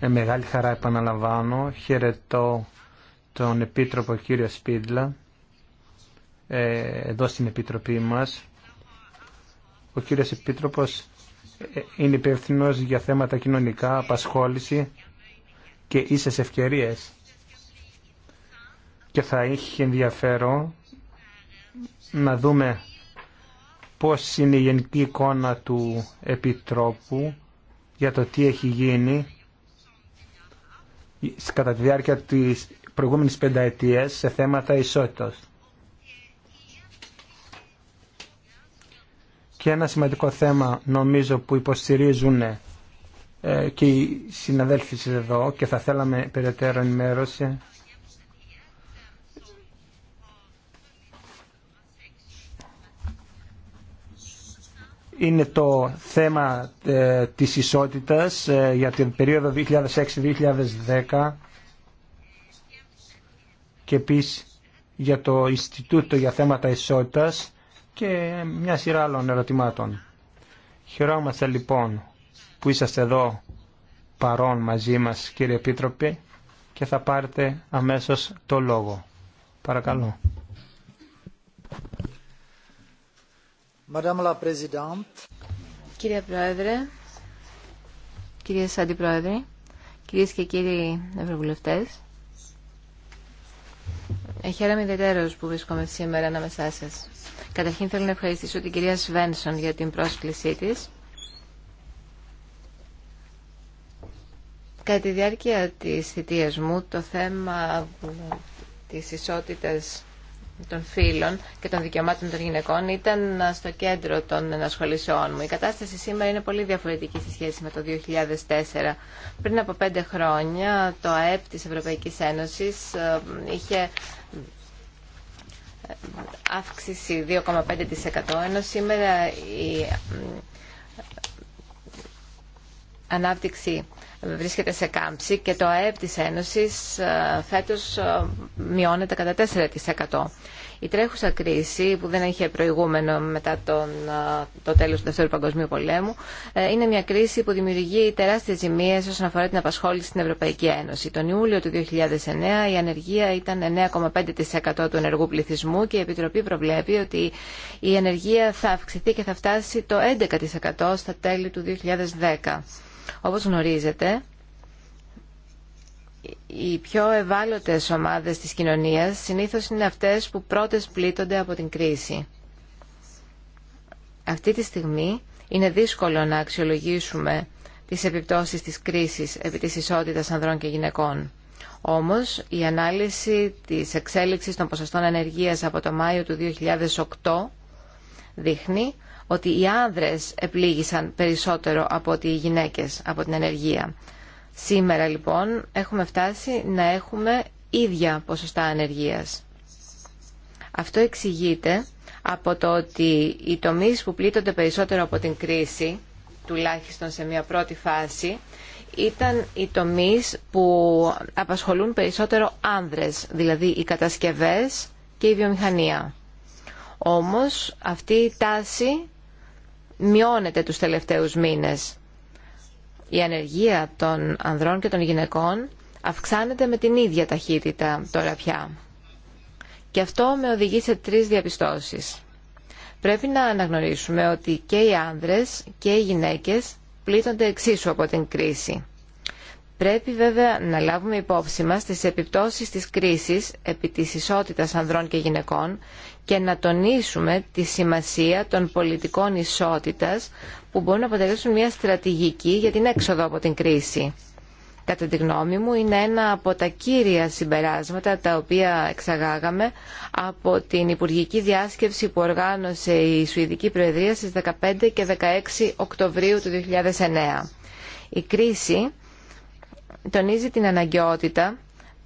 Με μεγάλη χαρά επαναλαμβάνω, χαιρετώ τον Επίτροπο κύριο Σπίτλα ε, εδώ στην Επιτροπή μας. Ο κύριος Επίτροπος ε, είναι υπεύθυνο για θέματα κοινωνικά, απασχόληση και ίσες ευκαιρίες. Και θα είχε ενδιαφέρον να δούμε πώς είναι η γενική εικόνα του Επιτρόπου για το τι έχει γίνει κατά τη διάρκεια της προηγούμενης πενταετίας σε θέματα ισότητας. Και ένα σημαντικό θέμα νομίζω που υποστηρίζουν ε, και οι συναδέλφοι εδώ και θα θέλαμε περαιτέρω ενημέρωση είναι το θέμα ε, της ισότητας ε, για την περίοδο 2006-2010 και επίσης για το Ινστιτούτο για θέματα ισότητας και μια σειρά άλλων ερωτημάτων. Χαιρόμαστε λοιπόν που είσαστε εδώ παρόν μαζί μας κύριε Επίτροπη και θα πάρετε αμέσως το λόγο. Παρακαλώ. Κύριε Πρόεδρε, κύριε Αντιπρόεδροι, κυρίες και κύριοι Ευρωβουλευτές, χαίρομαι ιδιαίτερως που βρίσκομαι σήμερα ανάμεσά σας. Καταρχήν θέλω να ευχαριστήσω την κυρία Σβένσον για την πρόσκλησή της. Κατά τη διάρκεια της θητείας μου, το θέμα της ισότητας των φίλων και των δικαιωμάτων των γυναικών ήταν στο κέντρο των ενασχολήσεών μου. Η κατάσταση σήμερα είναι πολύ διαφορετική σε σχέση με το 2004. Πριν από πέντε χρόνια το ΑΕΠ της Ευρωπαϊκής Ένωσης ε, είχε αύξηση 2,5% ενώ σήμερα η ανάπτυξη βρίσκεται σε κάμψη και το ΑΕΠ της Ένωσης ε, φέτος ε, μειώνεται κατά 4%. Η τρέχουσα κρίση που δεν είχε προηγούμενο μετά τον, ε, το τέλος του Δεύτερου Παγκοσμίου Πολέμου είναι μια κρίση που δημιουργεί τεράστιες ζημίες όσον αφορά την απασχόληση στην Ευρωπαϊκή Ένωση. Τον Ιούλιο του 2009 η ανεργία ήταν 9,5% του ενεργού πληθυσμού και η Επιτροπή προβλέπει ότι η ανεργία θα αυξηθεί και θα φτάσει το 11% στα τέλη του 2010. Όπως γνωρίζετε, οι πιο ευάλωτες ομάδες της κοινωνίας συνήθως είναι αυτές που πρώτες πλήττονται από την κρίση. Αυτή τη στιγμή είναι δύσκολο να αξιολογήσουμε τις επιπτώσεις της κρίσης επί της ισότητας ανδρών και γυναικών. Όμως, η ανάλυση της εξέλιξης των ποσοστών ανεργίας από το Μάιο του 2008 δείχνει ότι οι άνδρες επλήγησαν περισσότερο από ότι οι γυναίκες από την ανεργία. Σήμερα λοιπόν έχουμε φτάσει να έχουμε ίδια ποσοστά ανεργίας. Αυτό εξηγείται από το ότι οι τομείς που πλήττονται περισσότερο από την κρίση, τουλάχιστον σε μια πρώτη φάση, ήταν οι τομείς που απασχολούν περισσότερο άνδρες, δηλαδή οι κατασκευές και η βιομηχανία. Όμως αυτή η τάση μειώνεται τους τελευταίους μήνες. Η ανεργία των ανδρών και των γυναικών αυξάνεται με την ίδια ταχύτητα τώρα πια. Και αυτό με οδηγεί σε τρεις διαπιστώσεις. Πρέπει να αναγνωρίσουμε ότι και οι άνδρες και οι γυναίκες πλήττονται εξίσου από την κρίση. Πρέπει βέβαια να λάβουμε υπόψη μας τις επιπτώσεις της κρίσης επί της ισότητας ανδρών και γυναικών και να τονίσουμε τη σημασία των πολιτικών ισότητας που μπορούν να αποτελέσουν μια στρατηγική για την έξοδο από την κρίση. Κατά τη γνώμη μου είναι ένα από τα κύρια συμπεράσματα τα οποία εξαγάγαμε από την Υπουργική Διάσκεψη που οργάνωσε η Σουηδική Προεδρία στις 15 και 16 Οκτωβρίου του 2009. Η κρίση τονίζει την αναγκαιότητα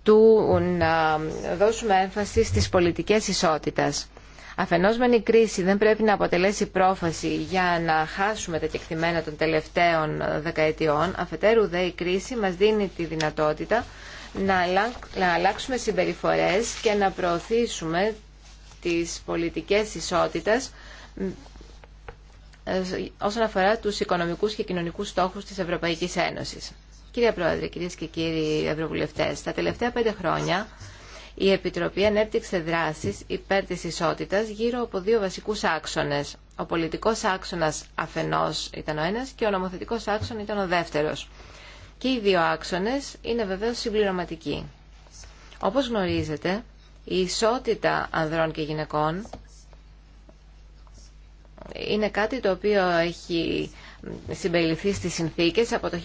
του να δώσουμε έμφαση στις πολιτικές ισότητας. Αφενός μεν η κρίση δεν πρέπει να αποτελέσει πρόφαση για να χάσουμε τα κεκτημένα των τελευταίων δεκαετιών, αφετέρου δε η κρίση μας δίνει τη δυνατότητα να αλλάξουμε συμπεριφορές και να προωθήσουμε τις πολιτικές ισότητας ε, όσον αφορά τους οικονομικούς και κοινωνικούς στόχους της Ευρωπαϊκής Ένωσης. Κύριε Πρόεδρε, κυρίες και κύριοι Ευρωβουλευτές, τα τελευταία πέντε χρόνια η Επιτροπή ανέπτυξε δράσεις υπέρ της ισότητας γύρω από δύο βασικούς άξονες. Ο πολιτικός άξονας αφενός ήταν ο ένας και ο νομοθετικός άξονας ήταν ο δεύτερος. Και οι δύο άξονες είναι βεβαίως συμπληρωματικοί. Όπως γνωρίζετε, η ισότητα ανδρών και γυναικών είναι κάτι το οποίο έχει συμπεριληφθεί στις συνθήκες από το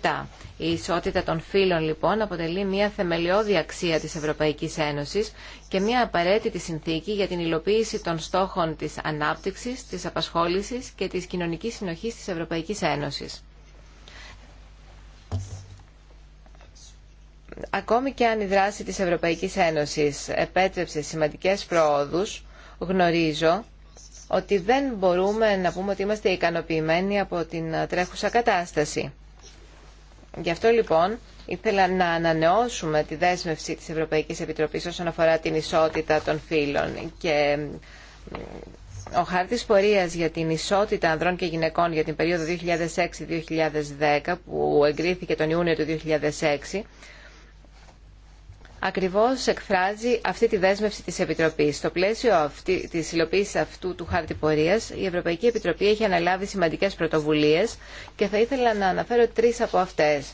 1957. Η ισότητα των φύλων λοιπόν αποτελεί μια θεμελιώδη αξία της Ευρωπαϊκής Ένωσης και μια απαραίτητη συνθήκη για την υλοποίηση των στόχων της ανάπτυξης, της απασχόλησης και της κοινωνικής συνοχής της Ευρωπαϊκής Ένωσης. Ακόμη και αν η δράση της Ευρωπαϊκής Ένωσης επέτρεψε σημαντικές προόδους, γνωρίζω ότι δεν μπορούμε να πούμε ότι είμαστε ικανοποιημένοι από την τρέχουσα κατάσταση. Γι' αυτό λοιπόν ήθελα να ανανεώσουμε τη δέσμευση της Ευρωπαϊκής Επιτροπής όσον αφορά την ισότητα των φύλων και ο χάρτης πορείας για την ισότητα ανδρών και γυναικών για την περίοδο 2006-2010 που εγκρίθηκε τον Ιούνιο του 2006 ακριβώς εκφράζει αυτή τη δέσμευση της Επιτροπής. Στο πλαίσιο τη της αυτού του χάρτη πορεία, η Ευρωπαϊκή Επιτροπή έχει αναλάβει σημαντικές πρωτοβουλίες και θα ήθελα να αναφέρω τρεις από αυτές.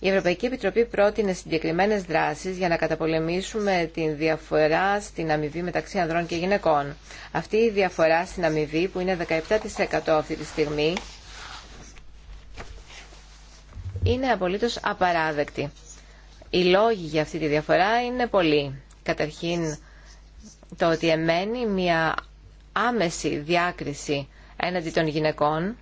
Η Ευρωπαϊκή Επιτροπή πρότεινε συγκεκριμένες δράσεις για να καταπολεμήσουμε τη διαφορά στην αμοιβή μεταξύ ανδρών και γυναικών. Αυτή η διαφορά στην αμοιβή που είναι 17% αυτή τη στιγμή είναι απολύτως απαράδεκτη. Οι λόγοι για αυτή τη διαφορά είναι πολλοί. Καταρχήν το ότι εμένει μια άμεση διάκριση έναντι των γυναικών.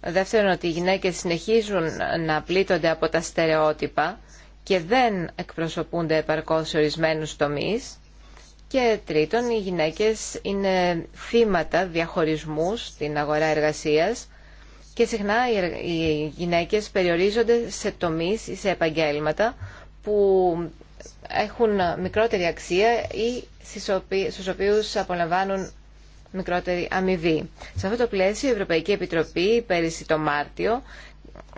Δεύτερον, ότι οι γυναίκες συνεχίζουν να πλήττονται από τα στερεότυπα και δεν εκπροσωπούνται επαρκώς σε ορισμένους τομείς. Και τρίτον, οι γυναίκες είναι θύματα διαχωρισμού στην αγορά εργασίας και συχνά οι γυναίκες περιορίζονται σε τομείς ή σε επαγγέλματα που έχουν μικρότερη αξία ή στους οποίους απολαμβάνουν μικρότερη αμοιβή. Σε αυτό το πλαίσιο η Ευρωπαϊκή Επιτροπή πέρυσι το Μάρτιο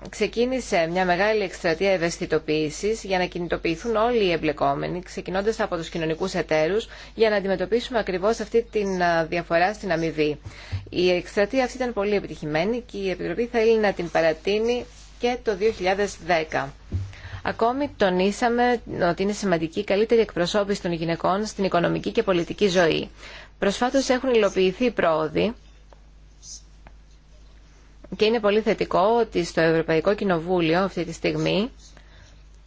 ξεκίνησε μια μεγάλη εκστρατεία ευαισθητοποίηση για να κινητοποιηθούν όλοι οι εμπλεκόμενοι, ξεκινώντα από του κοινωνικού εταίρους, για να αντιμετωπίσουμε ακριβώ αυτή τη διαφορά στην αμοιβή. Η εκστρατεία αυτή ήταν πολύ επιτυχημένη και η Επιτροπή θέλει να την παρατείνει και το 2010. Ακόμη τονίσαμε ότι είναι σημαντική η καλύτερη εκπροσώπηση των γυναικών στην οικονομική και πολιτική ζωή. Προσφάτως έχουν υλοποιηθεί πρόοδοι και είναι πολύ θετικό ότι στο Ευρωπαϊκό Κοινοβούλιο αυτή τη στιγμή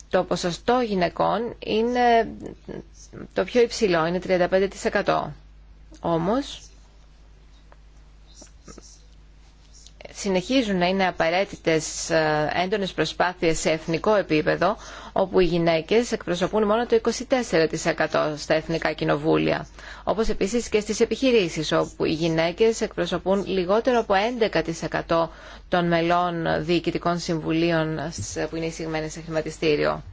το ποσοστό γυναικών είναι το πιο υψηλό, είναι 35%. Όμως, συνεχίζουν να είναι απαραίτητες ε, έντονες προσπάθειες σε εθνικό επίπεδο, όπου οι γυναίκες εκπροσωπούν μόνο το 24% στα εθνικά κοινοβούλια. Όπως επίσης και στις επιχειρήσεις, όπου οι γυναίκες εκπροσωπούν λιγότερο από 11% των μελών διοικητικών συμβουλίων που είναι εισηγμένες σε χρηματιστήριο.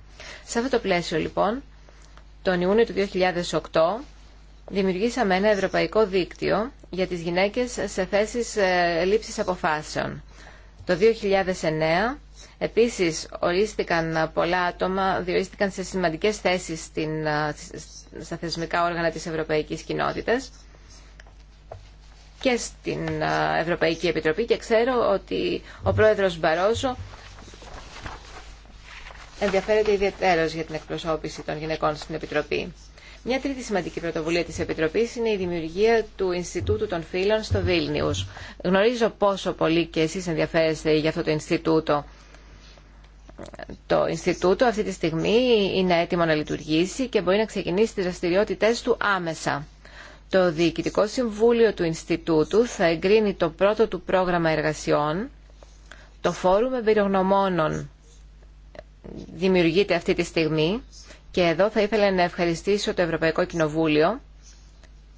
Σε αυτό το πλαίσιο λοιπόν, τον Ιούνιο του 2008, δημιουργήσαμε ένα ευρωπαϊκό δίκτυο για τις γυναίκες σε θέσεις ε, λήψης αποφάσεων. Το 2009 επίσης ορίστηκαν πολλά άτομα, διορίστηκαν σε σημαντικές θέσεις στην, ε, στα θεσμικά όργανα της Ευρωπαϊκής Κοινότητας και στην ε, Ευρωπαϊκή Επιτροπή και ξέρω ότι ο πρόεδρος Μπαρόζο ενδιαφέρεται ιδιαίτερω για την εκπροσώπηση των γυναικών στην Επιτροπή. Μια τρίτη σημαντική πρωτοβουλία τη Επιτροπή είναι η δημιουργία του Ινστιτούτου των Φίλων στο Βίλνιου. Γνωρίζω πόσο πολύ και εσεί ενδιαφέρεστε για αυτό το Ινστιτούτο. Το Ινστιτούτο αυτή τη στιγμή είναι έτοιμο να λειτουργήσει και μπορεί να ξεκινήσει τι δραστηριότητε του άμεσα. Το Διοικητικό Συμβούλιο του Ινστιτούτου θα εγκρίνει το πρώτο του πρόγραμμα εργασιών, το Φόρουμ Εμπειρογνωμόνων δημιουργείται αυτή τη στιγμή και εδώ θα ήθελα να ευχαριστήσω το Ευρωπαϊκό Κοινοβούλιο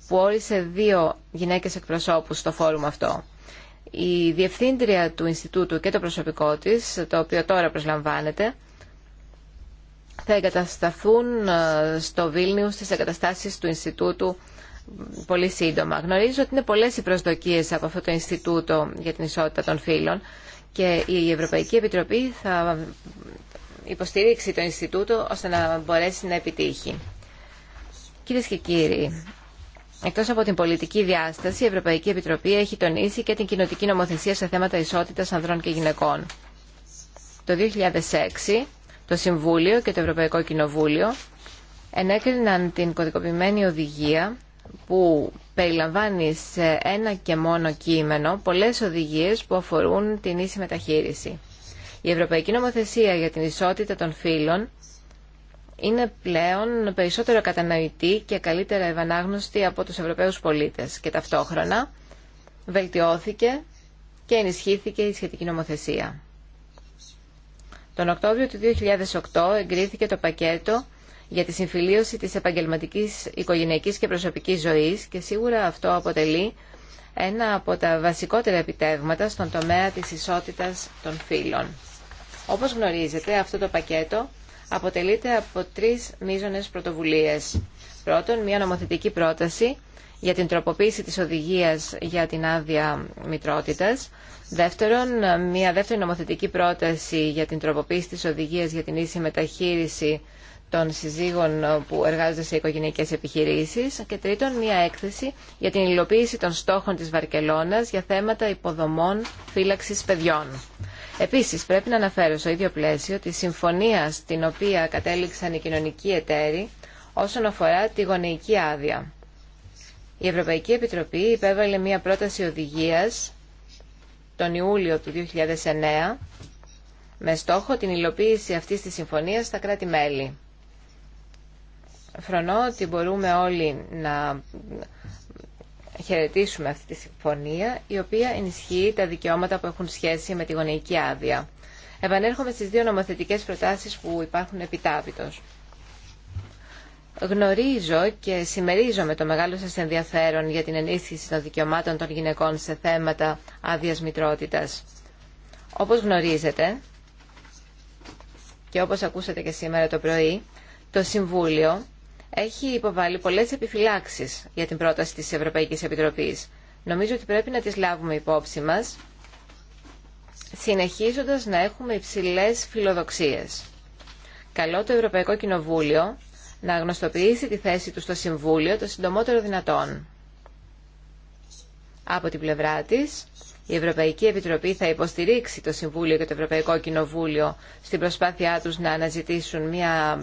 που όρισε δύο γυναίκες εκπροσώπους στο φόρουμ αυτό. Η διευθύντρια του Ινστιτούτου και το προσωπικό της, το οποίο τώρα προσλαμβάνεται, θα εγκατασταθούν ε, στο Βίλνιου στις εγκαταστάσεις του Ινστιτούτου πολύ σύντομα. Γνωρίζω ότι είναι πολλές οι προσδοκίες από αυτό το Ινστιτούτο για την ισότητα των φύλων και η Ευρωπαϊκή Επιτροπή θα Υπόστηριξη το Ινστιτούτο ώστε να μπορέσει να επιτύχει. Κυρίε και κύριοι, εκτό από την πολιτική διάσταση, η Ευρωπαϊκή Επιτροπή έχει τονίσει και την κοινοτική νομοθεσία σε θέματα ισότητα ανδρών και γυναικών. Το 2006, το Συμβούλιο και το Ευρωπαϊκό Κοινοβούλιο ενέκριναν την κωδικοποιημένη οδηγία που περιλαμβάνει σε ένα και μόνο κείμενο πολλές οδηγίες που αφορούν την ίση μεταχείριση. Η Ευρωπαϊκή Νομοθεσία για την Ισότητα των Φύλων είναι πλέον περισσότερο κατανοητή και καλύτερα ευανάγνωστη από τους Ευρωπαίους πολίτες και ταυτόχρονα βελτιώθηκε και ενισχύθηκε η σχετική νομοθεσία. Τον Οκτώβριο του 2008 εγκρίθηκε το πακέτο για τη συμφιλίωση της επαγγελματικής, οικογενειακής και προσωπικής ζωής και σίγουρα αυτό αποτελεί ένα από τα βασικότερα επιτεύγματα στον τομέα της ισότητας των φύλων. Όπως γνωρίζετε, αυτό το πακέτο αποτελείται από τρεις μείζονες πρωτοβουλίες. Πρώτον, μια νομοθετική πρόταση για την τροποποίηση της οδηγίας για την άδεια μητρότητας. Δεύτερον, μια δεύτερη νομοθετική πρόταση για την τροποποίηση της οδηγίας για την ίση μεταχείριση των συζύγων που εργάζονται σε οικογενειακές επιχειρήσεις και τρίτον μια έκθεση για την υλοποίηση των στόχων της Βαρκελώνας για θέματα υποδομών φύλαξης παιδιών. Επίσης, πρέπει να αναφέρω στο ίδιο πλαίσιο τη συμφωνία στην οποία κατέληξαν οι κοινωνικοί εταίροι όσον αφορά τη γονεϊκή άδεια. Η Ευρωπαϊκή Επιτροπή υπέβαλε μία πρόταση οδηγίας τον Ιούλιο του 2009 με στόχο την υλοποίηση αυτής της συμφωνίας στα κράτη-μέλη. Φρονώ ότι μπορούμε όλοι να χαιρετήσουμε αυτή τη συμφωνία, η οποία ενισχύει τα δικαιώματα που έχουν σχέση με τη γονεϊκή άδεια. Επανέρχομαι στις δύο νομοθετικές προτάσεις που υπάρχουν επιτάπητος. Γνωρίζω και συμμερίζομαι το μεγάλο σας ενδιαφέρον για την ενίσχυση των δικαιωμάτων των γυναικών σε θέματα άδεια μητρότητας. Όπως γνωρίζετε και όπως ακούσατε και σήμερα το πρωί, το Συμβούλιο έχει υποβάλει πολλές επιφυλάξεις για την πρόταση της Ευρωπαϊκής Επιτροπή. Νομίζω ότι πρέπει να τις λάβουμε υπόψη μας, συνεχίζοντας να έχουμε υψηλέ φιλοδοξίες. Καλό το Ευρωπαϊκό Κοινοβούλιο να γνωστοποιήσει τη θέση του στο Συμβούλιο το συντομότερο δυνατόν. Από την πλευρά της, η Ευρωπαϊκή Επιτροπή θα υποστηρίξει το Συμβούλιο και το Ευρωπαϊκό Κοινοβούλιο στην προσπάθειά τους να αναζητήσουν μια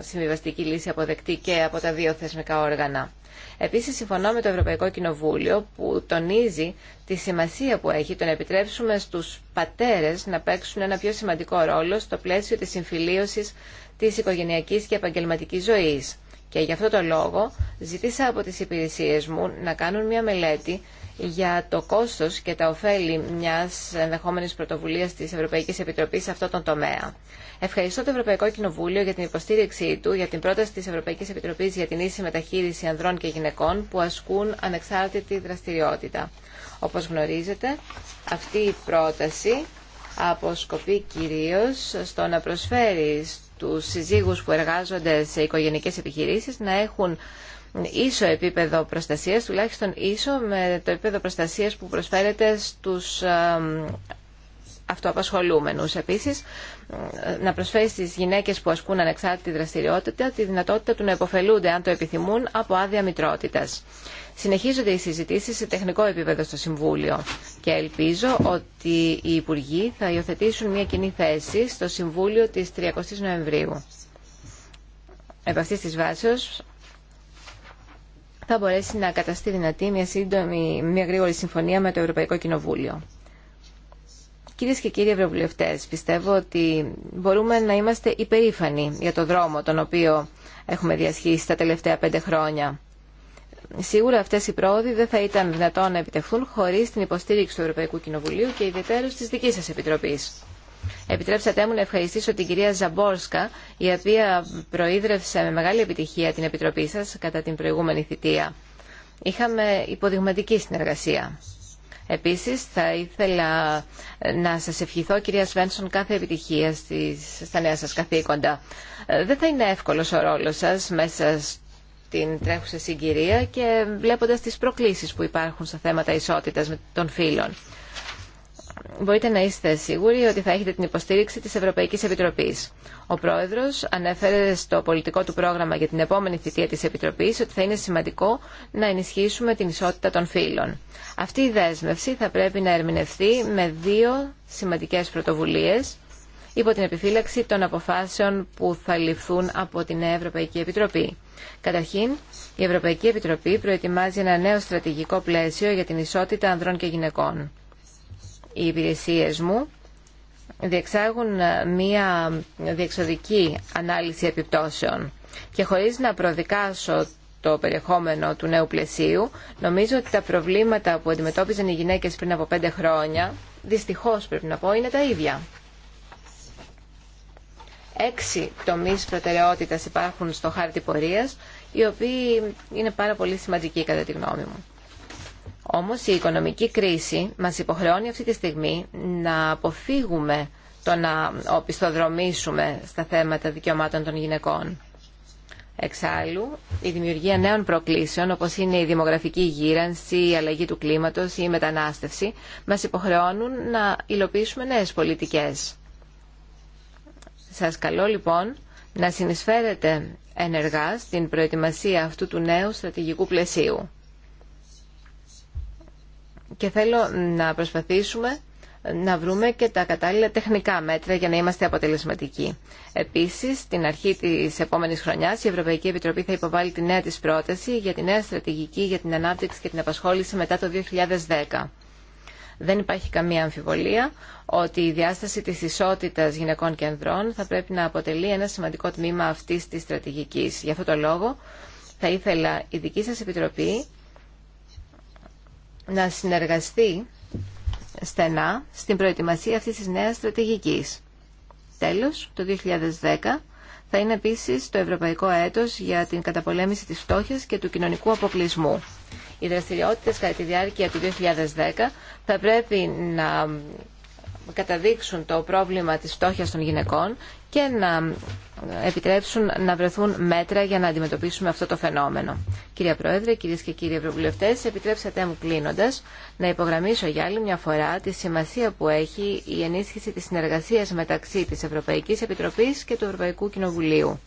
συμβιβαστική λύση αποδεκτή και από τα δύο θεσμικά όργανα. Επίσης, συμφωνώ με το Ευρωπαϊκό Κοινοβούλιο που τονίζει τη σημασία που έχει το να επιτρέψουμε στους πατέρες να παίξουν ένα πιο σημαντικό ρόλο στο πλαίσιο της συμφιλίωσης της οικογενειακής και επαγγελματικής ζωής. Και γι' αυτό το λόγο ζήτησα από τις υπηρεσίε μου να κάνουν μια μελέτη για το κόστος και τα ωφέλη μιας ενδεχόμενης πρωτοβουλίας της Ευρωπαϊκής Επιτροπής σε αυτό τον τομέα. Ευχαριστώ το Ευρωπαϊκό Κοινοβούλιο για την υποστήριξή του για την πρόταση της Ευρωπαϊκής Επιτροπής για την ίση μεταχείριση ανδρών και γυναικών που ασκούν ανεξάρτητη δραστηριότητα. Όπως γνωρίζετε, αυτή η πρόταση αποσκοπεί κυρίως στο να προσφέρει στους συζύγους που εργάζονται σε οικογενικές επιχειρήσεις να έχουν ίσο επίπεδο προστασίας, τουλάχιστον ίσο με το επίπεδο προστασίας που προσφέρεται στους αυτοαπασχολούμενους. Επίσης, να προσφέρει στις γυναίκες που ασκούν ανεξάρτητη δραστηριότητα τη δυνατότητα του να υποφελούνται, αν το επιθυμούν, από άδεια μητρότητα. Συνεχίζονται οι συζητήσεις σε τεχνικό επίπεδο στο Συμβούλιο και ελπίζω ότι οι Υπουργοί θα υιοθετήσουν μια κοινή θέση στο Συμβούλιο της 30 Νοεμβρίου. Επ' αυτής της θα μπορέσει να καταστεί δυνατή μια σύντομη, μια γρήγορη συμφωνία με το Ευρωπαϊκό Κοινοβούλιο. Κυρίε και κύριοι Ευρωβουλευτέ, πιστεύω ότι μπορούμε να είμαστε υπερήφανοι για το δρόμο τον οποίο έχουμε διασχίσει τα τελευταία πέντε χρόνια. Σίγουρα αυτέ οι πρόοδοι δεν θα ήταν δυνατόν να επιτευχθούν χωρί την υποστήριξη του Ευρωπαϊκού Κοινοβουλίου και ιδιαίτερω τη δική σα Επιτροπή. Επιτρέψατε μου να ευχαριστήσω την κυρία Ζαμπόρσκα, η οποία προείδρευσε με μεγάλη επιτυχία την Επιτροπή σας κατά την προηγούμενη θητεία. Είχαμε υποδειγματική συνεργασία. Επίσης, θα ήθελα να σας ευχηθώ, κυρία Σβένσον, κάθε επιτυχία στα νέα σας καθήκοντα. Ε, δεν θα είναι εύκολος ο ρόλος σας μέσα στην τρέχουσα συγκυρία και βλέποντας τις προκλήσεις που υπάρχουν στα θέματα ισότητας των φύλων μπορείτε να είστε σίγουροι ότι θα έχετε την υποστήριξη της Ευρωπαϊκής Επιτροπής. Ο Πρόεδρος ανέφερε στο πολιτικό του πρόγραμμα για την επόμενη θητεία της Επιτροπής ότι θα είναι σημαντικό να ενισχύσουμε την ισότητα των φύλων. Αυτή η δέσμευση θα πρέπει να ερμηνευθεί με δύο σημαντικές πρωτοβουλίες υπό την επιφύλαξη των αποφάσεων που θα ληφθούν από την Ευρωπαϊκή Επιτροπή. Καταρχήν, η Ευρωπαϊκή Επιτροπή προετοιμάζει ένα νέο στρατηγικό πλαίσιο για την ισότητα ανδρών και γυναικών οι υπηρεσίες μου διεξάγουν μία διεξοδική ανάλυση επιπτώσεων και χωρίς να προδικάσω το περιεχόμενο του νέου πλαισίου, νομίζω ότι τα προβλήματα που αντιμετώπιζαν οι γυναίκες πριν από πέντε χρόνια, δυστυχώς πρέπει να πω, είναι τα ίδια. Έξι τομείς προτεραιότητας υπάρχουν στο χάρτη πορείας, οι οποίοι είναι πάρα πολύ σημαντικοί κατά τη γνώμη μου. Όμως η οικονομική κρίση μας υποχρεώνει αυτή τη στιγμή να αποφύγουμε το να οπισθοδρομήσουμε στα θέματα δικαιωμάτων των γυναικών. Εξάλλου, η δημιουργία νέων προκλήσεων, όπως είναι η δημογραφική γύρανση, η αλλαγή του κλίματος ή η μετανάστευση, μας υποχρεώνουν να υλοποιήσουμε νέες πολιτικές. Σας καλώ λοιπόν να συνεισφέρετε ενεργά στην προετοιμασία αυτού του νέου στρατηγικού πλαισίου και θέλω να προσπαθήσουμε να βρούμε και τα κατάλληλα τεχνικά μέτρα για να είμαστε αποτελεσματικοί. Επίσης, στην αρχή της επόμενης χρονιάς η Ευρωπαϊκή Επιτροπή θα υποβάλει τη νέα της πρόταση για τη νέα στρατηγική για την ανάπτυξη και την απασχόληση μετά το 2010. Δεν υπάρχει καμία αμφιβολία ότι η διάσταση της ισότητας γυναικών και ανδρών θα πρέπει να αποτελεί ένα σημαντικό τμήμα αυτής της στρατηγικής. Γι' αυτό το λόγο θα ήθελα η δική σας Επιτροπή να συνεργαστεί στενά στην προετοιμασία αυτής της νέας στρατηγικής. Τέλος, το 2010 θα είναι επίσης το Ευρωπαϊκό Έτος για την καταπολέμηση της φτώχειας και του κοινωνικού αποκλεισμού. Οι δραστηριότητες κατά τη διάρκεια του 2010 θα πρέπει να καταδείξουν το πρόβλημα της φτώχειας των γυναικών και να επιτρέψουν να βρεθούν μέτρα για να αντιμετωπίσουμε αυτό το φαινόμενο. Κυρία Πρόεδρε, κυρίε και κύριοι Ευρωβουλευτέ, επιτρέψατε μου κλείνοντα να υπογραμμίσω για άλλη μια φορά τη σημασία που έχει η ενίσχυση τη συνεργασία μεταξύ τη Ευρωπαϊκή Επιτροπή και του Ευρωπαϊκού Κοινοβουλίου.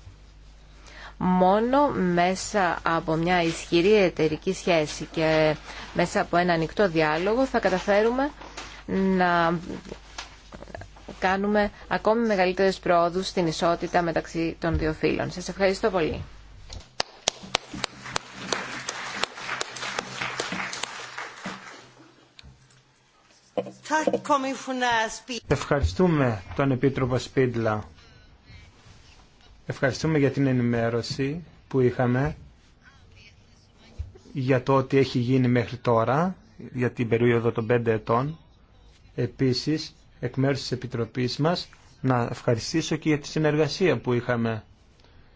Μόνο μέσα από μια ισχυρή εταιρική σχέση και μέσα από ένα ανοιχτό διάλογο θα καταφέρουμε να κάνουμε ακόμη μεγαλύτερες πρόοδους στην ισότητα μεταξύ των δύο φύλων. Σας ευχαριστώ πολύ. Ευχαριστούμε τον Επίτροπο Σπίτλα. Ευχαριστούμε για την ενημέρωση που είχαμε για το ότι έχει γίνει μέχρι τώρα, για την περίοδο των 5 ετών. Επίσης, εκ μέρους της Επιτροπής μας να ευχαριστήσω και για τη συνεργασία που είχαμε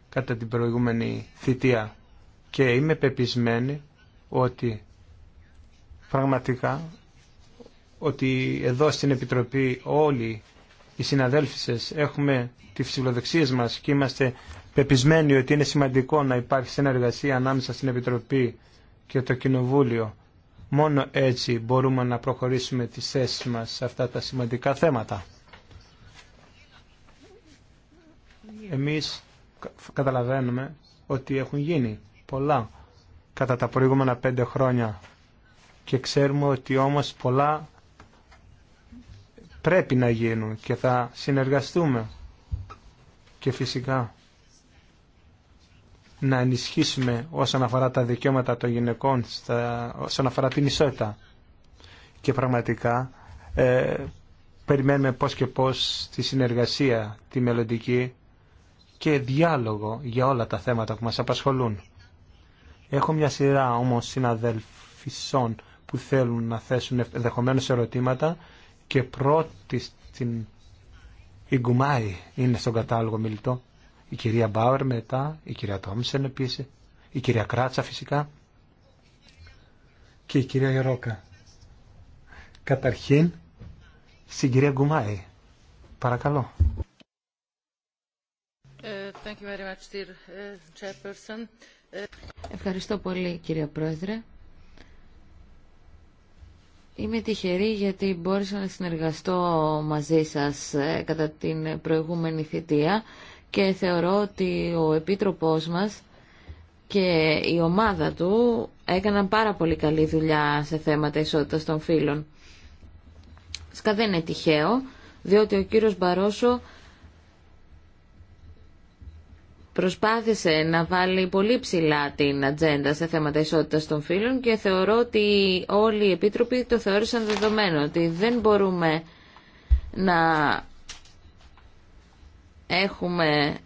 κατά την προηγούμενη θητεία και είμαι πεπισμένη ότι πραγματικά ότι εδώ στην Επιτροπή όλοι οι συναδέλφοι σας έχουμε τις φιλοδοξίες μας και είμαστε πεπισμένοι ότι είναι σημαντικό να υπάρχει συνεργασία ανάμεσα στην Επιτροπή και το Κοινοβούλιο Μόνο έτσι μπορούμε να προχωρήσουμε τις θέσεις μας σε αυτά τα σημαντικά θέματα. Εμείς καταλαβαίνουμε ότι έχουν γίνει πολλά κατά τα προηγούμενα πέντε χρόνια και ξέρουμε ότι όμως πολλά πρέπει να γίνουν και θα συνεργαστούμε και φυσικά να ενισχύσουμε όσον αφορά τα δικαιώματα των γυναικών, στα, όσον αφορά την ισότητα. Και πραγματικά ε, περιμένουμε πώς και πώς τη συνεργασία, τη μελλοντική και διάλογο για όλα τα θέματα που μας απασχολούν. Έχω μια σειρά όμως συναδελφισών που θέλουν να θέσουν ενδεχομένω ερωτήματα και πρώτη στην Ιγκουμάη είναι στον κατάλογο μιλητό η κυρία Μπάουερ μετά, η κυρία Τόμσεν επίση, η κυρία Κράτσα φυσικά και η κυρία Γερόκα. Καταρχήν, στην κυρία Γκουμάη. Παρακαλώ. Ευχαριστώ πολύ κύριε Πρόεδρε. Είμαι τυχερή γιατί μπόρεσα να συνεργαστώ μαζί σας ε, κατά την προηγούμενη θητεία και θεωρώ ότι ο Επίτροπός μας και η ομάδα του έκαναν πάρα πολύ καλή δουλειά σε θέματα ισότητας των φύλων. Σκα δεν είναι τυχαίο, διότι ο κύριος Μπαρόσο προσπάθησε να βάλει πολύ ψηλά την ατζέντα σε θέματα ισότητας των φύλων και θεωρώ ότι όλοι οι επίτροποι το θεώρησαν δεδομένο ότι δεν μπορούμε να έχουμε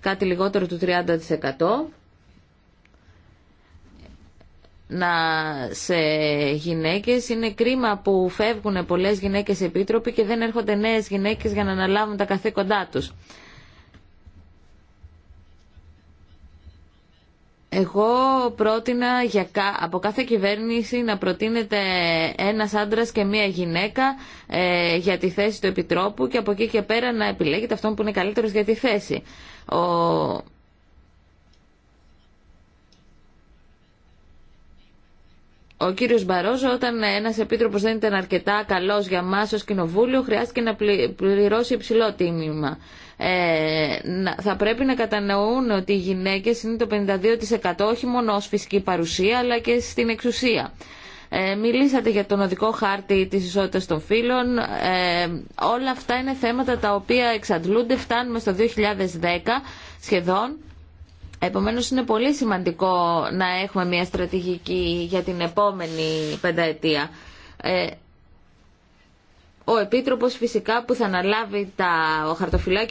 κάτι λιγότερο του 30% να σε γυναίκες. Είναι κρίμα που φεύγουν πολλές γυναίκες επίτροποι και δεν έρχονται νέες γυναίκες για να αναλάβουν τα καθήκοντά τους. Εγώ πρότεινα για, από κάθε κυβέρνηση να προτείνεται ένας άντρας και μία γυναίκα ε, για τη θέση του Επιτρόπου και από εκεί και πέρα να επιλέγετε αυτόν που είναι καλύτερος για τη θέση. Ο κύριο Μπαρόζο όταν ένας επίτροπος δεν ήταν αρκετά καλός για μάσος ω κοινοβούλιο χρειάστηκε να πληρώσει υψηλό τίμημα. Ε, θα πρέπει να κατανοούν ότι οι γυναίκες είναι το 52% όχι μόνο ω φυσική παρουσία αλλά και στην εξουσία. Ε, μιλήσατε για τον οδικό χάρτη της ισότητας των φύλων. Ε, όλα αυτά είναι θέματα τα οποία εξαντλούνται, φτάνουμε στο 2010 σχεδόν Επομένως είναι πολύ σημαντικό να έχουμε μια στρατηγική για την επόμενη πενταετία. Ε, ο Επίτροπος φυσικά που θα αναλάβει τα,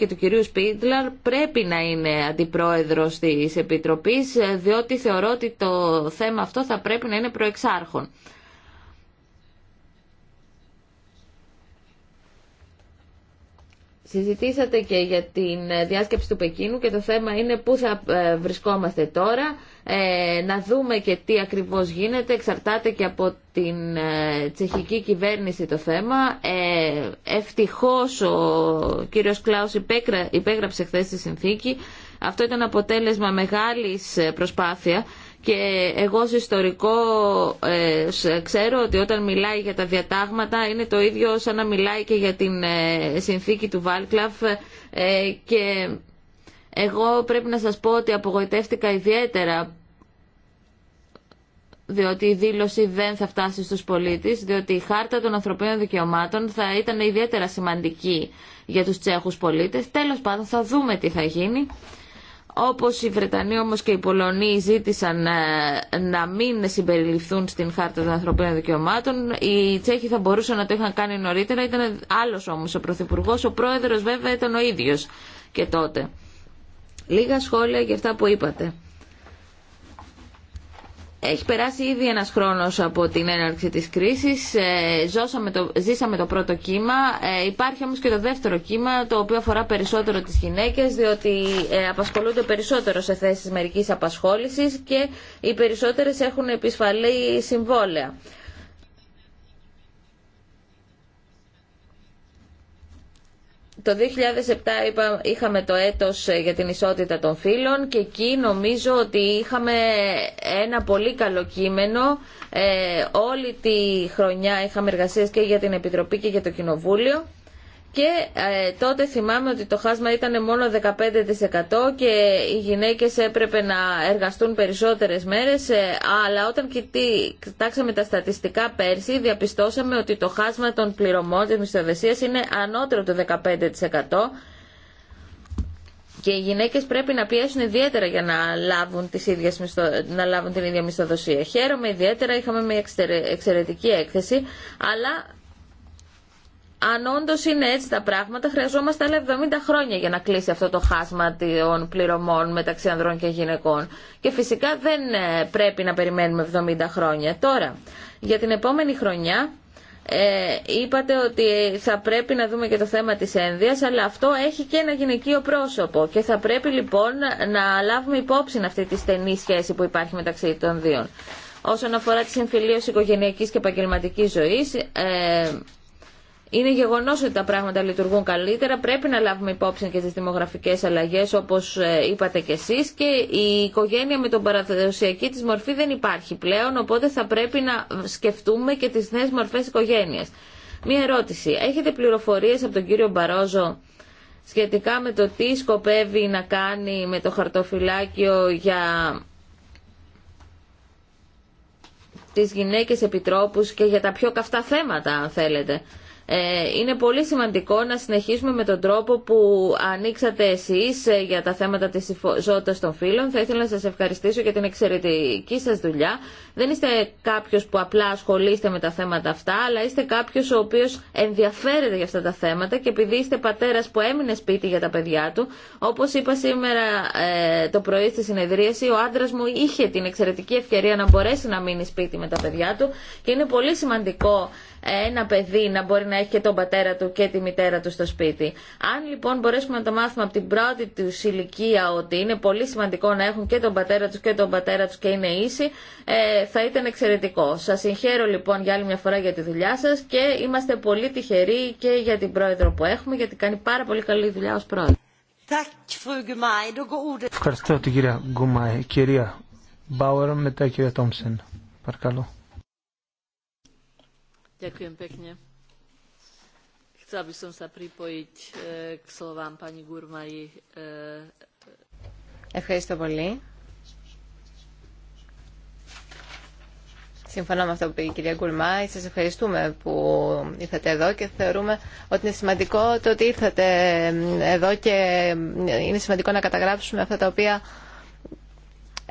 ο του κυρίου Σπίτλαρ πρέπει να είναι αντιπρόεδρος της Επιτροπής ε, διότι θεωρώ ότι το θέμα αυτό θα πρέπει να είναι προεξάρχον. Συζητήσατε και για την ε, διάσκεψη του Πεκίνου και το θέμα είναι πού θα ε, βρισκόμαστε τώρα. Ε, να δούμε και τι ακριβώς γίνεται. Εξαρτάται και από την τσεχική κυβέρνηση το θέμα. ευτυχώς ο κύριος Κλάους υπέγραψε χθες τη συνθήκη. Αυτό ήταν αποτέλεσμα μεγάλης προσπάθεια και εγώ ως ιστορικό ε, ξέρω ότι όταν μιλάει για τα διατάγματα είναι το ίδιο σαν να μιλάει και για την ε, συνθήκη του Βάλκλαφ ε, και εγώ πρέπει να σας πω ότι απογοητεύτηκα ιδιαίτερα διότι η δήλωση δεν θα φτάσει στους πολίτες, διότι η χάρτα των ανθρωπίνων δικαιωμάτων θα ήταν ιδιαίτερα σημαντική για τους τσέχους πολίτες. Τέλος πάντων θα δούμε τι θα γίνει. Όπως οι Βρετανοί όμως και οι Πολωνοί ζήτησαν ε, να μην συμπεριληφθούν στην Χάρτα των Ανθρωπίνων Δικαιωμάτων, οι Τσέχοι θα μπορούσαν να το είχαν κάνει νωρίτερα, ήταν άλλος όμως ο Πρωθυπουργό, ο Πρόεδρος βέβαια ήταν ο ίδιος και τότε. Λίγα σχόλια για αυτά που είπατε. Έχει περάσει ήδη ένας χρόνος από την έναρξη της κρίσης, ε, το, ζήσαμε το πρώτο κύμα, ε, υπάρχει όμως και το δεύτερο κύμα το οποίο αφορά περισσότερο τις γυναίκες διότι ε, απασχολούνται περισσότερο σε θέσεις μερικής απασχόλησης και οι περισσότερες έχουν επισφαλή συμβόλαια. Το 2007 είχαμε το έτος ε, για την ισότητα των φύλων και εκεί νομίζω ότι είχαμε ένα πολύ καλό κείμενο. Ε, όλη τη χρονιά είχαμε εργασίες και για την Επιτροπή και για το Κοινοβούλιο. Και ε, τότε θυμάμαι ότι το χάσμα ήταν μόνο 15% και οι γυναίκες έπρεπε να εργαστούν περισσότερες μέρες, ε, αλλά όταν κοιτάξαμε τα στατιστικά πέρσι διαπιστώσαμε ότι το χάσμα των πληρωμών της μισθοδεσίας είναι ανώτερο του 15%. Και οι γυναίκε πρέπει να πιέσουν ιδιαίτερα για να λάβουν, τις ίδιες να την ίδια μισθοδοσία. Χαίρομαι ιδιαίτερα, είχαμε μια εξαιρετική έκθεση, αλλά αν όντω είναι έτσι τα πράγματα, χρειαζόμαστε άλλα 70 χρόνια για να κλείσει αυτό το χάσμα των πληρωμών μεταξύ ανδρών και γυναικών. Και φυσικά δεν ε, πρέπει να περιμένουμε 70 χρόνια. Τώρα, για την επόμενη χρονιά, ε, είπατε ότι θα πρέπει να δούμε και το θέμα της ένδυας αλλά αυτό έχει και ένα γυναικείο πρόσωπο και θα πρέπει λοιπόν να λάβουμε υπόψη αυτή τη στενή σχέση που υπάρχει μεταξύ των δύο. Όσον αφορά τη συμφιλίωση οικογενειακής και επαγγελματική ζωής ε, είναι γεγονό ότι τα πράγματα λειτουργούν καλύτερα. Πρέπει να λάβουμε υπόψη και τι δημογραφικέ αλλαγέ, όπω ε, είπατε κι εσεί, και η οικογένεια με τον παραδοσιακή τη μορφή δεν υπάρχει πλέον, οπότε θα πρέπει να σκεφτούμε και τι νέε μορφέ οικογένεια. Μία ερώτηση. Έχετε πληροφορίε από τον κύριο Μπαρόζο σχετικά με το τι σκοπεύει να κάνει με το χαρτοφυλάκιο για τις γυναίκες επιτρόπους και για τα πιο καυτά θέματα, αν θέλετε. Ε, είναι πολύ σημαντικό να συνεχίσουμε με τον τρόπο που ανοίξατε εσείς ε, για τα θέματα της ζώτας των φίλων. Θα ήθελα να σας ευχαριστήσω για την εξαιρετική σας δουλειά. Δεν είστε κάποιος που απλά ασχολείστε με τα θέματα αυτά, αλλά είστε κάποιος ο οποίος ενδιαφέρεται για αυτά τα θέματα και επειδή είστε πατέρας που έμεινε σπίτι για τα παιδιά του, όπως είπα σήμερα ε, το πρωί στη συνεδρίαση, ο άντρα μου είχε την εξαιρετική ευκαιρία να μπορέσει να μείνει σπίτι με τα παιδιά του και είναι πολύ σημαντικό ένα παιδί να μπορεί να έχει και τον πατέρα του και τη μητέρα του στο σπίτι. Αν λοιπόν μπορέσουμε να το μάθουμε από την πρώτη του ηλικία ότι είναι πολύ σημαντικό να έχουν και τον πατέρα του και τον πατέρα του και είναι ίσοι, ε, θα ήταν εξαιρετικό. Σα συγχαίρω λοιπόν για άλλη μια φορά για τη δουλειά σα και είμαστε πολύ τυχεροί και για την πρόεδρο που έχουμε γιατί κάνει πάρα πολύ καλή δουλειά ω πρόεδρο. Ευχαριστώ την κυρία Γκουμάη. Κυρία Μπάουερ, μετά κυρία Τόμσεν. Παρακαλώ. Ευχαριστώ πολύ. Συμφωνώ με αυτό που είπε η κυρία Γκουρμάη. Σα ευχαριστούμε που ήρθατε εδώ και θεωρούμε ότι είναι σημαντικό το ότι ήρθατε εδώ και είναι σημαντικό να καταγράψουμε αυτά τα οποία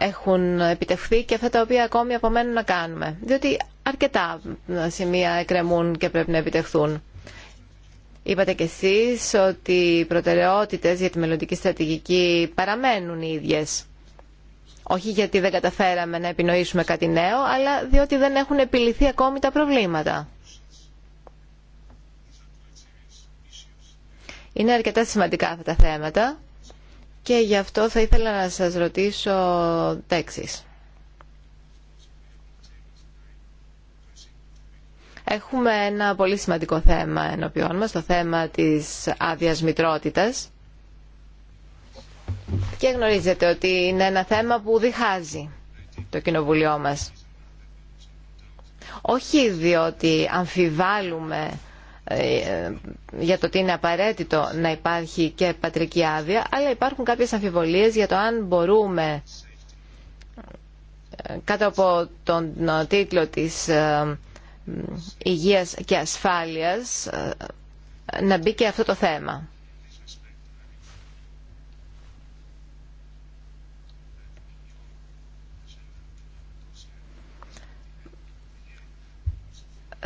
έχουν επιτευχθεί και αυτά τα οποία ακόμη απομένουν να κάνουμε. Διότι αρκετά σημεία εκκρεμούν και πρέπει να επιτευχθούν. Είπατε κι εσείς ότι οι προτεραιότητες για τη μελλοντική στρατηγική παραμένουν οι ίδιες. Όχι γιατί δεν καταφέραμε να επινοήσουμε κάτι νέο, αλλά διότι δεν έχουν επιληθεί ακόμη τα προβλήματα. Είναι αρκετά σημαντικά αυτά τα θέματα και γι' αυτό θα ήθελα να σας ρωτήσω τέξεις. Έχουμε ένα πολύ σημαντικό θέμα ενώπιόν μας, το θέμα της άδειας μητρότητας. Και γνωρίζετε ότι είναι ένα θέμα που διχάζει το κοινοβουλίο μας. Όχι διότι αμφιβάλλουμε ε, ε, για το ότι είναι απαραίτητο να υπάρχει και πατρική άδεια, αλλά υπάρχουν κάποιες αμφιβολίες για το αν μπορούμε ε, κάτω από τον τίτλο της υγείας και ασφάλειας να μπει και αυτό το θέμα.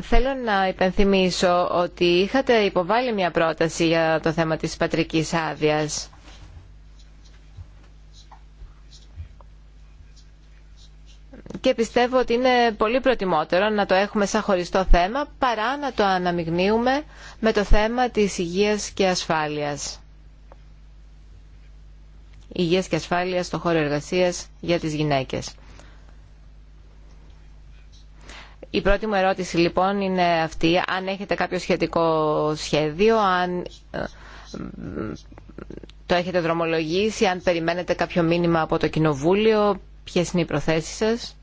Θέλω να υπενθυμίσω ότι είχατε υποβάλει μια πρόταση για το θέμα της πατρικής άδειας. Και πιστεύω ότι είναι πολύ προτιμότερο να το έχουμε σαν χωριστό θέμα παρά να το αναμειγνύουμε με το θέμα της υγείας και ασφάλειας. Υγείας και ασφάλειας στο χώρο εργασίας για τις γυναίκες. Η πρώτη μου ερώτηση λοιπόν είναι αυτή, αν έχετε κάποιο σχετικό σχέδιο, αν ε, το έχετε δρομολογήσει, αν περιμένετε κάποιο μήνυμα από το Κοινοβούλιο, ποιες είναι οι προθέσεις σας.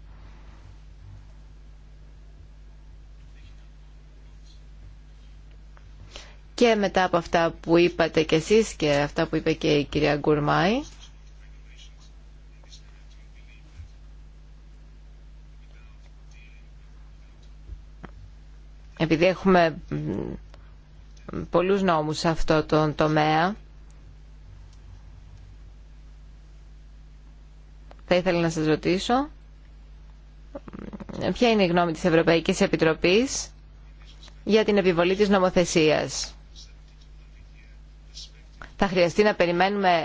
Και μετά από αυτά που είπατε κι εσείς και αυτά που είπε και η κυρία Γκουρμάη, επειδή έχουμε πολλούς νόμους σε αυτό το τομέα, θα ήθελα να σας ρωτήσω ποια είναι η γνώμη της Ευρωπαϊκής Επιτροπής για την επιβολή της νομοθεσίας. Θα χρειαστεί να περιμένουμε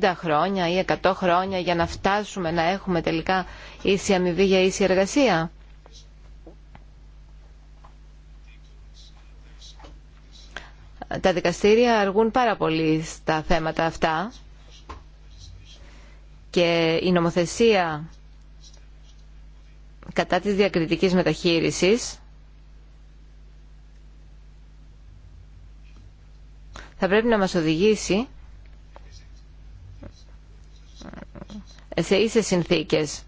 70 χρόνια ή 100 χρόνια για να φτάσουμε να έχουμε τελικά ίση αμοιβή για ίση εργασία. τα δικαστήρια αργούν πάρα πολύ στα θέματα αυτά και η νομοθεσία κατά της διακριτικής μεταχείρισης θα πρέπει να μας οδηγήσει σε ίσες συνθήκες.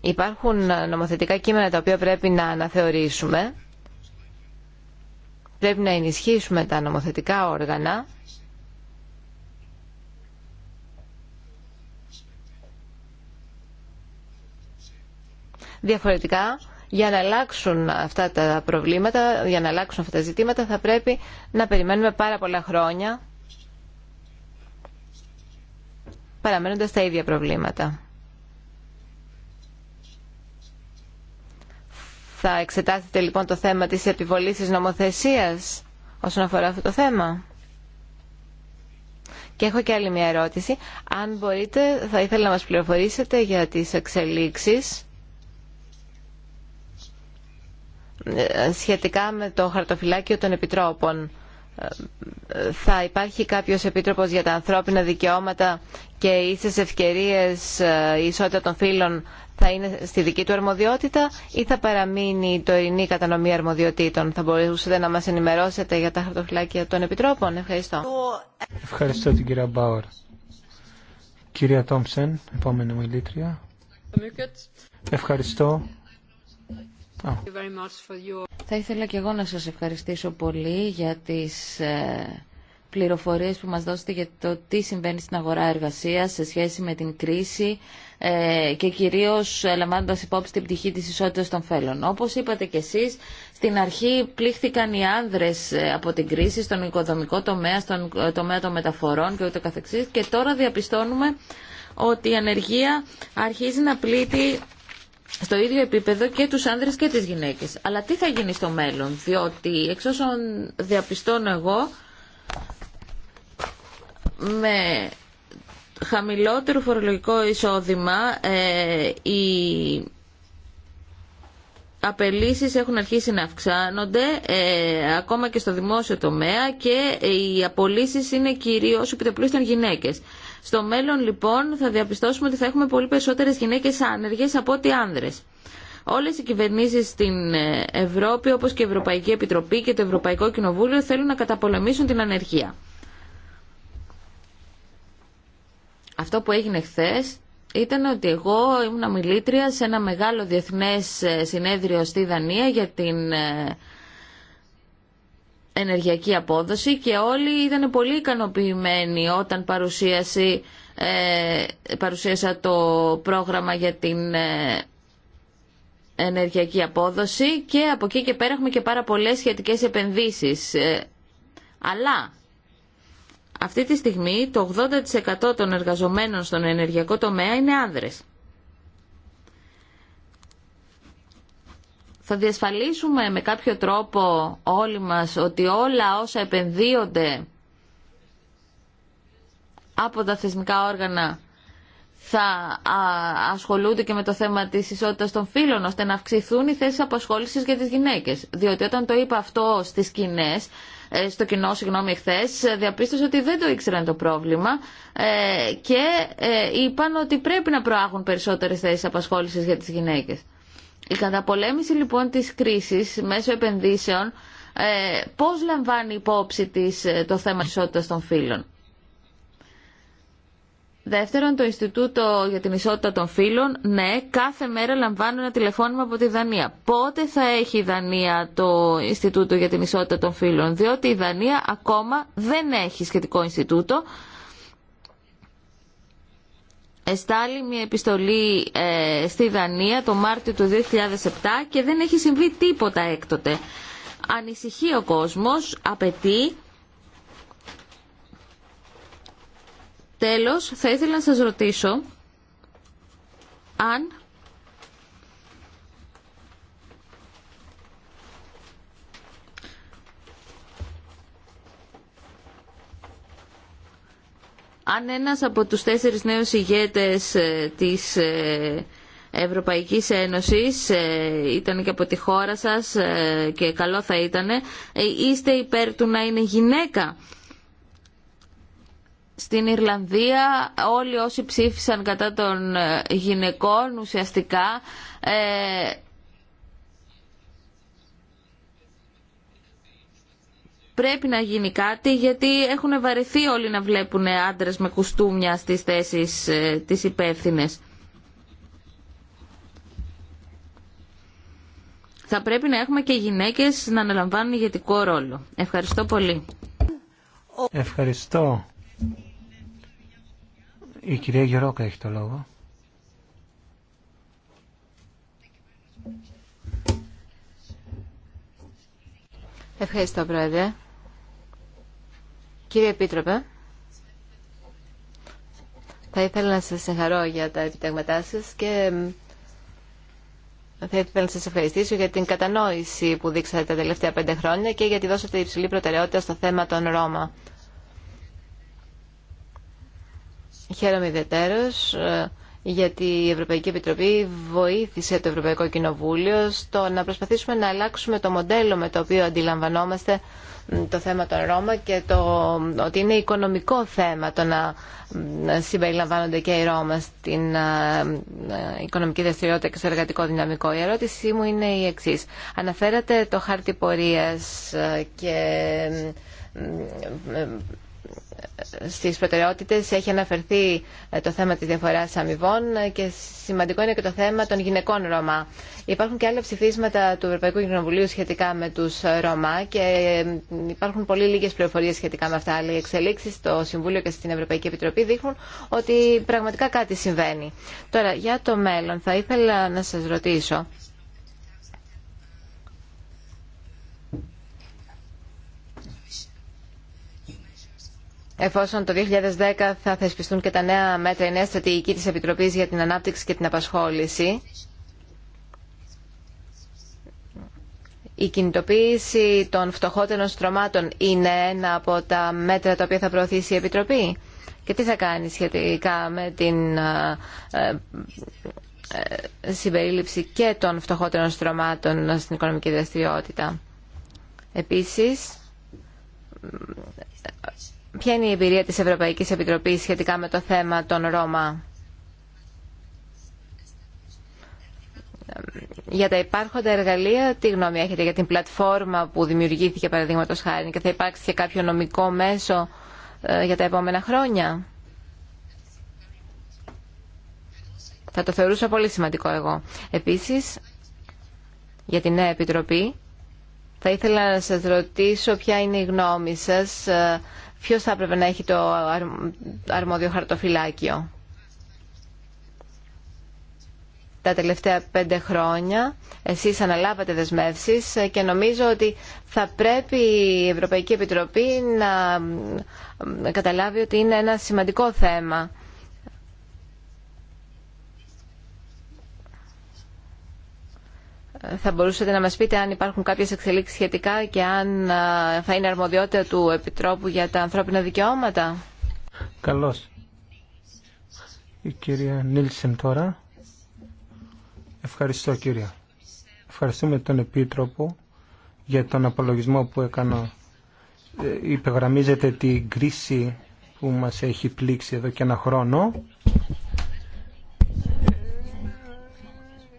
Υπάρχουν νομοθετικά κείμενα τα οποία πρέπει να αναθεωρήσουμε Πρέπει να ενισχύσουμε τα νομοθετικά όργανα Διαφορετικά, για να αλλάξουν αυτά τα προβλήματα, για να αλλάξουν αυτά τα ζητήματα, θα πρέπει να περιμένουμε πάρα πολλά χρόνια παραμένοντας τα ίδια προβλήματα. Θα εξετάσετε λοιπόν το θέμα της επιβολής της νομοθεσίας όσον αφορά αυτό το θέμα. Και έχω και άλλη μια ερώτηση. Αν μπορείτε, θα ήθελα να μας πληροφορήσετε για τις εξελίξεις ε, σχετικά με το χαρτοφυλάκιο των επιτρόπων. Θα υπάρχει κάποιος επίτροπος για τα ανθρώπινα δικαιώματα και ίσες ευκαιρίες ε, ισότητα των φύλων θα είναι στη δική του αρμοδιότητα ή θα παραμείνει η τωρινή κατανομή αρμοδιοτήτων. Θα μπορούσατε να μας ενημερώσετε για τα χαρτοφυλάκια των Επιτρόπων. Ευχαριστώ. Ευχαριστώ την κυρία Μπάουρ. Κυρία Τόμψεν, επόμενη μιλήτρια. Ευχαριστώ. Θα ήθελα και εγώ να σας ευχαριστήσω πολύ για τις ε, πληροφορίες που μας δώσετε για το τι συμβαίνει στην αγορά εργασίας σε σχέση με την κρίση ε, και κυρίω λαμβάνοντα υπόψη την πτυχή τη ισότητα των φέλων. Όπως είπατε κι εσείς, στην αρχή πλήχθηκαν οι άνδρες ε, από την κρίση στον οικοδομικό τομέα, στον ε, τομέα των μεταφορών και ούτω καθεξής και τώρα διαπιστώνουμε ότι η ανεργία αρχίζει να πλήττει στο ίδιο επίπεδο και τους άνδρες και τις γυναίκες. Αλλά τι θα γίνει στο μέλλον, διότι εξ όσων διαπιστώνω εγώ, με χαμηλότερο φορολογικό εισόδημα ε, οι απελήσεις έχουν αρχίσει να αυξάνονται ε, ακόμα και στο δημόσιο τομέα και οι απολύσεις είναι κυρίως των γυναίκες. Στο μέλλον λοιπόν θα διαπιστώσουμε ότι θα έχουμε πολύ περισσότερες γυναίκες άνεργες από ότι άνδρες. Όλες οι κυβερνήσεις στην ε, Ευρώπη όπως και η Ευρωπαϊκή Επιτροπή και το Ευρωπαϊκό Κοινοβούλιο θέλουν να καταπολεμήσουν την ανεργία. Αυτό που έγινε χθε ήταν ότι εγώ ήμουν μιλήτρια σε ένα μεγάλο διεθνές ε, συνέδριο στη Δανία για την ε, ενεργειακή απόδοση και όλοι ήταν πολύ ικανοποιημένοι όταν παρουσίασε, παρουσίασα το πρόγραμμα για την ε, ενεργειακή απόδοση και από εκεί και πέρα έχουμε και πάρα πολλές σχετικές επενδύσεις. αλλά αυτή τη στιγμή το 80% των εργαζομένων στον ενεργειακό τομέα είναι άνδρες. Θα διασφαλίσουμε με κάποιο τρόπο όλοι μας ότι όλα όσα επενδύονται από τα θεσμικά όργανα θα ασχολούνται και με το θέμα της ισότητας των φύλων ώστε να αυξηθούν οι θέσεις απασχόλησης για τις γυναίκες. Διότι όταν το είπα αυτό στις σκηνές, ε, στο κοινό συγγνώμη χθε, διαπίστωσα ότι δεν το ήξεραν το πρόβλημα ε, και ε, είπαν ότι πρέπει να προάγουν περισσότερες θέσεις απασχόλησης για τις γυναίκες. Η καταπολέμηση λοιπόν της κρίσης μέσω επενδύσεων πώς λαμβάνει υπόψη της το θέμα ισότητας των φύλων. Δεύτερον, το Ινστιτούτο για την Ισότητα των Φύλων, ναι, κάθε μέρα λαμβάνω ένα τηλεφώνημα από τη Δανία. Πότε θα έχει η Δανία το Ινστιτούτο για την Ισότητα των Φύλων, διότι η Δανία ακόμα δεν έχει σχετικό Ινστιτούτο. Εστάλει μια επιστολή ε, στη Δανία το Μάρτιο του 2007 και δεν έχει συμβεί τίποτα έκτοτε. Ανησυχεί ο κόσμος, απαιτεί Τέλος, θα ήθελα να σας ρωτήσω αν αν ένας από τους τέσσερις νέους ηγέτες ε, της ε, Ευρωπαϊκής Ένωσης ε, ήταν και από τη χώρα σας και καλό θα ήταν είστε υπέρ του να είναι γυναίκα στην Ιρλανδία όλοι όσοι ψήφισαν κατά των ε, γυναικών ουσιαστικά ε, πρέπει να γίνει κάτι γιατί έχουν βαρεθεί όλοι να βλέπουν άντρες με κουστούμια στις θέσεις ε, τις υπεύθυνε. Θα πρέπει να έχουμε και γυναίκες να αναλαμβάνουν ηγετικό ρόλο. Ευχαριστώ πολύ. Ευχαριστώ. Η κυρία Γερόκα έχει το λόγο. Ευχαριστώ, Πρόεδρε. Κύριε Επίτροπε, θα ήθελα να σας συγχαρώ για τα επιτέγματά σας και θα ήθελα να σας ευχαριστήσω για την κατανόηση που δείξατε τα τελευταία πέντε χρόνια και γιατί δώσατε υψηλή προτεραιότητα στο θέμα των Ρώμα. Χαίρομαι ιδιαίτερως ε, γιατί η Ευρωπαϊκή Επιτροπή βοήθησε το Ευρωπαϊκό Κοινοβούλιο στο να προσπαθήσουμε να αλλάξουμε το μοντέλο με το οποίο αντιλαμβανόμαστε το θέμα των Ρώμα και το ότι είναι οικονομικό θέμα το να συμπεριλαμβάνονται και οι Ρώμα στην ε, ε, οικονομική δραστηριότητα και στο εργατικό δυναμικό. Η ερώτησή μου είναι η εξή. Αναφέρατε το χάρτη πορείας και στις προτεραιότητες έχει αναφερθεί ε, το θέμα της διαφοράς αμοιβών και σημαντικό είναι και το θέμα των γυναικών Ρωμά. Υπάρχουν και άλλα ψηφίσματα του Ευρωπαϊκού Κοινοβουλίου σχετικά με τους Ρωμά και ε, υπάρχουν πολύ λίγες πληροφορίες σχετικά με αυτά, αλλά οι εξελίξεις στο Συμβούλιο και στην Ευρωπαϊκή Επιτροπή δείχνουν ότι πραγματικά κάτι συμβαίνει. Τώρα, για το μέλλον θα ήθελα να σας ρωτήσω εφόσον το 2010 θα θεσπιστούν και τα νέα μέτρα, η νέα στρατηγική της Επιτροπής για την Ανάπτυξη και την Απασχόληση, Η κινητοποίηση των φτωχότερων στρωμάτων είναι ένα από τα μέτρα τα οποία θα προωθήσει η Επιτροπή. Και τι θα κάνει σχετικά με την ε, ε, συμπερίληψη και των φτωχότερων στρωμάτων στην οικονομική δραστηριότητα. Επίσης, Ποια είναι η εμπειρία της Ευρωπαϊκής Επιτροπής σχετικά με το θέμα των Ρώμα. Για τα υπάρχοντα εργαλεία, τι γνώμη έχετε για την πλατφόρμα που δημιουργήθηκε παραδείγματο χάρη και θα υπάρξει και κάποιο νομικό μέσο ε, για τα επόμενα χρόνια. Θα το θεωρούσα πολύ σημαντικό εγώ. Επίσης, για την νέα επιτροπή, θα ήθελα να σας ρωτήσω ποια είναι η γνώμη σας ε, Ποιος θα έπρεπε να έχει το αρμόδιο χαρτοφυλάκιο. Τα τελευταία πέντε χρόνια εσείς αναλάβατε δεσμεύσεις και νομίζω ότι θα πρέπει η Ευρωπαϊκή Επιτροπή να καταλάβει ότι είναι ένα σημαντικό θέμα θα μπορούσατε να μας πείτε αν υπάρχουν κάποιες εξελίξεις σχετικά και αν θα είναι αρμοδιότητα του Επιτρόπου για τα ανθρώπινα δικαιώματα. Καλώς. Η κυρία Νίλσεν τώρα. Ευχαριστώ κυρία. Ευχαριστούμε τον Επίτροπο για τον απολογισμό που έκανα. Ε, υπεγραμμίζεται την κρίση που μας έχει πλήξει εδώ και ένα χρόνο.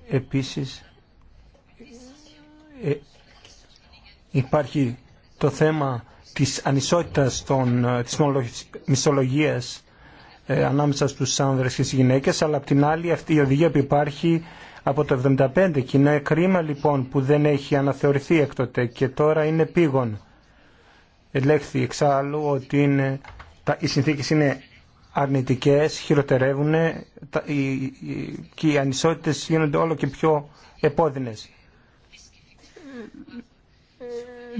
Ε, επίσης, ε, υπάρχει το θέμα της ανισότητας των, ε, της μισολογίας ε, ανάμεσα στους άνδρες και στις γυναίκες, αλλά απ' την άλλη αυτή η οδηγία που υπάρχει από το 1975 και είναι κρίμα λοιπόν που δεν έχει αναθεωρηθεί έκτοτε και τώρα είναι πήγον. Ελέγχθη εξάλλου ότι τα, οι συνθήκες είναι αρνητικές, χειροτερεύουν και οι ανισότητες γίνονται όλο και πιο επώδυνες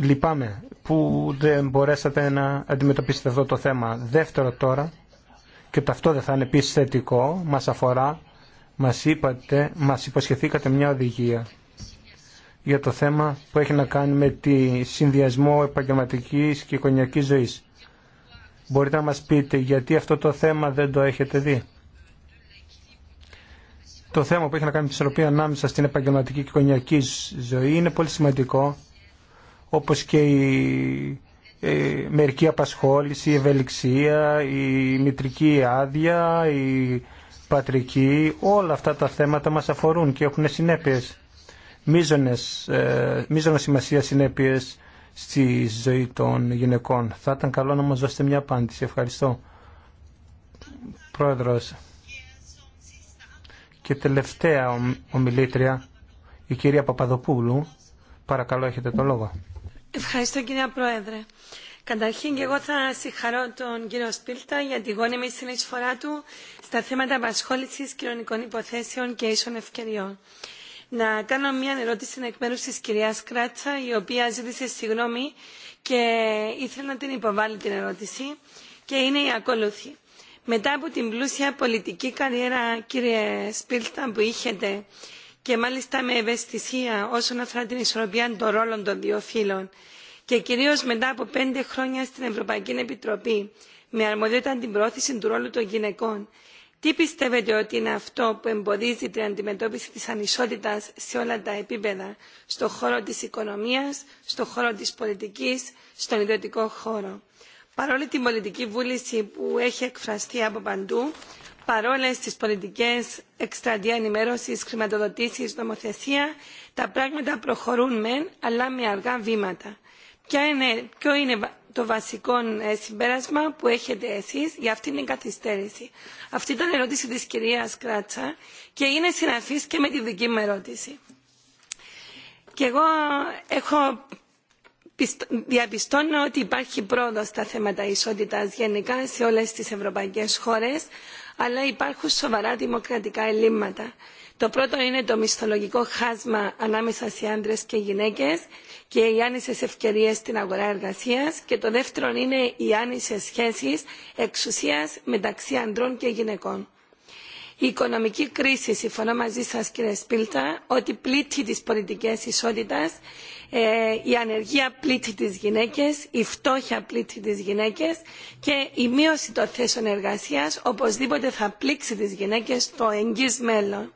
λυπάμαι που δεν μπορέσατε να αντιμετωπίσετε αυτό το θέμα. Δεύτερο τώρα, και το αυτό δεν θα είναι επίση θετικό, μας αφορά, μας, είπατε, μα υποσχεθήκατε μια οδηγία για το θέμα που έχει να κάνει με τη συνδυασμό επαγγελματικής και οικογενειακή ζωής. Μπορείτε να μας πείτε γιατί αυτό το θέμα δεν το έχετε δει το θέμα που έχει να κάνει με την ισορροπία ανάμεσα στην επαγγελματική και οικογενειακή ζωή είναι πολύ σημαντικό, όπως και η ε, μερική απασχόληση, η ευελιξία, η μητρική άδεια, η πατρική, όλα αυτά τα θέματα μας αφορούν και έχουν συνέπειες, μίζωνες, ε, σημασία συνέπειες στη ζωή των γυναικών. Θα ήταν καλό να μας δώσετε μια απάντηση. Ευχαριστώ. Πρόεδρος. Και τελευταία ομιλήτρια, η κυρία Παπαδοπούλου. Παρακαλώ, έχετε το λόγο. Ευχαριστώ κυρία Πρόεδρε. Καταρχήν και εγώ θα συγχαρώ τον κύριο Σπίλτα για τη γόνιμη συνεισφορά του στα θέματα απασχόληση κοινωνικών υποθέσεων και ίσων ευκαιριών. Να κάνω μια ερώτηση εκ μέρου τη κυρία Κράτσα, η οποία ζήτησε συγγνώμη και ήθελα να την υποβάλει την ερώτηση και είναι η ακόλουθη μετά από την πλούσια πολιτική καριέρα, κύριε Σπίλτα, που είχετε και μάλιστα με ευαισθησία όσον αφορά την ισορροπία των ρόλων των δύο φύλων και κυρίως μετά από πέντε χρόνια στην Ευρωπαϊκή Επιτροπή με αρμοδιότητα την προώθηση του ρόλου των γυναικών, τι πιστεύετε ότι είναι αυτό που εμποδίζει την αντιμετώπιση της ανισότητας σε όλα τα επίπεδα, στον χώρο της οικονομίας, στον χώρο της πολιτικής, στον ιδιωτικό χώρο παρόλη την πολιτική βούληση που έχει εκφραστεί από παντού παρόλε τις πολιτικές εκστρατεία ενημέρωση, χρηματοδοτήσει, νομοθεσία τα πράγματα προχωρούν μεν αλλά με αργά βήματα. ποιο είναι το βασικό ε, συμπέρασμα που έχετε εσεί για αυτήν την καθυστέρηση. Αυτή ήταν η ερώτηση τη κυρία Κράτσα και είναι συναφή και με τη δική μου ερώτηση. Και εγώ έχω διαπιστώνω ότι υπάρχει πρόοδο στα θέματα ισότητας γενικά σε όλες τις ευρωπαϊκές χώρες αλλά υπάρχουν σοβαρά δημοκρατικά ελλείμματα. Το πρώτο είναι το μισθολογικό χάσμα ανάμεσα σε άντρε και γυναίκες και οι άνισες ευκαιρίες στην αγορά εργασίας και το δεύτερο είναι οι άνισες σχέσεις εξουσίας μεταξύ ανδρών και γυναικών. Η οικονομική κρίση, συμφωνώ μαζί σας κύριε Σπίλτα, ότι πλήττει τις πολιτικές ισότητας ε, η ανεργία πλήττει τις γυναίκες, η φτώχεια πλήττει τις γυναίκες και η μείωση των θέσεων εργασίας οπωσδήποτε θα πλήξει τις γυναίκες στο εγγύς μέλλον.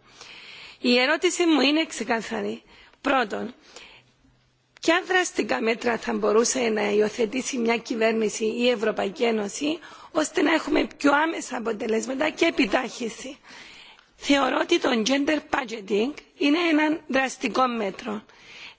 Η ερώτηση μου είναι ξεκάθαρη. Πρώτον, ποια δραστικά μέτρα θα μπορούσε να υιοθετήσει μια κυβέρνηση ή η Ευρωπαϊκή Ένωση ώστε να έχουμε πιο άμεσα αποτελέσματα και επιτάχυση. Θεωρώ ότι το gender budgeting είναι ένα δραστικό μέτρο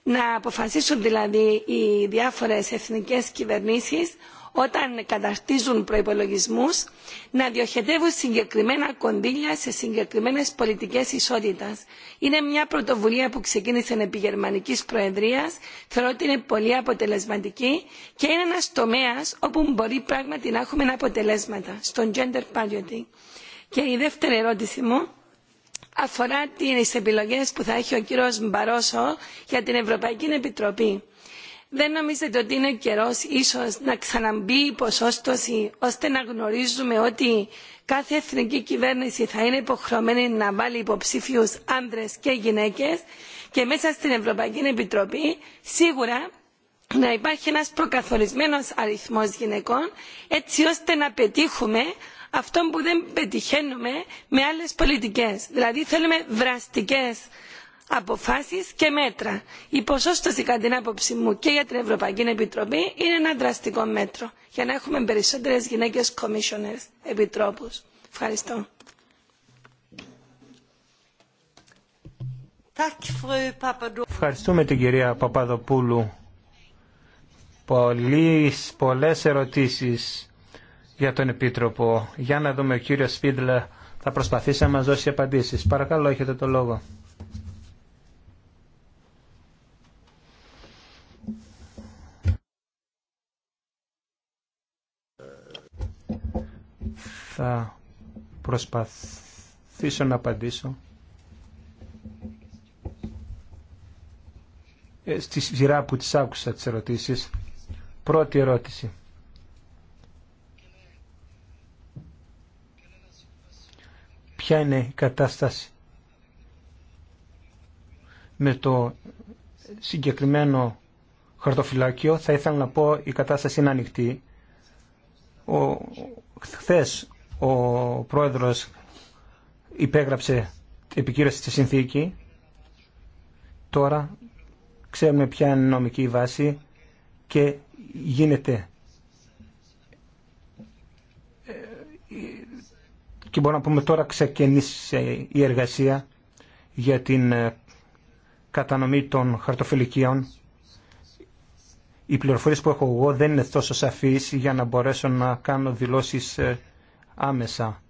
να αποφασίσουν δηλαδή οι διάφορες εθνικές κυβερνήσεις όταν καταρτίζουν προϋπολογισμούς να διοχετεύουν συγκεκριμένα κονδύλια σε συγκεκριμένες πολιτικές ισότητας. Είναι μια πρωτοβουλία που ξεκίνησε επί Γερμανικής Προεδρίας, θεωρώ ότι είναι πολύ αποτελεσματική και είναι ένας τομέας όπου μπορεί πράγματι να έχουμε αποτελέσματα, στον gender parity. Και η δεύτερη ερώτηση μου αφορά τις επιλογές που θα έχει ο κύριος Μπαρόσο για την Ευρωπαϊκή Επιτροπή. Δεν νομίζετε ότι είναι καιρός ίσως να ξαναμπεί η ποσόστοση ώστε να γνωρίζουμε ότι κάθε εθνική κυβέρνηση θα είναι υποχρεωμένη να βάλει υποψήφιους άνδρες και γυναίκες και μέσα στην Ευρωπαϊκή Επιτροπή σίγουρα να υπάρχει ένας προκαθορισμένος αριθμός γυναικών έτσι ώστε να πετύχουμε αυτό που δεν πετυχαίνουμε με άλλες πολιτικές. Δηλαδή θέλουμε δραστικές αποφάσεις και μέτρα. Η ποσόστοση κατά την άποψή μου και για την Ευρωπαϊκή Επιτροπή είναι ένα δραστικό μέτρο για να έχουμε περισσότερες γυναίκες commissioners, επιτρόπους. Ευχαριστώ. Ευχαριστούμε την κυρία Παπαδοπούλου. Πολλές, πολλές ερωτήσεις για τον Επίτροπο. Για να δούμε, ο κύριος Σπίτλε θα προσπαθήσει να μας δώσει απαντήσεις. Παρακαλώ, έχετε το λόγο. Θα προσπαθήσω να απαντήσω. Ε, στη σειρά που τις άκουσα τις ερωτήσεις. Πρώτη ερώτηση. ποια είναι η κατάσταση με το συγκεκριμένο χαρτοφυλάκιο. Θα ήθελα να πω η κατάσταση είναι ανοιχτή. Ο, χθες ο πρόεδρος υπέγραψε επικύρωση της συνθήκη. Τώρα ξέρουμε ποια είναι η νομική βάση και γίνεται και μπορούμε να πούμε τώρα ξεκίνησε η εργασία για την ε, κατανομή των χαρτοφυλικίων. Οι πληροφορίες που έχω εγώ δεν είναι τόσο σαφείς για να μπορέσω να κάνω δηλώσεις ε, άμεσα.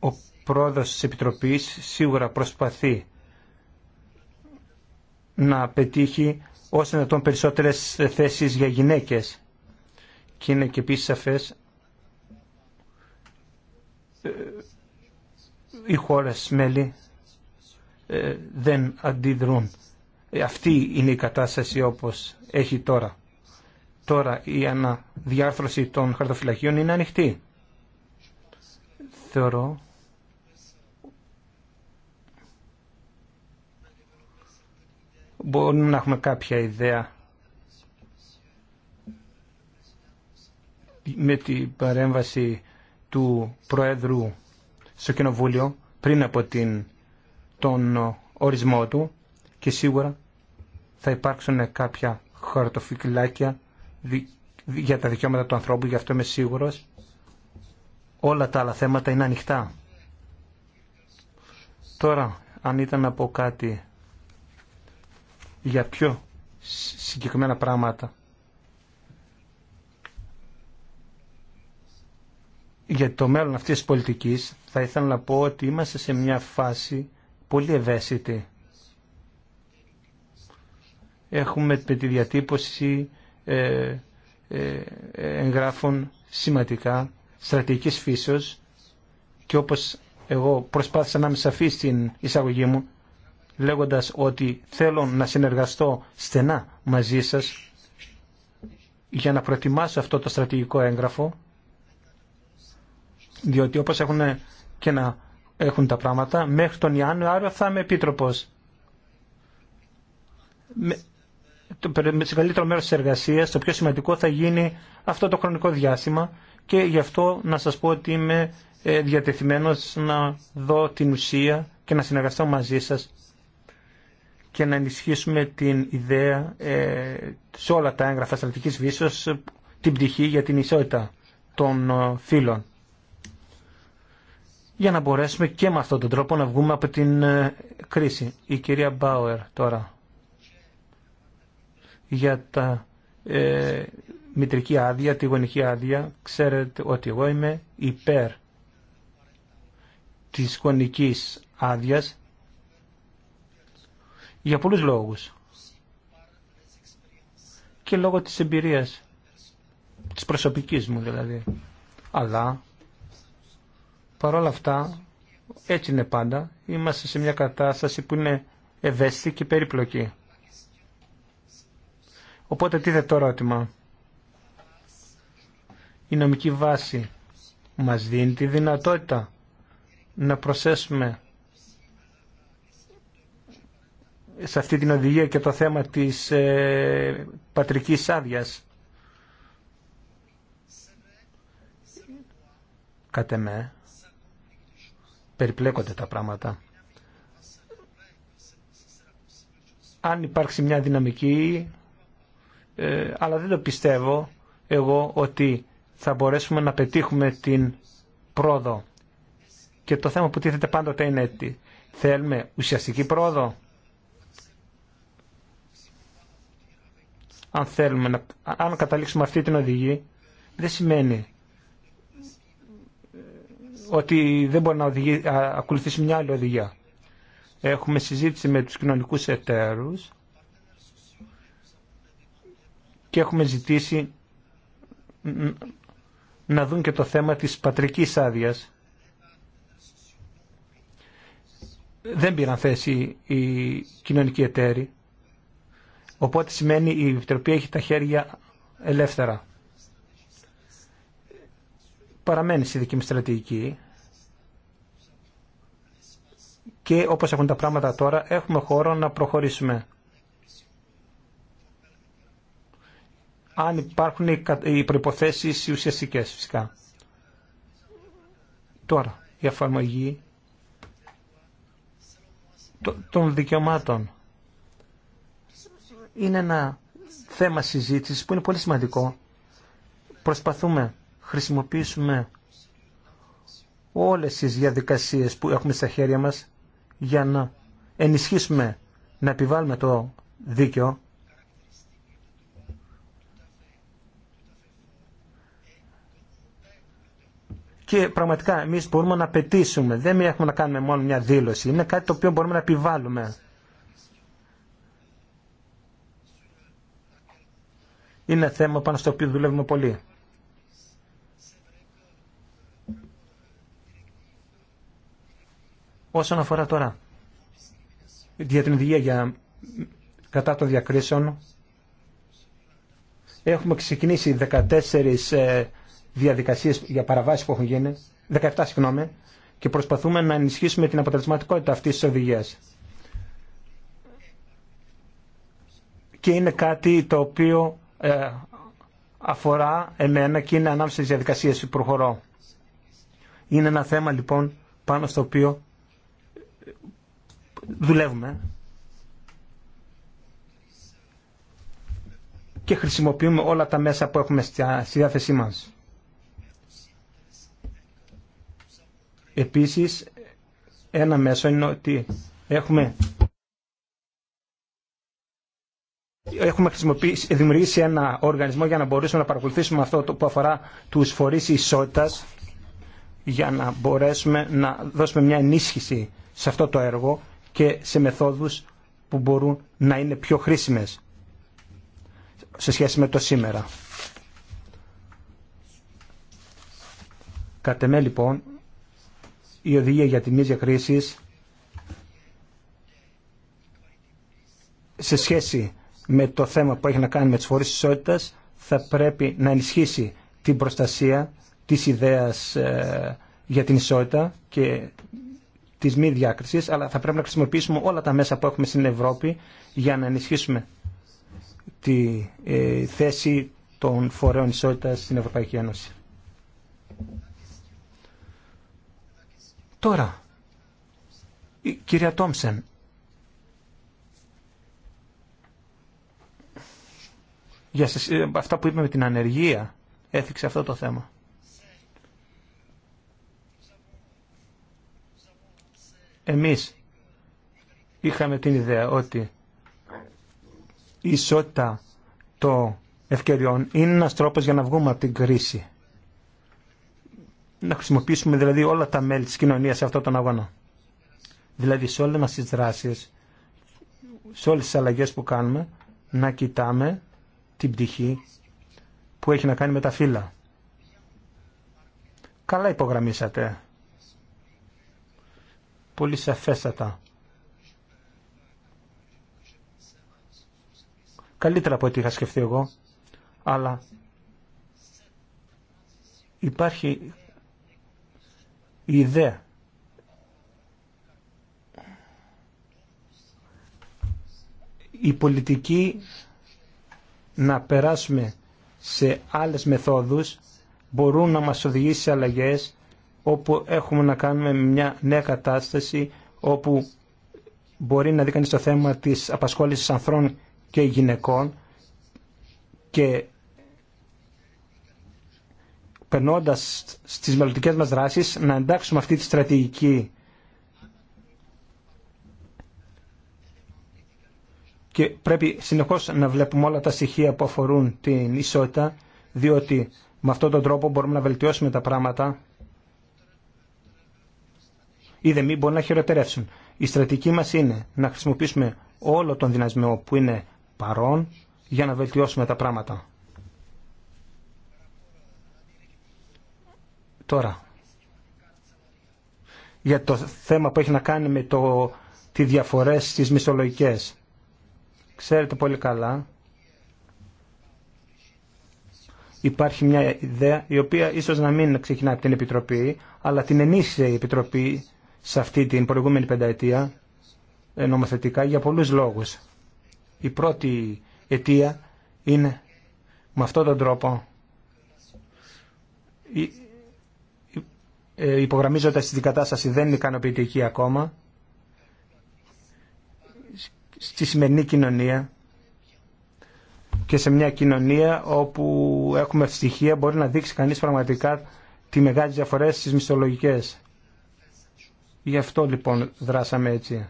Ο πρόεδρος της Επιτροπής σίγουρα προσπαθεί να πετύχει ώστε να τον περισσότερες θέσεις για γυναίκες. Και είναι και επίσης σαφές ε, οι χώρες μέλη ε, δεν αντιδρούν. Ε, αυτή είναι η κατάσταση όπως έχει τώρα. Τώρα η αναδιάρθρωση των χαρτοφυλακίων είναι ανοιχτή. Θεωρώ μπορούμε να έχουμε κάποια ιδέα με την παρέμβαση του Προέδρου στο Κοινοβούλιο πριν από την, τον ορισμό του και σίγουρα θα υπάρξουν κάποια χαρτοφυκλάκια για τα δικαιώματα του ανθρώπου, γι' αυτό είμαι σίγουρος. Όλα τα άλλα θέματα είναι ανοιχτά. Τώρα, αν ήταν να πω κάτι για πιο συγκεκριμένα πράγματα για το μέλλον αυτής της πολιτικής θα ήθελα να πω ότι είμαστε σε μια φάση πολύ ευαίσθητη. Έχουμε με τη διατύπωση ε, ε, εγγράφων σημαντικά, στρατηγικής φύσεως και όπως εγώ προσπάθησα να είμαι σαφή στην εισαγωγή μου λέγοντας ότι θέλω να συνεργαστώ στενά μαζί σας για να προετοιμάσω αυτό το στρατηγικό έγγραφο διότι όπως έχουν και να έχουν τα πράγματα, μέχρι τον Ιανουάριο θα είμαι επίτροπος. Με, το, σε καλύτερο μέρος της εργασίας, το πιο σημαντικό θα γίνει αυτό το χρονικό διάστημα και γι' αυτό να σας πω ότι είμαι ε, διατεθειμένος να δω την ουσία και να συνεργαστώ μαζί σας και να ενισχύσουμε την ιδέα ε, σε όλα τα έγγραφα στρατηγικής βίσεως την πτυχή για την ισότητα των ε, φύλων για να μπορέσουμε και με αυτόν τον τρόπο να βγούμε από την ε, κρίση. Η κυρία Μπάουερ τώρα για τα ε, μητρική άδεια, τη γονική άδεια. Ξέρετε ότι εγώ είμαι υπέρ της γονικής άδειας για πολλούς λόγους και λόγω της εμπειρίας της προσωπικής μου δηλαδή αλλά Παρ' όλα αυτά, έτσι είναι πάντα, είμαστε σε μια κατάσταση που είναι ευαίσθητη και περίπλοκη. Οπότε τι το ερώτημα. Η νομική βάση μας δίνει τη δυνατότητα να προσθέσουμε σε αυτή την οδηγία και το θέμα της ε, πατρικής άδειας. Κατ' περιπλέκονται τα πράγματα. Αν υπάρξει μια δυναμική, ε, αλλά δεν το πιστεύω εγώ ότι θα μπορέσουμε να πετύχουμε την πρόοδο. Και το θέμα που τίθεται πάντοτε είναι ότι θέλουμε ουσιαστική πρόοδο. Αν, θέλουμε να, αν καταλήξουμε αυτή την οδηγή, δεν σημαίνει ότι δεν μπορεί να ακολουθήσει μια άλλη οδηγία. Έχουμε συζήτηση με τους κοινωνικούς εταίρους και έχουμε ζητήσει να δουν και το θέμα της πατρικής άδειας. Δεν πήραν θέση οι κοινωνικοί εταίροι, οπότε σημαίνει η Επιτροπή έχει τα χέρια ελεύθερα παραμένει στη δική μου στρατηγική και όπως έχουν τα πράγματα τώρα έχουμε χώρο να προχωρήσουμε. Αν υπάρχουν οι προϋποθέσεις οι ουσιαστικές φυσικά. Τώρα, η εφαρμογή των δικαιωμάτων είναι ένα θέμα συζήτησης που είναι πολύ σημαντικό. Προσπαθούμε χρησιμοποιήσουμε όλες τις διαδικασίες που έχουμε στα χέρια μας για να ενισχύσουμε, να επιβάλλουμε το δίκαιο Και πραγματικά εμεί μπορούμε να απαιτήσουμε. Δεν έχουμε να κάνουμε μόνο μια δήλωση. Είναι κάτι το οποίο μπορούμε να επιβάλλουμε. Είναι θέμα πάνω στο οποίο δουλεύουμε πολύ. Όσον αφορά τώρα για την οδηγία για κατά των διακρίσεων, έχουμε ξεκινήσει 14 ε, διαδικασίες για παραβάσεις που έχουν γίνει, 17 συγγνώμη, και προσπαθούμε να ενισχύσουμε την αποτελεσματικότητα αυτής της οδηγίας. Και είναι κάτι το οποίο ε, αφορά εμένα και είναι ανάμεσα στις διαδικασίες που προχωρώ. Είναι ένα θέμα λοιπόν πάνω στο οποίο δουλεύουμε και χρησιμοποιούμε όλα τα μέσα που έχουμε στη διάθεσή μας. Επίσης, ένα μέσο είναι ότι έχουμε, έχουμε χρησιμοποιήσει, δημιουργήσει ένα οργανισμό για να μπορέσουμε να παρακολουθήσουμε αυτό που αφορά τους φορείς ισότητας για να μπορέσουμε να δώσουμε μια ενίσχυση σε αυτό το έργο και σε μεθόδους που μπορούν να είναι πιο χρήσιμες σε σχέση με το σήμερα. Κατ' εμέ λοιπόν η οδηγία για τιμής χρήση σε σχέση με το θέμα που έχει να κάνει με τις φορείς ισότητας θα πρέπει να ενισχύσει την προστασία της ιδέας ε, για την ισότητα και τη μη διάκριση, αλλά θα πρέπει να χρησιμοποιήσουμε όλα τα μέσα που έχουμε στην Ευρώπη για να ενισχύσουμε τη ε, θέση των φορέων ισότητα στην Ευρωπαϊκή Ένωση. Τώρα, η κυρία Τόμσεν. Για ε, αυτά που είπαμε με την ανεργία, έθιξε αυτό το θέμα. εμείς είχαμε την ιδέα ότι η ισότητα των ευκαιριών είναι ένας τρόπος για να βγούμε από την κρίση. Να χρησιμοποιήσουμε δηλαδή όλα τα μέλη της κοινωνίας σε αυτόν τον αγώνα. Δηλαδή σε όλες μας τις δράσεις, σε όλες τις αλλαγές που κάνουμε, να κοιτάμε την πτυχή που έχει να κάνει με τα φύλλα. Καλά υπογραμμίσατε πολύ σαφέστατα. Καλύτερα από ό,τι είχα σκεφτεί εγώ, αλλά υπάρχει η ιδέα η πολιτική να περάσουμε σε άλλες μεθόδους μπορούν να μας οδηγήσει σε αλλαγές όπου έχουμε να κάνουμε μια νέα κατάσταση όπου μπορεί να δει κανείς το θέμα της απασχόλησης ανθρώπων και γυναικών και περνώντα στις μελλοντικέ μας δράσεις να εντάξουμε αυτή τη στρατηγική και πρέπει συνεχώς να βλέπουμε όλα τα στοιχεία που αφορούν την ισότητα διότι με αυτόν τον τρόπο μπορούμε να βελτιώσουμε τα πράγματα ή δε μη μπορούν να χειροτερεύσουν. Η στρατηγική μας είναι να χρησιμοποιήσουμε όλο τον δυνασμό που είναι παρόν για να βελτιώσουμε τα πράγματα. Τώρα, για το θέμα που έχει να κάνει με το, τη διαφορές στις μισολογικές. Ξέρετε πολύ καλά, υπάρχει μια ιδέα η οποία ίσως να μην ξεκινά από την Επιτροπή, αλλά την ενίσχυσε η Επιτροπή σε αυτή την προηγούμενη πενταετία ε, νομοθετικά για πολλούς λόγους. Η πρώτη αιτία είναι με αυτόν τον τρόπο ε, υπογραμμίζοντας την κατάσταση δεν είναι ικανοποιητική ακόμα στη σημερινή κοινωνία και σε μια κοινωνία όπου έχουμε στοιχεία μπορεί να δείξει κανείς πραγματικά τι μεγάλες διαφορές στις μισθολογικές Γι' αυτό λοιπόν δράσαμε έτσι.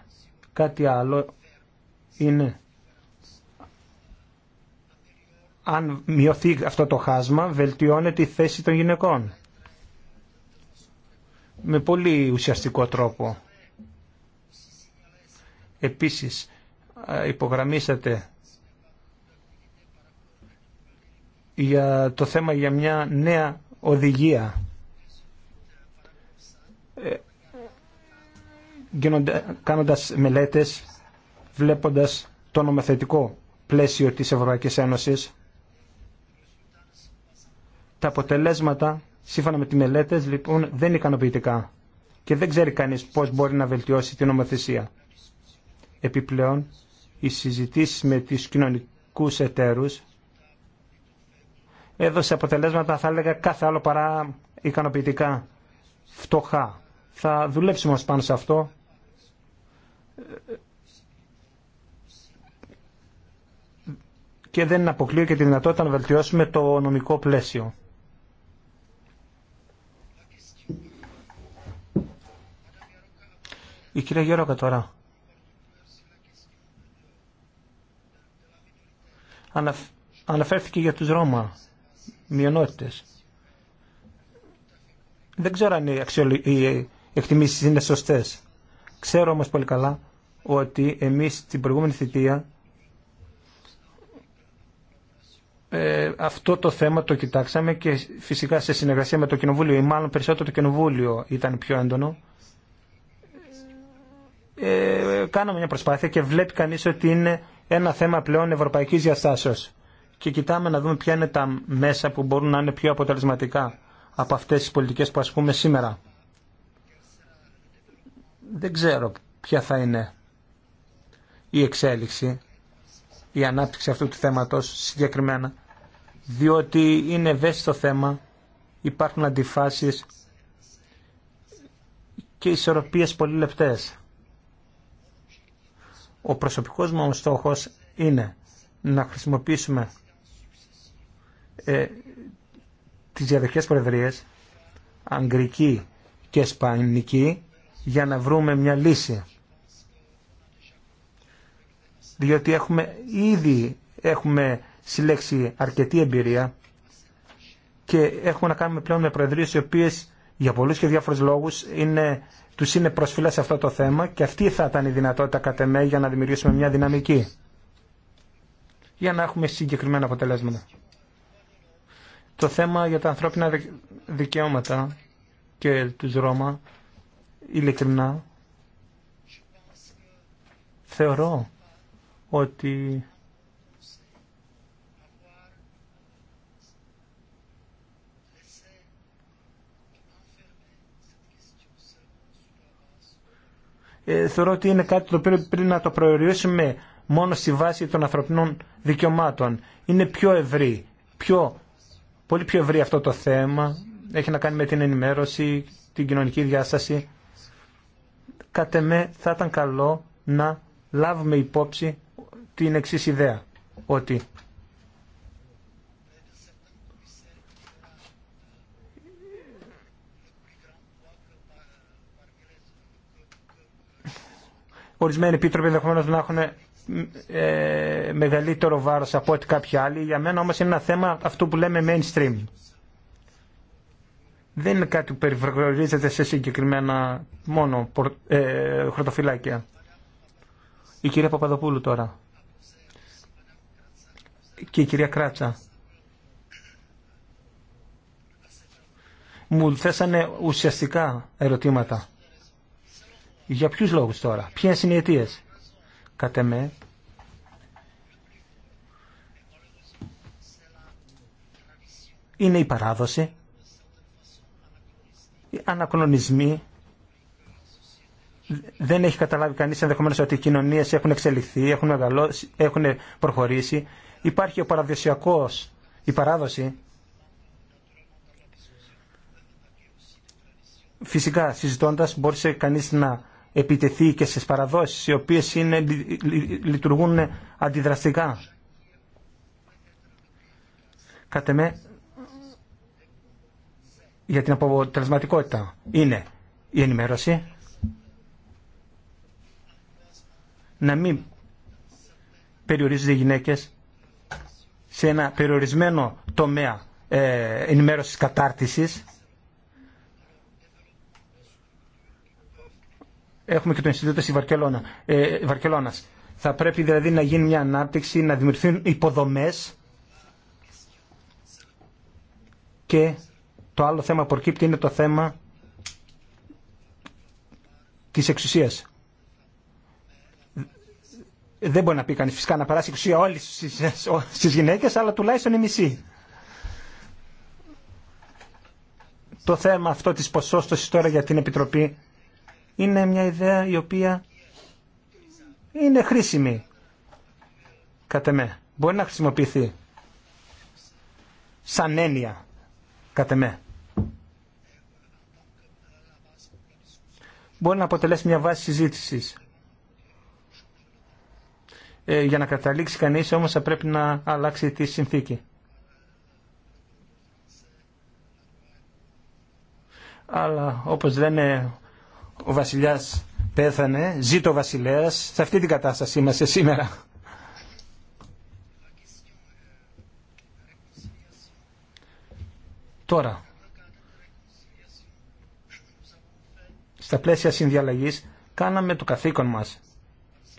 Κάτι άλλο είναι αν μειωθεί αυτό το χάσμα, βελτιώνεται η θέση των γυναικών. Με πολύ ουσιαστικό τρόπο. Επίσης, υπογραμμίσατε για το θέμα για μια νέα οδηγία κάνοντας μελέτες, βλέποντας το νομοθετικό πλαίσιο της Ευρωπαϊκής Ένωσης. Τα αποτελέσματα, σύμφωνα με τις μελέτες, λοιπόν, δεν είναι ικανοποιητικά και δεν ξέρει κανείς πώς μπορεί να βελτιώσει την νομοθεσία. Επιπλέον, οι συζητήσεις με τις κοινωνικούς εταίρους έδωσε αποτελέσματα, θα έλεγα, κάθε άλλο παρά ικανοποιητικά, φτωχά. Θα δουλέψουμε ως πάνω σε αυτό και δεν αποκλείω και τη δυνατότητα να βελτιώσουμε το νομικό πλαίσιο. Η κυρία Γιώργα τώρα. Αναφέρθηκε για τους Ρώμα, μειονότητες. Δεν ξέρω αν οι, αξιολο... οι εκτιμήσεις είναι σωστές. Ξέρω όμως πολύ καλά ότι εμείς την προηγούμενη θητεία ε, αυτό το θέμα το κοιτάξαμε και φυσικά σε συνεργασία με το Κοινοβούλιο ή μάλλον περισσότερο το Κοινοβούλιο ήταν πιο έντονο. Ε, κάναμε μια προσπάθεια και βλέπει κανείς ότι είναι ένα θέμα πλέον ευρωπαϊκής διαστάσεως και κοιτάμε να δούμε ποια είναι τα μέσα που μπορούν να είναι πιο αποτελεσματικά από αυτές τις πολιτικές που ασκούμε σήμερα δεν ξέρω ποια θα είναι η εξέλιξη, η ανάπτυξη αυτού του θέματος συγκεκριμένα, διότι είναι ευαίσθητο θέμα, υπάρχουν αντιφάσεις και ισορροπίες πολύ λεπτές. Ο προσωπικός μου στόχος είναι να χρησιμοποιήσουμε ε, τις διαδοχές προεδρίες, αγγλική και σπανική, για να βρούμε μια λύση. Διότι έχουμε ήδη έχουμε συλλέξει αρκετή εμπειρία και έχουμε να κάνουμε πλέον με προεδρίες οι οποίες για πολλούς και διάφορους λόγους είναι, τους είναι σε αυτό το θέμα και αυτή θα ήταν η δυνατότητα κατ' εμέ για να δημιουργήσουμε μια δυναμική για να έχουμε συγκεκριμένα αποτελέσματα. Το θέμα για τα ανθρώπινα δικαιώματα και τους Ρώμα ειλικρινά θεωρώ ότι ε, θεωρώ ότι είναι κάτι το οποίο πρέπει να το προεριώσουμε μόνο στη βάση των ανθρωπινών δικαιωμάτων. Είναι πιο ευρύ, πιο, πολύ πιο ευρύ αυτό το θέμα. Έχει να κάνει με την ενημέρωση, την κοινωνική διάσταση κατ' εμέ θα ήταν καλό να λάβουμε υπόψη την εξής ιδέα, ότι ορισμένοι επίτροποι ενδεχομένω να έχουν ε, μεγαλύτερο βάρος από ό,τι κάποιοι άλλοι. Για μένα όμως είναι ένα θέμα αυτό που λέμε mainstream δεν είναι κάτι που περιφραγωγίζεται σε συγκεκριμένα μόνο ε, χρωτοφυλάκια. Η κυρία Παπαδοπούλου τώρα. Και η κυρία Κράτσα. Μου θέσανε ουσιαστικά ερωτήματα. Για ποιους λόγους τώρα, ποιες είναι οι αιτίες. Κατ' εμέ, είναι η παράδοση ανακλονισμοί. δεν έχει καταλάβει κανείς ενδεχομένως ότι οι κοινωνίες έχουν εξελιχθεί, έχουν, μεγαλώσει, έχουν προχωρήσει. Υπάρχει ο παραδοσιακός, η παράδοση. Φυσικά, συζητώντας, μπορείς κανείς να επιτεθεί και στις παραδόσεις, οι οποίες είναι, λειτουργούν αντιδραστικά. Κατ' για την αποτελεσματικότητα είναι η ενημέρωση, να μην περιορίζονται οι γυναίκες σε ένα περιορισμένο τομέα ε, ενημέρωσης κατάρτισης. Έχουμε και το Ινστιτούτο στη Βαρκελώνα, ε, Βαρκελώνας. Θα πρέπει δηλαδή να γίνει μια ανάπτυξη, να δημιουργηθούν υποδομές και το άλλο θέμα που προκύπτει είναι το θέμα της εξουσίας. Δεν μπορεί να πει κανείς φυσικά να περάσει εξουσία όλες στις γυναίκες, αλλά τουλάχιστον η μισή. Το θέμα αυτό της ποσόστοσης τώρα για την Επιτροπή είναι μια ιδέα η οποία είναι χρήσιμη κατά με. Μπορεί να χρησιμοποιηθεί σαν έννοια κατά μπορεί να αποτελέσει μια βάση συζήτηση. Ε, για να καταλήξει κανεί όμω θα πρέπει να αλλάξει τη συνθήκη. Αλλά όπως λένε ο βασιλιάς πέθανε, ζήτω ο βασιλέας, σε αυτή την κατάσταση είμαστε σήμερα. Τώρα, στα πλαίσια συνδιαλλαγής κάναμε το καθήκον μας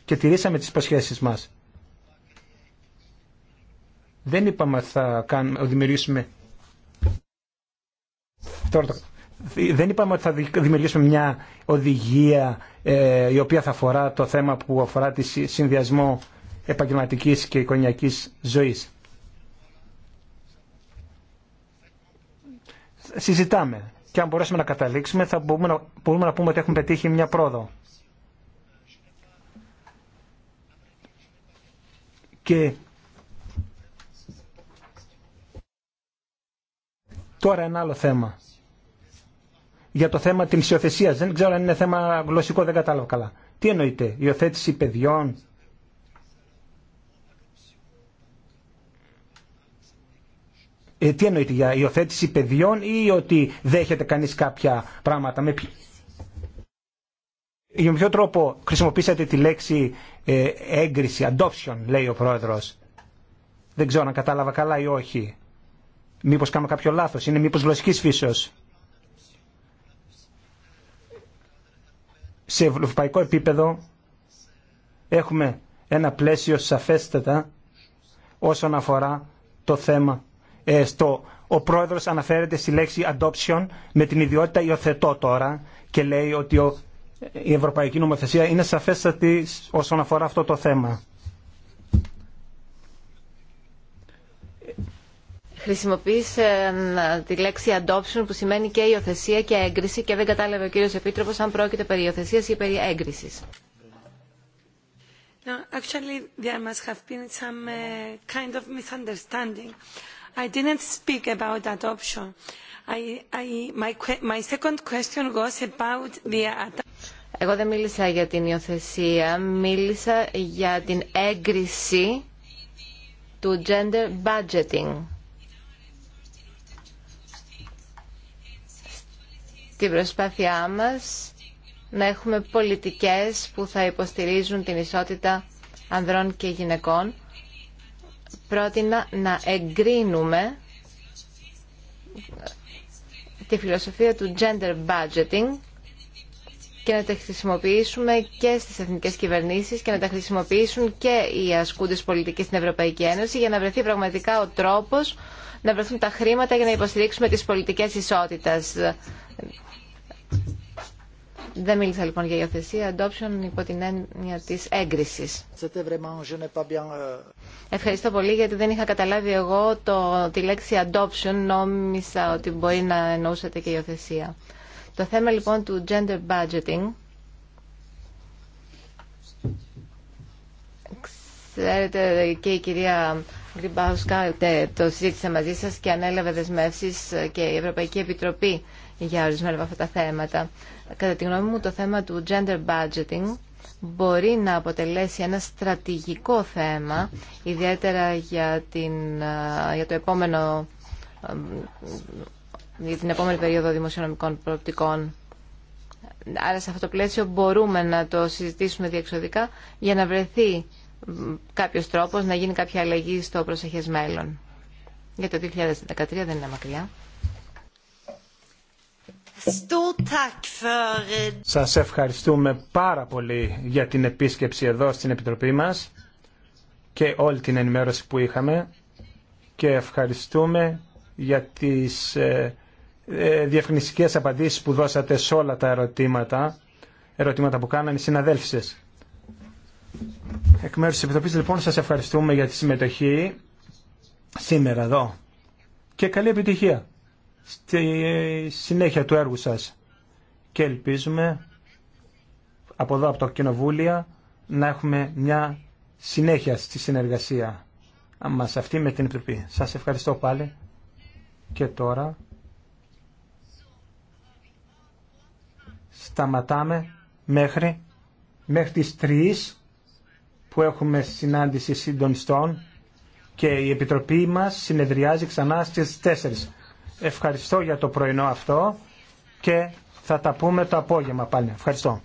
και τηρήσαμε τις υποσχέσει μας. Δεν είπαμε ότι θα κάνουμε, δημιουργήσουμε... δεν είπαμε ότι μια οδηγία ε, η οποία θα αφορά το θέμα που αφορά τη συνδυασμό επαγγελματικής και εικονιακής ζωής. Συζητάμε και αν μπορέσουμε να καταλήξουμε θα μπορούμε να, να πούμε ότι έχουμε πετύχει μια πρόοδο. Και τώρα ένα άλλο θέμα. Για το θέμα της υιοθεσία. Δεν ξέρω αν είναι θέμα γλωσσικό, δεν κατάλαβα καλά. Τι εννοείται, υιοθέτηση παιδιών, Ε, τι εννοείται για υιοθέτηση παιδιών ή ότι δέχεται κανείς κάποια πράγματα. Με ποιο... Για ποιο τρόπο χρησιμοποίησατε τη λέξη ε, έγκριση, adoption λέει ο πρόεδρος. Δεν ξέρω αν κατάλαβα καλά ή όχι. Μήπως κάνω κάποιο λάθος, είναι μήπως γλωσσικής φύσεως. Σε ευρωπαϊκό επίπεδο έχουμε ένα πλαίσιο σαφέστατα όσον αφορά το θέμα ε, ο πρόεδρος αναφέρεται στη λέξη adoption με την ιδιότητα υιοθετώ τώρα και λέει ότι ο, η Ευρωπαϊκή Νομοθεσία είναι σαφέστατη όσον αφορά αυτό το θέμα. χρησιμοποίησε τη λέξη adoption που σημαίνει και υιοθεσία και έγκριση και δεν κατάλαβε ο κύριος Επίτροπος αν πρόκειται περί υιοθεσίας ή περί έγκρισης. actually, there must have been some uh, kind of misunderstanding. Εγώ δεν μίλησα για την υιοθεσία, μίλησα για την έγκριση του gender budgeting. Στην προσπάθειά μας να έχουμε πολιτικές που θα υποστηρίζουν την ισότητα ανδρών και γυναικών πρότεινα να εγκρίνουμε τη φιλοσοφία του gender budgeting και να τα χρησιμοποιήσουμε και στις εθνικές κυβερνήσεις και να τα χρησιμοποιήσουν και οι ασκούντες πολιτικοί στην Ευρωπαϊκή Ένωση για να βρεθεί πραγματικά ο τρόπος να βρεθούν τα χρήματα για να υποστηρίξουμε τις πολιτικές ισότητας δεν μίλησα λοιπόν για υιοθεσία, adoption υπό την έννοια τη έγκριση. Euh, Ευχαριστώ πολύ γιατί δεν είχα καταλάβει εγώ το, τη λέξη adoption, νόμισα ότι μπορεί να εννοούσατε και υιοθεσία. Το θέμα λοιπόν του gender budgeting Ξέρετε και η κυρία Γκριμπάουσκα ε, το συζήτησε μαζί σας και ανέλαβε δεσμεύσεις ε, και η Ευρωπαϊκή Επιτροπή για ορισμένα από αυτά τα θέματα. Κατά τη γνώμη μου το θέμα του gender budgeting μπορεί να αποτελέσει ένα στρατηγικό θέμα, ιδιαίτερα για, την, για το επόμενο για την επόμενη περίοδο δημοσιονομικών προοπτικών. Άρα σε αυτό το πλαίσιο μπορούμε να το συζητήσουμε διεξοδικά για να βρεθεί κάποιος τρόπος να γίνει κάποια αλλαγή στο προσεχές μέλλον. Για το 2013 δεν είναι μακριά. Eh, σας ευχαριστούμε πάρα πολύ για την επίσκεψη εδώ στην Επιτροπή μας και όλη την ενημέρωση που είχαμε και ευχαριστούμε για τις ε, ε, απαντήσεις που δώσατε σε όλα τα ερωτήματα, ερωτήματα που κάνανε οι σας. Εκ μέρους της Επιτροπής λοιπόν σας ευχαριστούμε για τη συμμετοχή σήμερα εδώ και καλή επιτυχία στη συνέχεια του έργου σας και ελπίζουμε από εδώ από το κοινοβούλια να έχουμε μια συνέχεια στη συνεργασία μας αυτή με την Επιτροπή. Σας ευχαριστώ πάλι και τώρα σταματάμε μέχρι, μέχρι τις 3 που έχουμε συνάντηση συντονιστών και η Επιτροπή μας συνεδριάζει ξανά στις 4. Ευχαριστώ για το πρωινό αυτό και θα τα πούμε το απόγευμα πάλι. Ευχαριστώ.